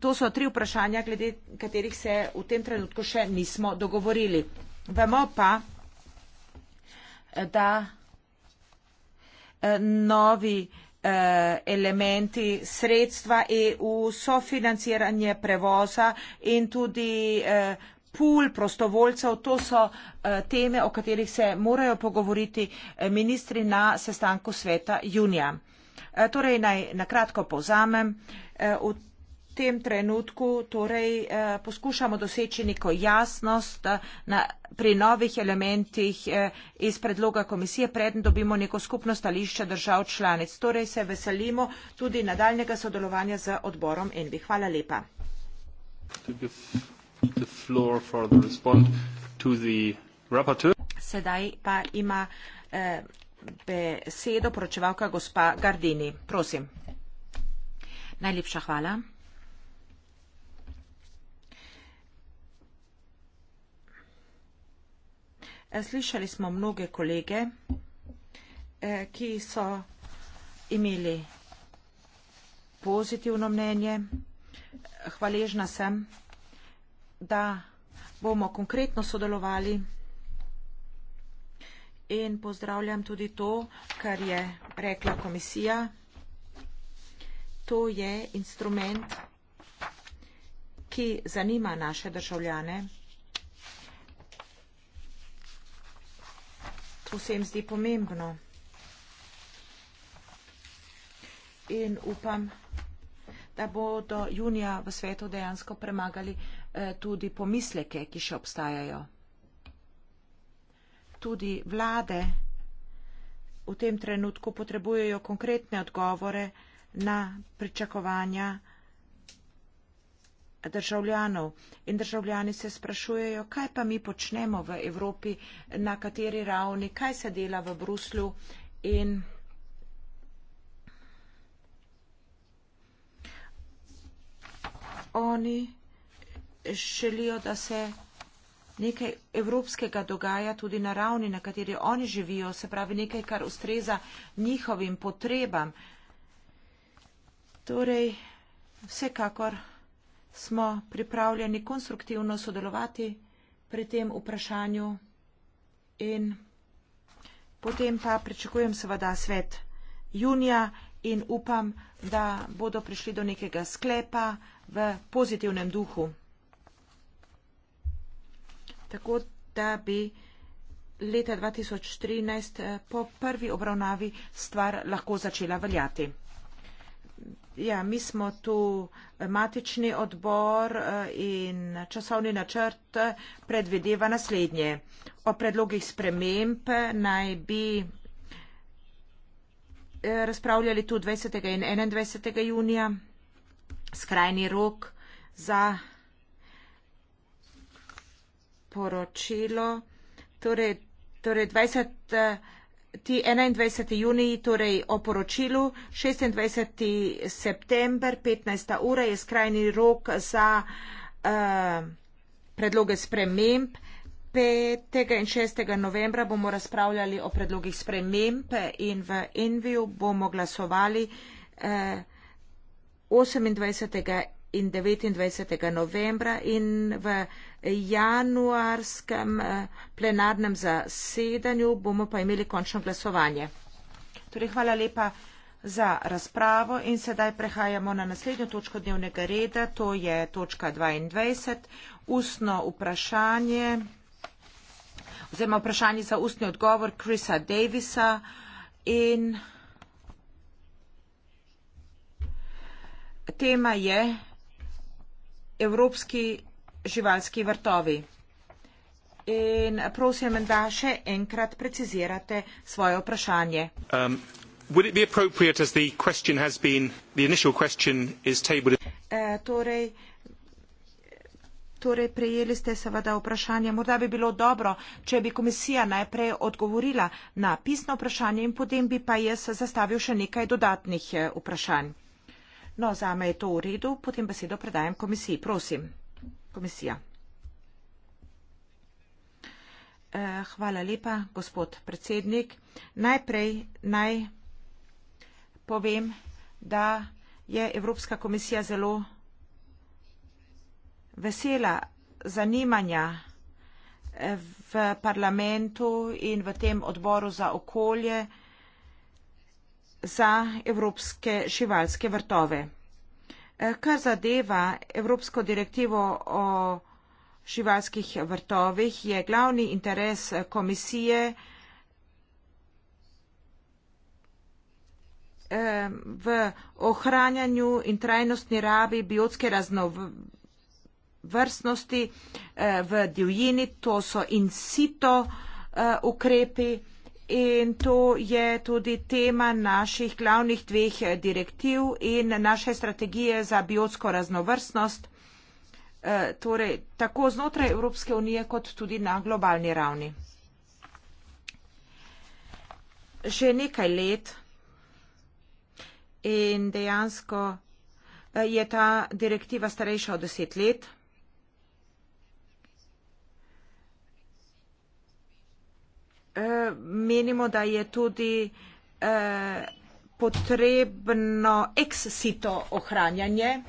to so tri vprašanja, glede katerih se v tem trenutku še nismo dogovorili. Vemo pa, da eh, novi eh, elementi sredstva EU, sofinanciranje prevoza in tudi eh, pul prostovoljcev, to so teme, o katerih se morajo pogovoriti ministri na sestanku sveta junija. Torej, naj nakratko povzamem. V tem trenutku torej eh, poskušamo doseči neko jasnost eh, na, pri novih elementih eh, iz predloga komisije, predn dobimo neko skupno stališče držav članic. Torej se veselimo tudi nadaljnega sodelovanja z odborom Envi. Hvala lepa. Sedaj pa ima besedo poročevalka gospa Gardini. Prosim. Najlepša hvala. Slišali smo mnoge kolege, eh, ki so imeli pozitivno mnenje. Hvaležna sem, da bomo konkretno sodelovali in pozdravljam tudi to, kar je rekla komisija. To je instrument, ki zanima naše državljane. vsem zdi pomembno. In upam, da bodo junija v svetu dejansko premagali eh, tudi pomisleke, ki še obstajajo. Tudi vlade v tem trenutku potrebujejo konkretne odgovore na pričakovanja, državljanov in državljani se sprašujejo, kaj pa mi počnemo v Evropi, na kateri ravni, kaj se dela v Bruslju in oni želijo, da se nekaj evropskega dogaja tudi na ravni, na kateri oni živijo, se pravi nekaj, kar ustreza njihovim potrebam. Torej, vsekakor smo pripravljeni konstruktivno sodelovati pri tem vprašanju in potem pa pričakujem seveda svet junija in upam, da bodo prišli do nekega sklepa v pozitivnem duhu. Tako da bi leta 2013 eh, po prvi obravnavi stvar lahko začela veljati. Ja, mi smo tu matični odbor eh, in časovni načrt eh, predvideva naslednje. O predlogih sprememb naj bi eh, razpravljali tu 20. in 21. junija. Skrajni rok za poročilo. Torej, torej 20 ti enaindvajset junij torej o poročilu šestindvajset september petnajsta ura je skrajni rok za uh, predloge sprememb petega in šestega novembra bomo razpravljali o predlogih sprememb in v enviju bomo glasovali eh, osemindvajset uh, in devetindvajset novembra in v januarskem eh, plenarnem zasedanju bomo pa imeli končno glasovanje. Torej, hvala lepa za razpravo in sedaj prehajamo na naslednjo točko dnevnega reda, to je točka 22, ustno vprašanje oziroma vprašanje za ustni odgovor Krisa Davisa in tema je Evropski živalski vrtovi. In prosim, da še enkrat precizirate svoje vprašanje. Um. Would it be appropriate as the question has been, the initial question is tabled? Uh, torej, torej, prejeli ste seveda vprašanje. Morda bi bilo dobro, če bi komisija najprej odgovorila na pisno vprašanje in potem bi pa jaz zastavil še nekaj dodatnih eh, vprašanj. No, za me je to v redu, potem besedo predajam komisiji. Prosim komisija. Eh, hvala lepa, gospod predsednik. Najprej naj povem, da je Evropska komisija zelo vesela zanimanja eh, v parlamentu in v tem odboru za okolje za evropske živalske vrtove. Eh, kar zadeva Evropsko direktivo o živalskih vrtovih, je glavni interes eh, komisije eh, v ohranjanju in trajnostni rabi biotske raznovrstnosti v divjini, to so in sito ukrepi in to je tudi tema naših glavnih dveh eh, direktiv in naše strategije za biotsko raznovrstnost, eh, torej tako znotraj Evropske unije kot tudi na globalni ravni. Že nekaj let in dejansko eh, je ta direktiva starejša od deset let. Eh, menimo, da je tudi eh, potrebno eksito ohranjanje.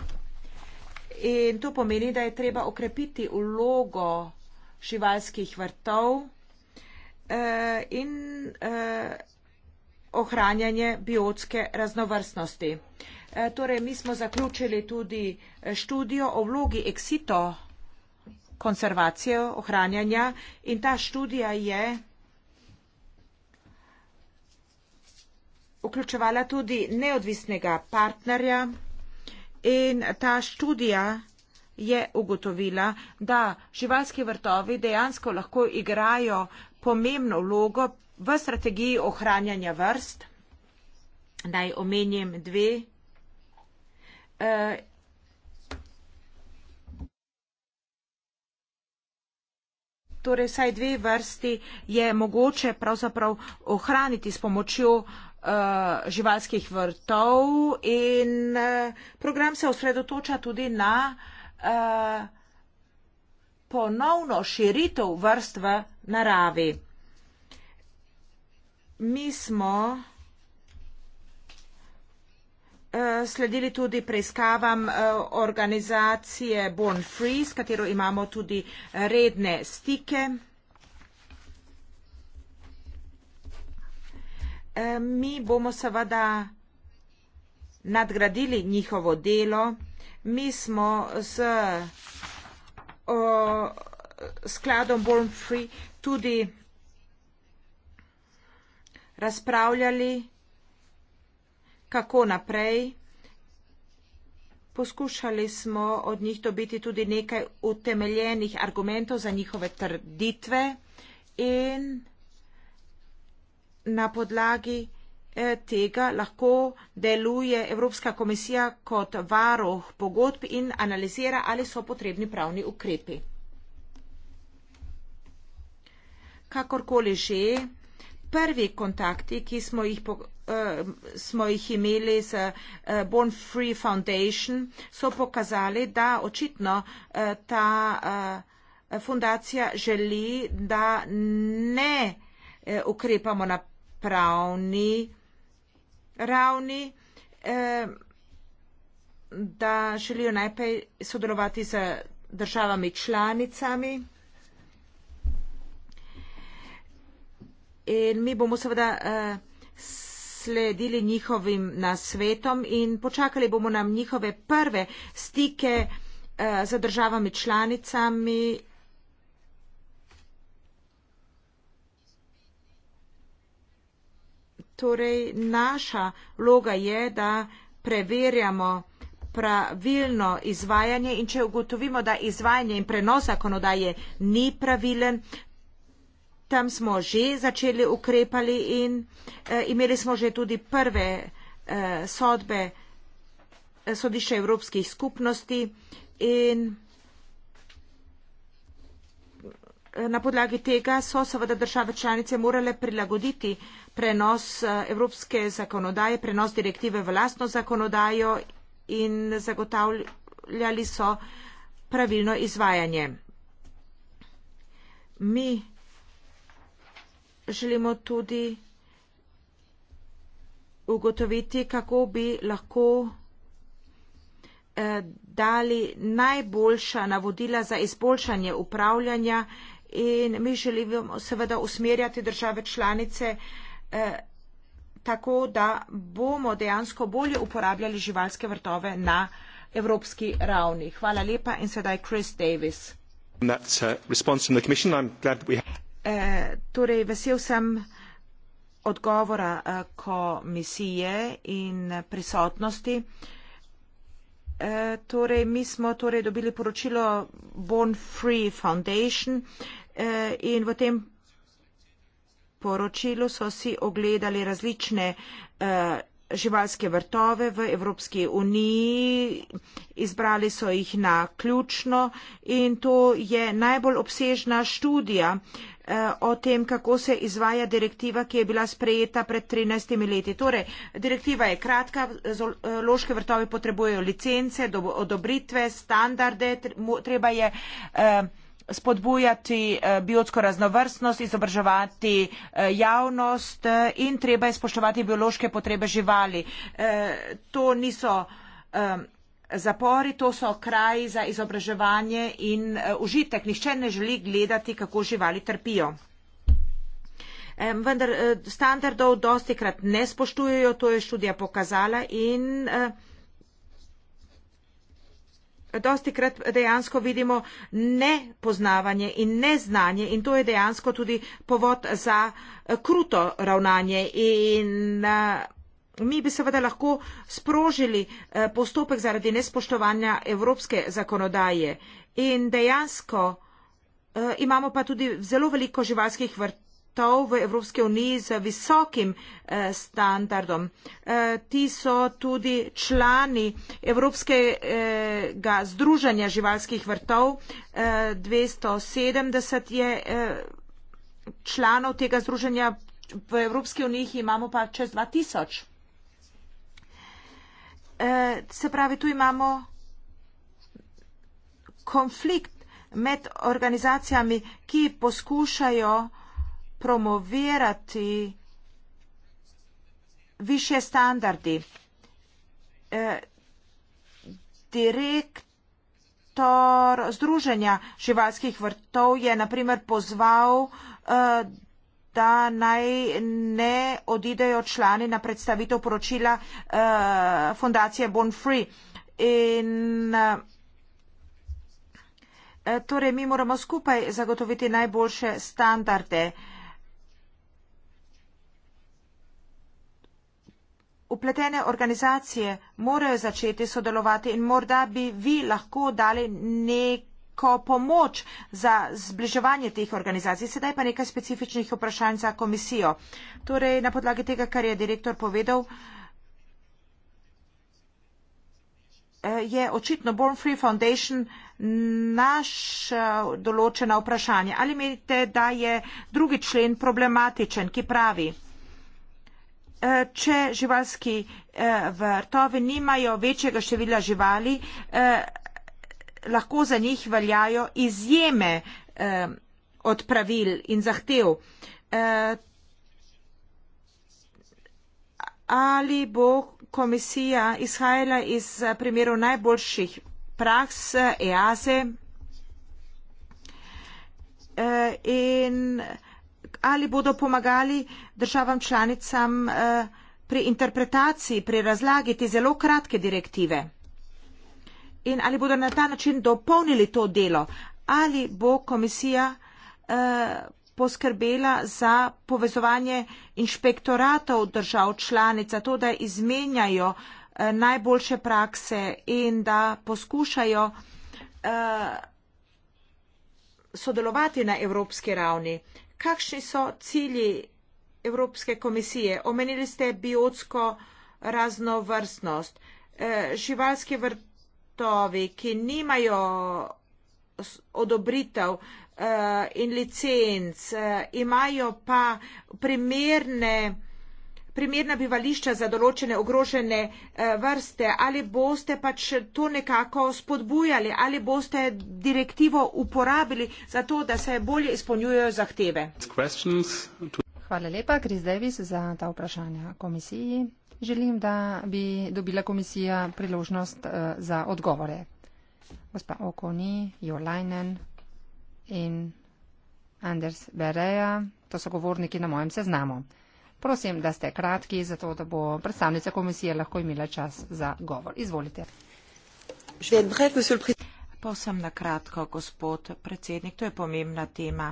In to pomeni, da je treba okrepiti ulogo živalskih vrtov eh, in ohranjanje biotske raznovrstnosti. Torej, mi smo zaključili tudi študijo o vlogi eksito konservacije ohranjanja in ta študija je vključevala tudi neodvisnega partnerja in ta študija je ugotovila, da živalski vrtovi dejansko lahko igrajo pomembno vlogo v strategiji ohranjanja vrst. Naj omenjem dve. Eh, torej, vsaj dve vrsti je mogoče pravzaprav ohraniti s pomočjo uh, Eh, živalskih vrtov in eh, program se osredotoča tudi na eh, ponovno širitev vrst v naravi. Mi smo sledili tudi preiskavam organizacije Born Free, s katero imamo tudi redne stike. Eh, mi bomo seveda nadgradili njihovo delo. Mi smo z o, skladom Born Free tudi razpravljali, kako naprej. Poskušali smo od njih dobiti tudi nekaj utemeljenih argumentov za njihove trditve in na podlagi eh, tega lahko deluje Evropska komisija kot varoh pogodb in analizira, ali so potrebni pravni ukrepi. Kakorkoli že, prvi kontakti, ki smo jih, po, uh, smo jih imeli z uh, eh, Born Free Foundation, so pokazali, da očitno uh, ta uh, fundacija želi, da ne uh, ukrepamo na pravni ravni, eh, da želijo najprej sodelovati z državami članicami. In mi bomo seveda eh, sledili njihovim nasvetom in počakali bomo na njihove prve stike eh, z državami članicami torej naša vloga je, da preverjamo pravilno izvajanje in če ugotovimo, da izvajanje in prenos zakonodaje ni pravilen, tam smo že začeli ukrepali in eh, imeli smo že tudi prve eh, sodbe eh, sodišče Evropskih skupnosti in eh, na podlagi tega so seveda države članice morale prilagoditi eh, prenos eh, evropske zakonodaje, prenos direktive v lastno zakonodajo in zagotavljali so pravilno izvajanje. Mi želimo tudi ugotoviti, kako bi lahko eh, dali najboljša navodila za izboljšanje upravljanja in mi želimo seveda usmerjati države članice, Eh, tako da bomo dejansko bolje uporabljali živalske vrtove na evropski ravni. Hvala lepa in sedaj Chris Davis. Uh, eh, torej, vesel sem odgovora eh, komisije in prisotnosti. Torej, mi smo torej dobili poročilo Born Free Foundation in v tem poročilu so si ogledali različne eh, živalske vrtove v Evropski uniji, izbrali so jih na ključno in to je najbolj obsežna študija eh, o tem, kako se izvaja direktiva, ki je bila sprejeta pred 13 leti. Torej, direktiva je kratka, loške vrtove potrebujejo licence, odobritve, standarde, treba je eh, spodbujati eh, biotsko raznovrstnost, izobraževati eh, javnost eh, in treba je spoštovati biološke potrebe živali. To niso zapori, to so kraji za izobraževanje in užitek. Nihče ne želi gledati, kako živali trpijo. Vendar standardov dosti krat ne spoštujejo, to je študija pokazala in eh, dosti krat dejansko vidimo nepoznavanje in neznanje in to je dejansko tudi povod za eh, kruto ravnanje in eh, mi bi seveda lahko sprožili eh, postopek zaradi nespoštovanja evropske zakonodaje in dejansko imamo pa tudi zelo veliko živalskih vrtov kotov v Evropske unije z visokim eh, standardom. Eh, ti so tudi člani Evropskega združenja živalskih vrtov. Eh, 270 je eh, članov tega združenja, v Evropske unije imamo pa čez 2000. Eh, se pravi, tu imamo konflikt med organizacijami, ki poskušajo promovirati više standardi. E, direktor Združenja živalskih vrtov je na primer pozval, e, da naj ne odidejo člani na predstavitev poročila e, fundacije Born Free. In torej mi moramo skupaj zagotoviti najboljše standarde. upletene organizacije morajo začeti sodelovati in morda bi vi lahko dali neko pomoč za zbliževanje teh organizacij. Sedaj pa nekaj specifičnih vprašanj za komisijo. Torej, na podlagi tega, kar je direktor povedal, eh, je očitno Born Free Foundation naš eh, določena vprašanja. Ali menite, da je drugi člen problematičen, ki pravi, da je Eh, če živalski eh, vrtovi nimajo večjega števila živali, eh, lahko za njih veljajo izjeme od pravil in zahtev. Ali bo komisija izhajala iz primerov najboljših praks EASE e? in vrtovi, ali bodo pomagali državam članicam eh, pri interpretaciji, pri razlagi te zelo kratke direktive? In ali bodo na ta način dopolnili to delo? Ali bo komisija eh, poskrbela za povezovanje inšpektoratov držav članic, zato da izmenjajo eh, najboljše prakse in da poskušajo sodelovati na evropski ravni kakšni so cilji Evropske komisije? Omenili ste biotsko raznovrstnost, e, živalski vrtovi, ki nimajo odobritev e, in licenc, e, imajo pa primerne primerna bivališča za določene ogrožene eh, vrste, ali boste pač to nekako spodbujali, ali boste direktivo uporabili za to, da se bolje izpolnjujejo zahteve. Hvala lepa, Kris Davis, za ta vprašanja komisiji. Želim, da bi dobila komisija priložnost eh, za odgovore. Gospa Okoni, Jo Leinen in Anders Bereja, to so govorniki na mojem seznamu. Prosim, da ste kratki, zato da bo predstavnica komisije lahko imela čas za govor. Izvolite. Povsem na kratko, gospod predsednik, to je pomembna tema.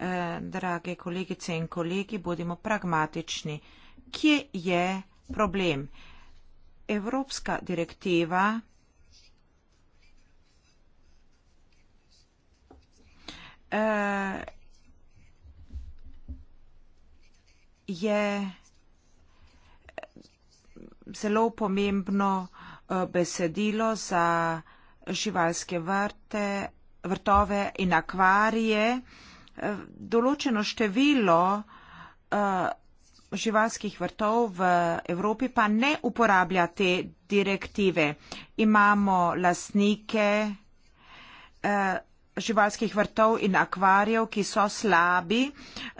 Eh, drage kolegice in kolegi, bodimo pragmatični. Kje je problem? Evropska direktiva eh, je eh, zelo pomembno eh, besedilo za živalske vrte, vrtove in akvarije. Eh, določeno število živalskih vrtov v Evropi pa ne uporablja te direktive. Imamo lasnike, živalskih vrtov in akvarijev, ki so slabi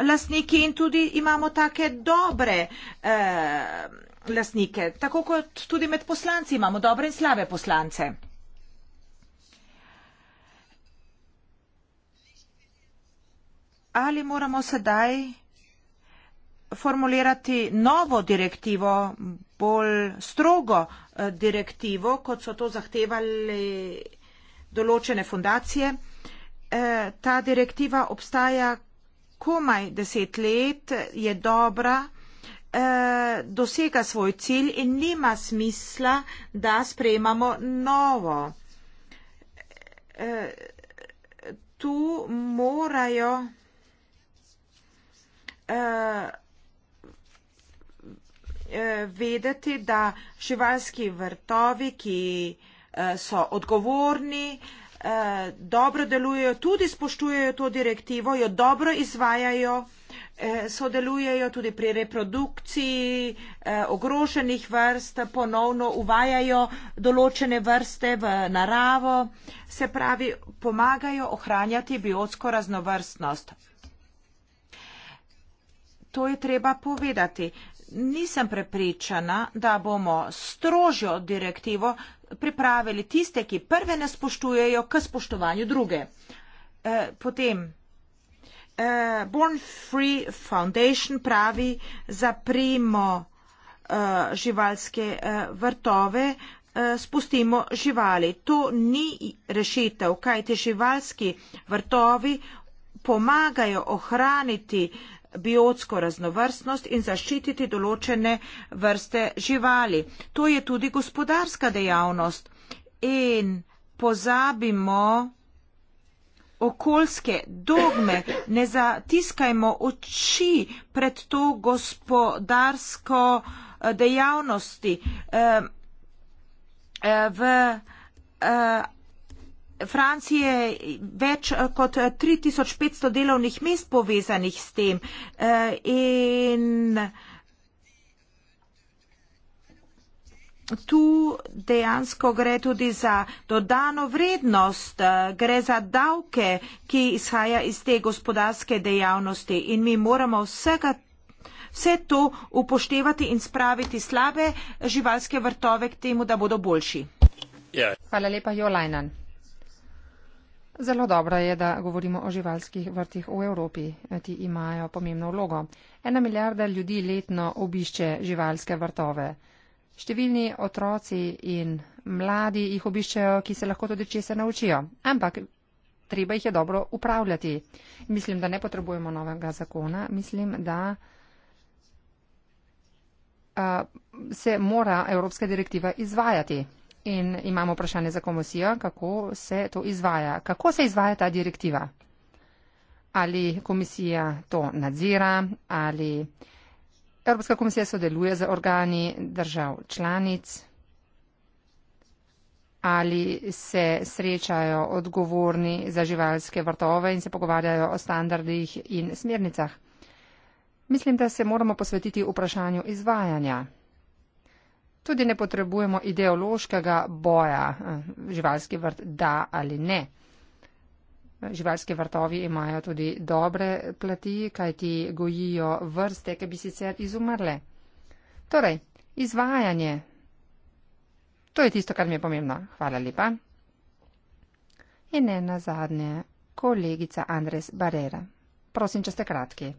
lastniki in tudi imamo take dobre eh, lastnike, tako kot tudi med poslanci imamo dobre in slabe poslance. Ali moramo sedaj formulirati novo direktivo, bolj strogo eh, direktivo, kot so to zahtevali določene fundacije? Eh, ta direktiva obstaja komaj deset let, je dobra, eh, dosega svoj cilj in nima smisla, da sprejemamo novo. Eh, tu morajo vedeti, da živalski vrtovi, ki so odgovorni, eh, dobro delujejo, tudi spoštujejo to direktivo, jo dobro izvajajo, eh, sodelujejo tudi pri reprodukciji eh, ogroženih vrst, ponovno uvajajo določene vrste v naravo, se pravi, pomagajo ohranjati biotsko raznovrstnost. To je treba povedati. Nisem prepričana, da bomo strožjo direktivo pripravili tiste, ki prve ne spoštujejo, k spoštovanju druge. Eh, potem eh, Born Free Foundation pravi, zaprimo eh, živalske vrtove, spustimo živali. To ni rešitev, kaj te živalski vrtovi pomagajo ohraniti biotsko raznovrstnost in zaščititi določene vrste živali. To je tudi gospodarska dejavnost. In pozabimo okoljske dogme, ne zatiskajmo oči pred to gospodarsko eh, dejavnosti. Eh, eh, v Francije več eh, kot 3500 eh, delovnih mest povezanih s tem eh, in tu dejansko gre tudi za dodano vrednost, gre za davke, ki izhaja iz te gospodarske dejavnosti in mi moramo vsega. Vse to upoštevati in spraviti slabe živalske vrtove k temu, da bodo boljši. Yeah. Ja. Hvala lepa, Jolajnan. Zelo dobro je, da govorimo o živalskih vrtih v Evropi. Ti imajo pomembno vlogo. Ena milijarda ljudi letno obišče živalske vrtove. Številni otroci in mladi jih obiščejo, ki se lahko tudi česa naučijo. Ampak treba jih je dobro upravljati. Mislim, da ne potrebujemo novega zakona. Mislim, da uh, se mora evropska direktiva izvajati. In imamo vprašanje za komisijo, kako se to izvaja. Kako se izvaja ta direktiva? Ali komisija to nadzira, ali Evropska komisija sodeluje z organi držav članic, ali se srečajo odgovorni za živalske vrtove in se pogovarjajo o standardih in smernicah. Mislim, da se moramo posvetiti vprašanju izvajanja. Tudi ne potrebujemo ideološkega boja, eh, živalski vrt da ali ne. Živalski vrtovi imajo tudi dobre plati, kajti gojijo vrste, ki bi sicer izumrle. Torej, izvajanje. To je tisto, kar mi je pomembno. Hvala lepa. In ne na zadnje, kolegica Andres Barrera. Prosim, če ste kratki.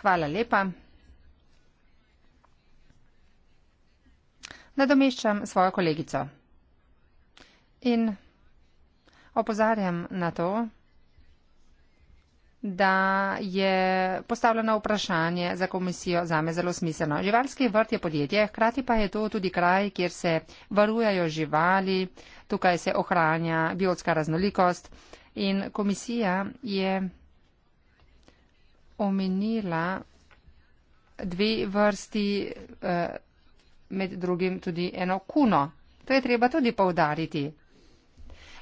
Hvala lepa. nadomeščam svojo kolegico. In opozarjam na to, da je postavljeno vprašanje za komisijo zame zelo smiselno. Živalski vrt je podjetje, hkrati pa je to tudi kraj, kjer se varujajo živali, tukaj se ohranja biotska raznolikost in komisija je omenila dve vrsti. Eh, med drugim tudi eno kuno. To je treba tudi povdariti.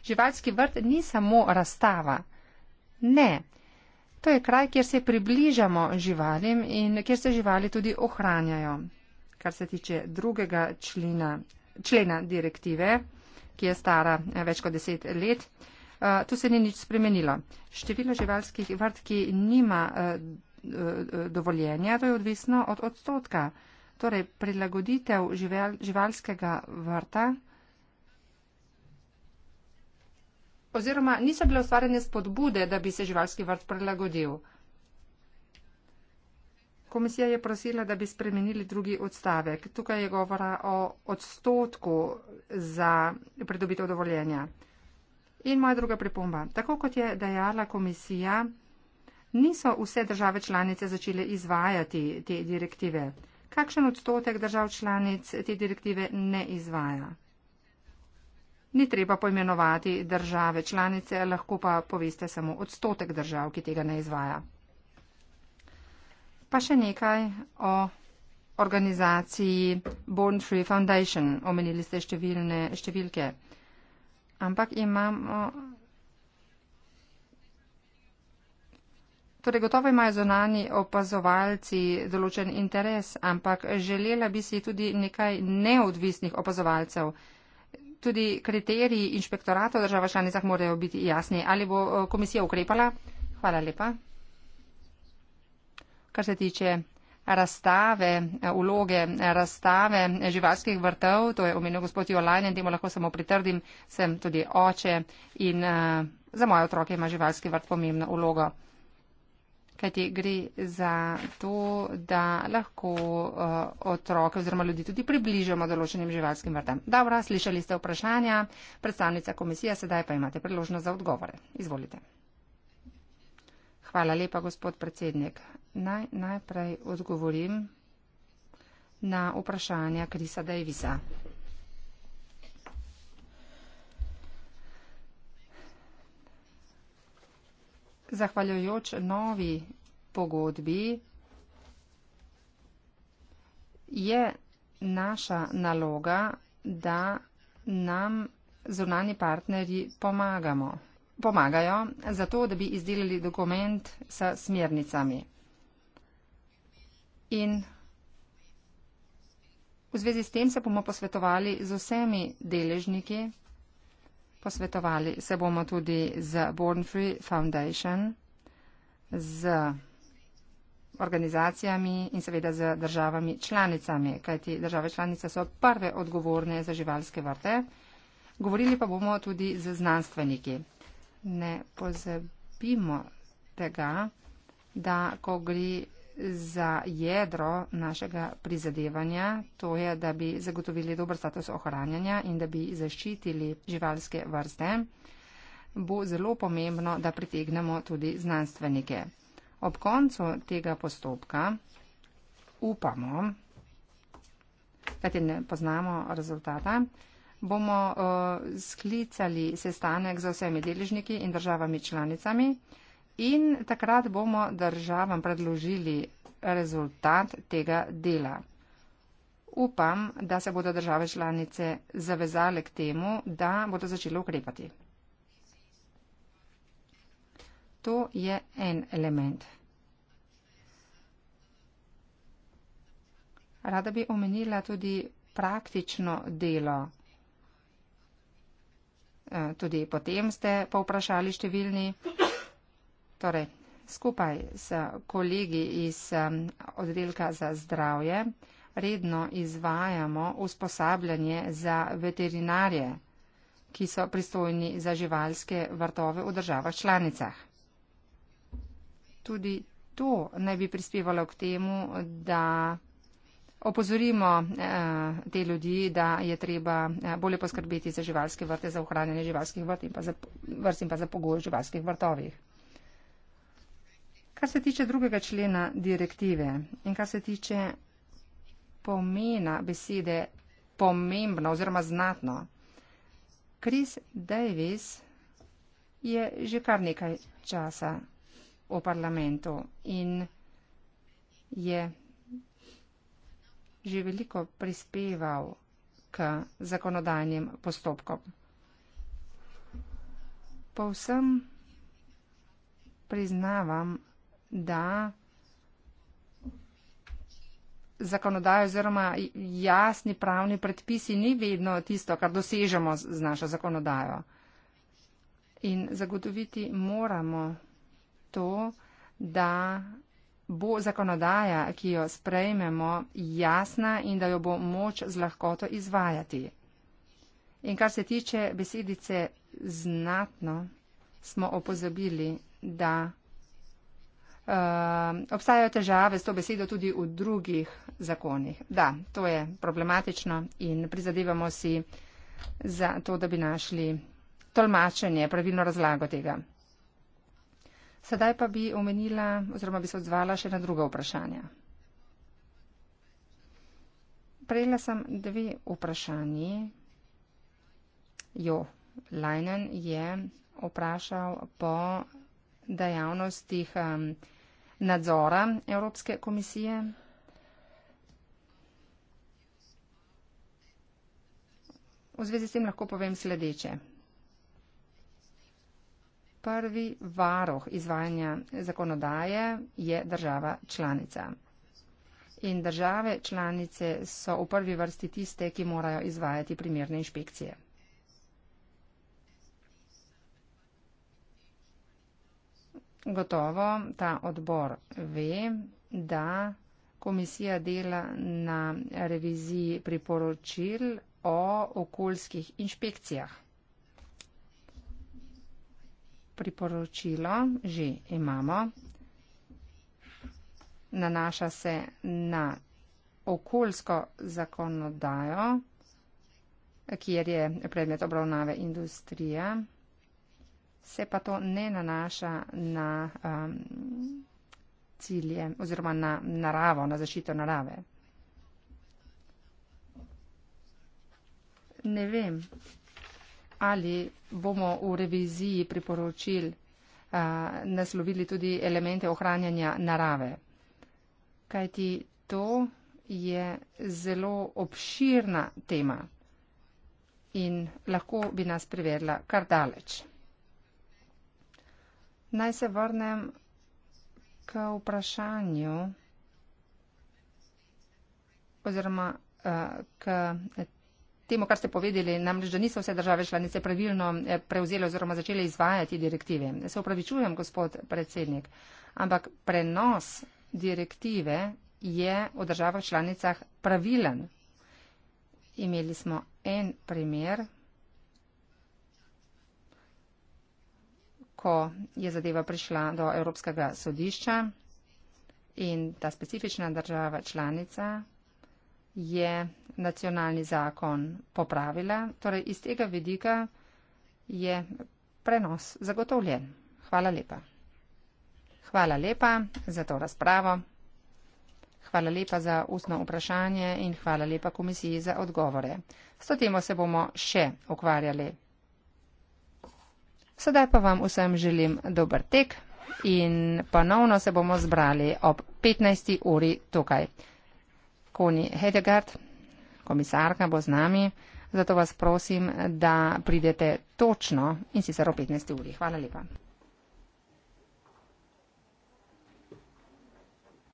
Živalski vrt ni samo razstava. Ne, to je kraj, kjer se približamo živalim in kjer se živali tudi ohranjajo. Kar se tiče drugega člena, člena direktive, ki je stara eh, več kot deset let, eh, tu se ni nič spremenilo. Število živalskih vrt, ki nima eh, dovoljenja, to je odvisno od odstotka. Torej, prilagoditev živel, živalskega vrta. Oziroma, niso bile ustvarjene spodbude, da bi se živalski vrt prilagodil. Komisija je prosila, da bi spremenili drugi odstavek. Tukaj je govora o odstotku za pridobitev dovoljenja. In moja druga pripomba. Tako kot je dejala komisija, niso vse države članice začele izvajati te direktive. Kakšen odstotek držav članic te direktive ne izvaja? Ni treba poimenovati države članice, lahko pa poveste samo odstotek držav, ki tega ne izvaja. Pa še nekaj o organizaciji Born Free Foundation. Omenili ste številne številke. Ampak imamo Torej, gotovo imajo zonani opazovalci določen interes, ampak želela bi si tudi nekaj neodvisnih opazovalcev. Tudi kriteriji inšpektorata v državah članicah morajo biti jasni. Ali bo eh, komisija ukrepala? Hvala lepa. Kar se tiče razstave, uloge eh, eh, razstave živalskih vrtov, to je omenil gospod Jolajnen, temu lahko samo pritrdim, sem tudi oče in uh, za moje otroke ima živalski vrt pomembno ulogo kajti gre za to, da lahko eh, otroke oziroma ljudi tudi približamo določenim živalskim vrtam. Dobro, slišali ste vprašanja, predstavnica komisije, sedaj pa imate priložnost za odgovore. Izvolite. Hvala lepa, gospod predsednik. Naj, najprej odgovorim na vprašanja Krisa Davisa. zahvaljujoč novi pogodbi je naša naloga, da nam zunani partnerji pomagamo. Pomagajo zato, da bi izdelali dokument s smernicami. In v zvezi s tem se bomo posvetovali z vsemi deležniki, posvetovali. Se bomo tudi z Born Free Foundation, z organizacijami in seveda z državami članicami, kajti države članice so prve odgovorne za živalske vrte. Govorili pa bomo tudi z znanstveniki. Ne pozabimo tega, da ko gre za jedro našega prizadevanja, to je, da bi zagotovili dober status ohranjanja in da bi zaščitili živalske vrste, bo zelo pomembno, da pritegnemo tudi znanstvenike. Ob koncu tega postopka upamo, kajti ne poznamo rezultata, bomo uh, sklicali sestanek za vsemi deležniki in državami članicami, uh, in takrat bomo državam predložili rezultat tega dela. Upam, da se bodo države članice zavezale k temu, da bodo začele ukrepati. To je en element. Rada bi omenila tudi praktično delo. Eh, tudi potem ste povprašali številni. Torej, skupaj s kolegi iz um, oddelka za zdravje redno izvajamo usposabljanje za veterinarje, ki so pristojni za živalske vrtove v državah članicah. Tudi to naj bi prispevalo k temu, da opozorimo eh, te ljudi, da je treba eh, bolje poskrbeti za živalske vrte, za ohranjanje živalskih vrt in pa za, pa za pogoj v živalskih vrtovih. Kar se tiče drugega člena direktive in kar se tiče pomena besede pomembno oziroma znatno, Chris Davis je že kar nekaj časa v parlamentu in je že veliko prispeval k zakonodajnim postopkom. Povsem priznavam, da zakonodajo oziroma jasni pravni predpisi ni vedno tisto, kar dosežemo z našo zakonodajo. In zagotoviti moramo to, da bo zakonodaja, ki jo sprejmemo, jasna in da jo bo moč z lahkoto izvajati. In kar se tiče besedice znatno, smo opozabili, da Ehm, obstajajo težave s to besedo tudi v drugih zakonih. Da, to je problematično in prizadevamo si za to, da bi našli tolmačenje, pravilno razlago tega. Sedaj pa bi omenila oziroma bi se odzvala še na druga vprašanja. Prejela sem dve vprašanji. Jo, Leinen je vprašal po dejavnostih um, nadzora Evropske komisije. V zvezi s tem lahko povem sledeče. Prvi varoh izvajanja zakonodaje je država članica. In države članice so v prvi vrsti tiste, ki morajo izvajati primerne inšpekcije. gotovo ta odbor ve, da komisija dela na reviziji priporočil o okoljskih inšpekcijah. Priporočilo že imamo. Nanaša se na okoljsko zakonodajo, kjer je predmet obravnave industrija se pa to ne nanaša na um, cilje oziroma na naravo, na zaščito narave. Ne vem, ali bomo v reviziji priporočil uh, naslovili tudi elemente ohranjanja narave. Kajti to je zelo obširna tema in lahko bi nas privedla kar daleč. Naj se vrnem k vprašanju oziroma eh, k temu, kar ste povedali, namreč, da niso vse države članice pravilno eh, prevzele oziroma začele izvajati direktive. Se upravičujem, gospod predsednik, ampak prenos direktive je v državah članicah pravilen. Imeli smo en primer, ko je zadeva prišla do Evropskega sodišča in ta specifična država članica je nacionalni zakon popravila. Torej, iz tega vidika je prenos zagotovljen. Hvala lepa. Hvala lepa za to razpravo. Hvala lepa za ustno vprašanje in hvala lepa komisiji za odgovore. S to temo se bomo še ukvarjali. Sedaj pa vam vsem želim dober tek in ponovno se bomo zbrali ob 15. uri tukaj. Koni Hedegard, komisarka, bo z nami, zato vas prosim, da pridete točno in sicer ob 15. uri. Hvala lepa.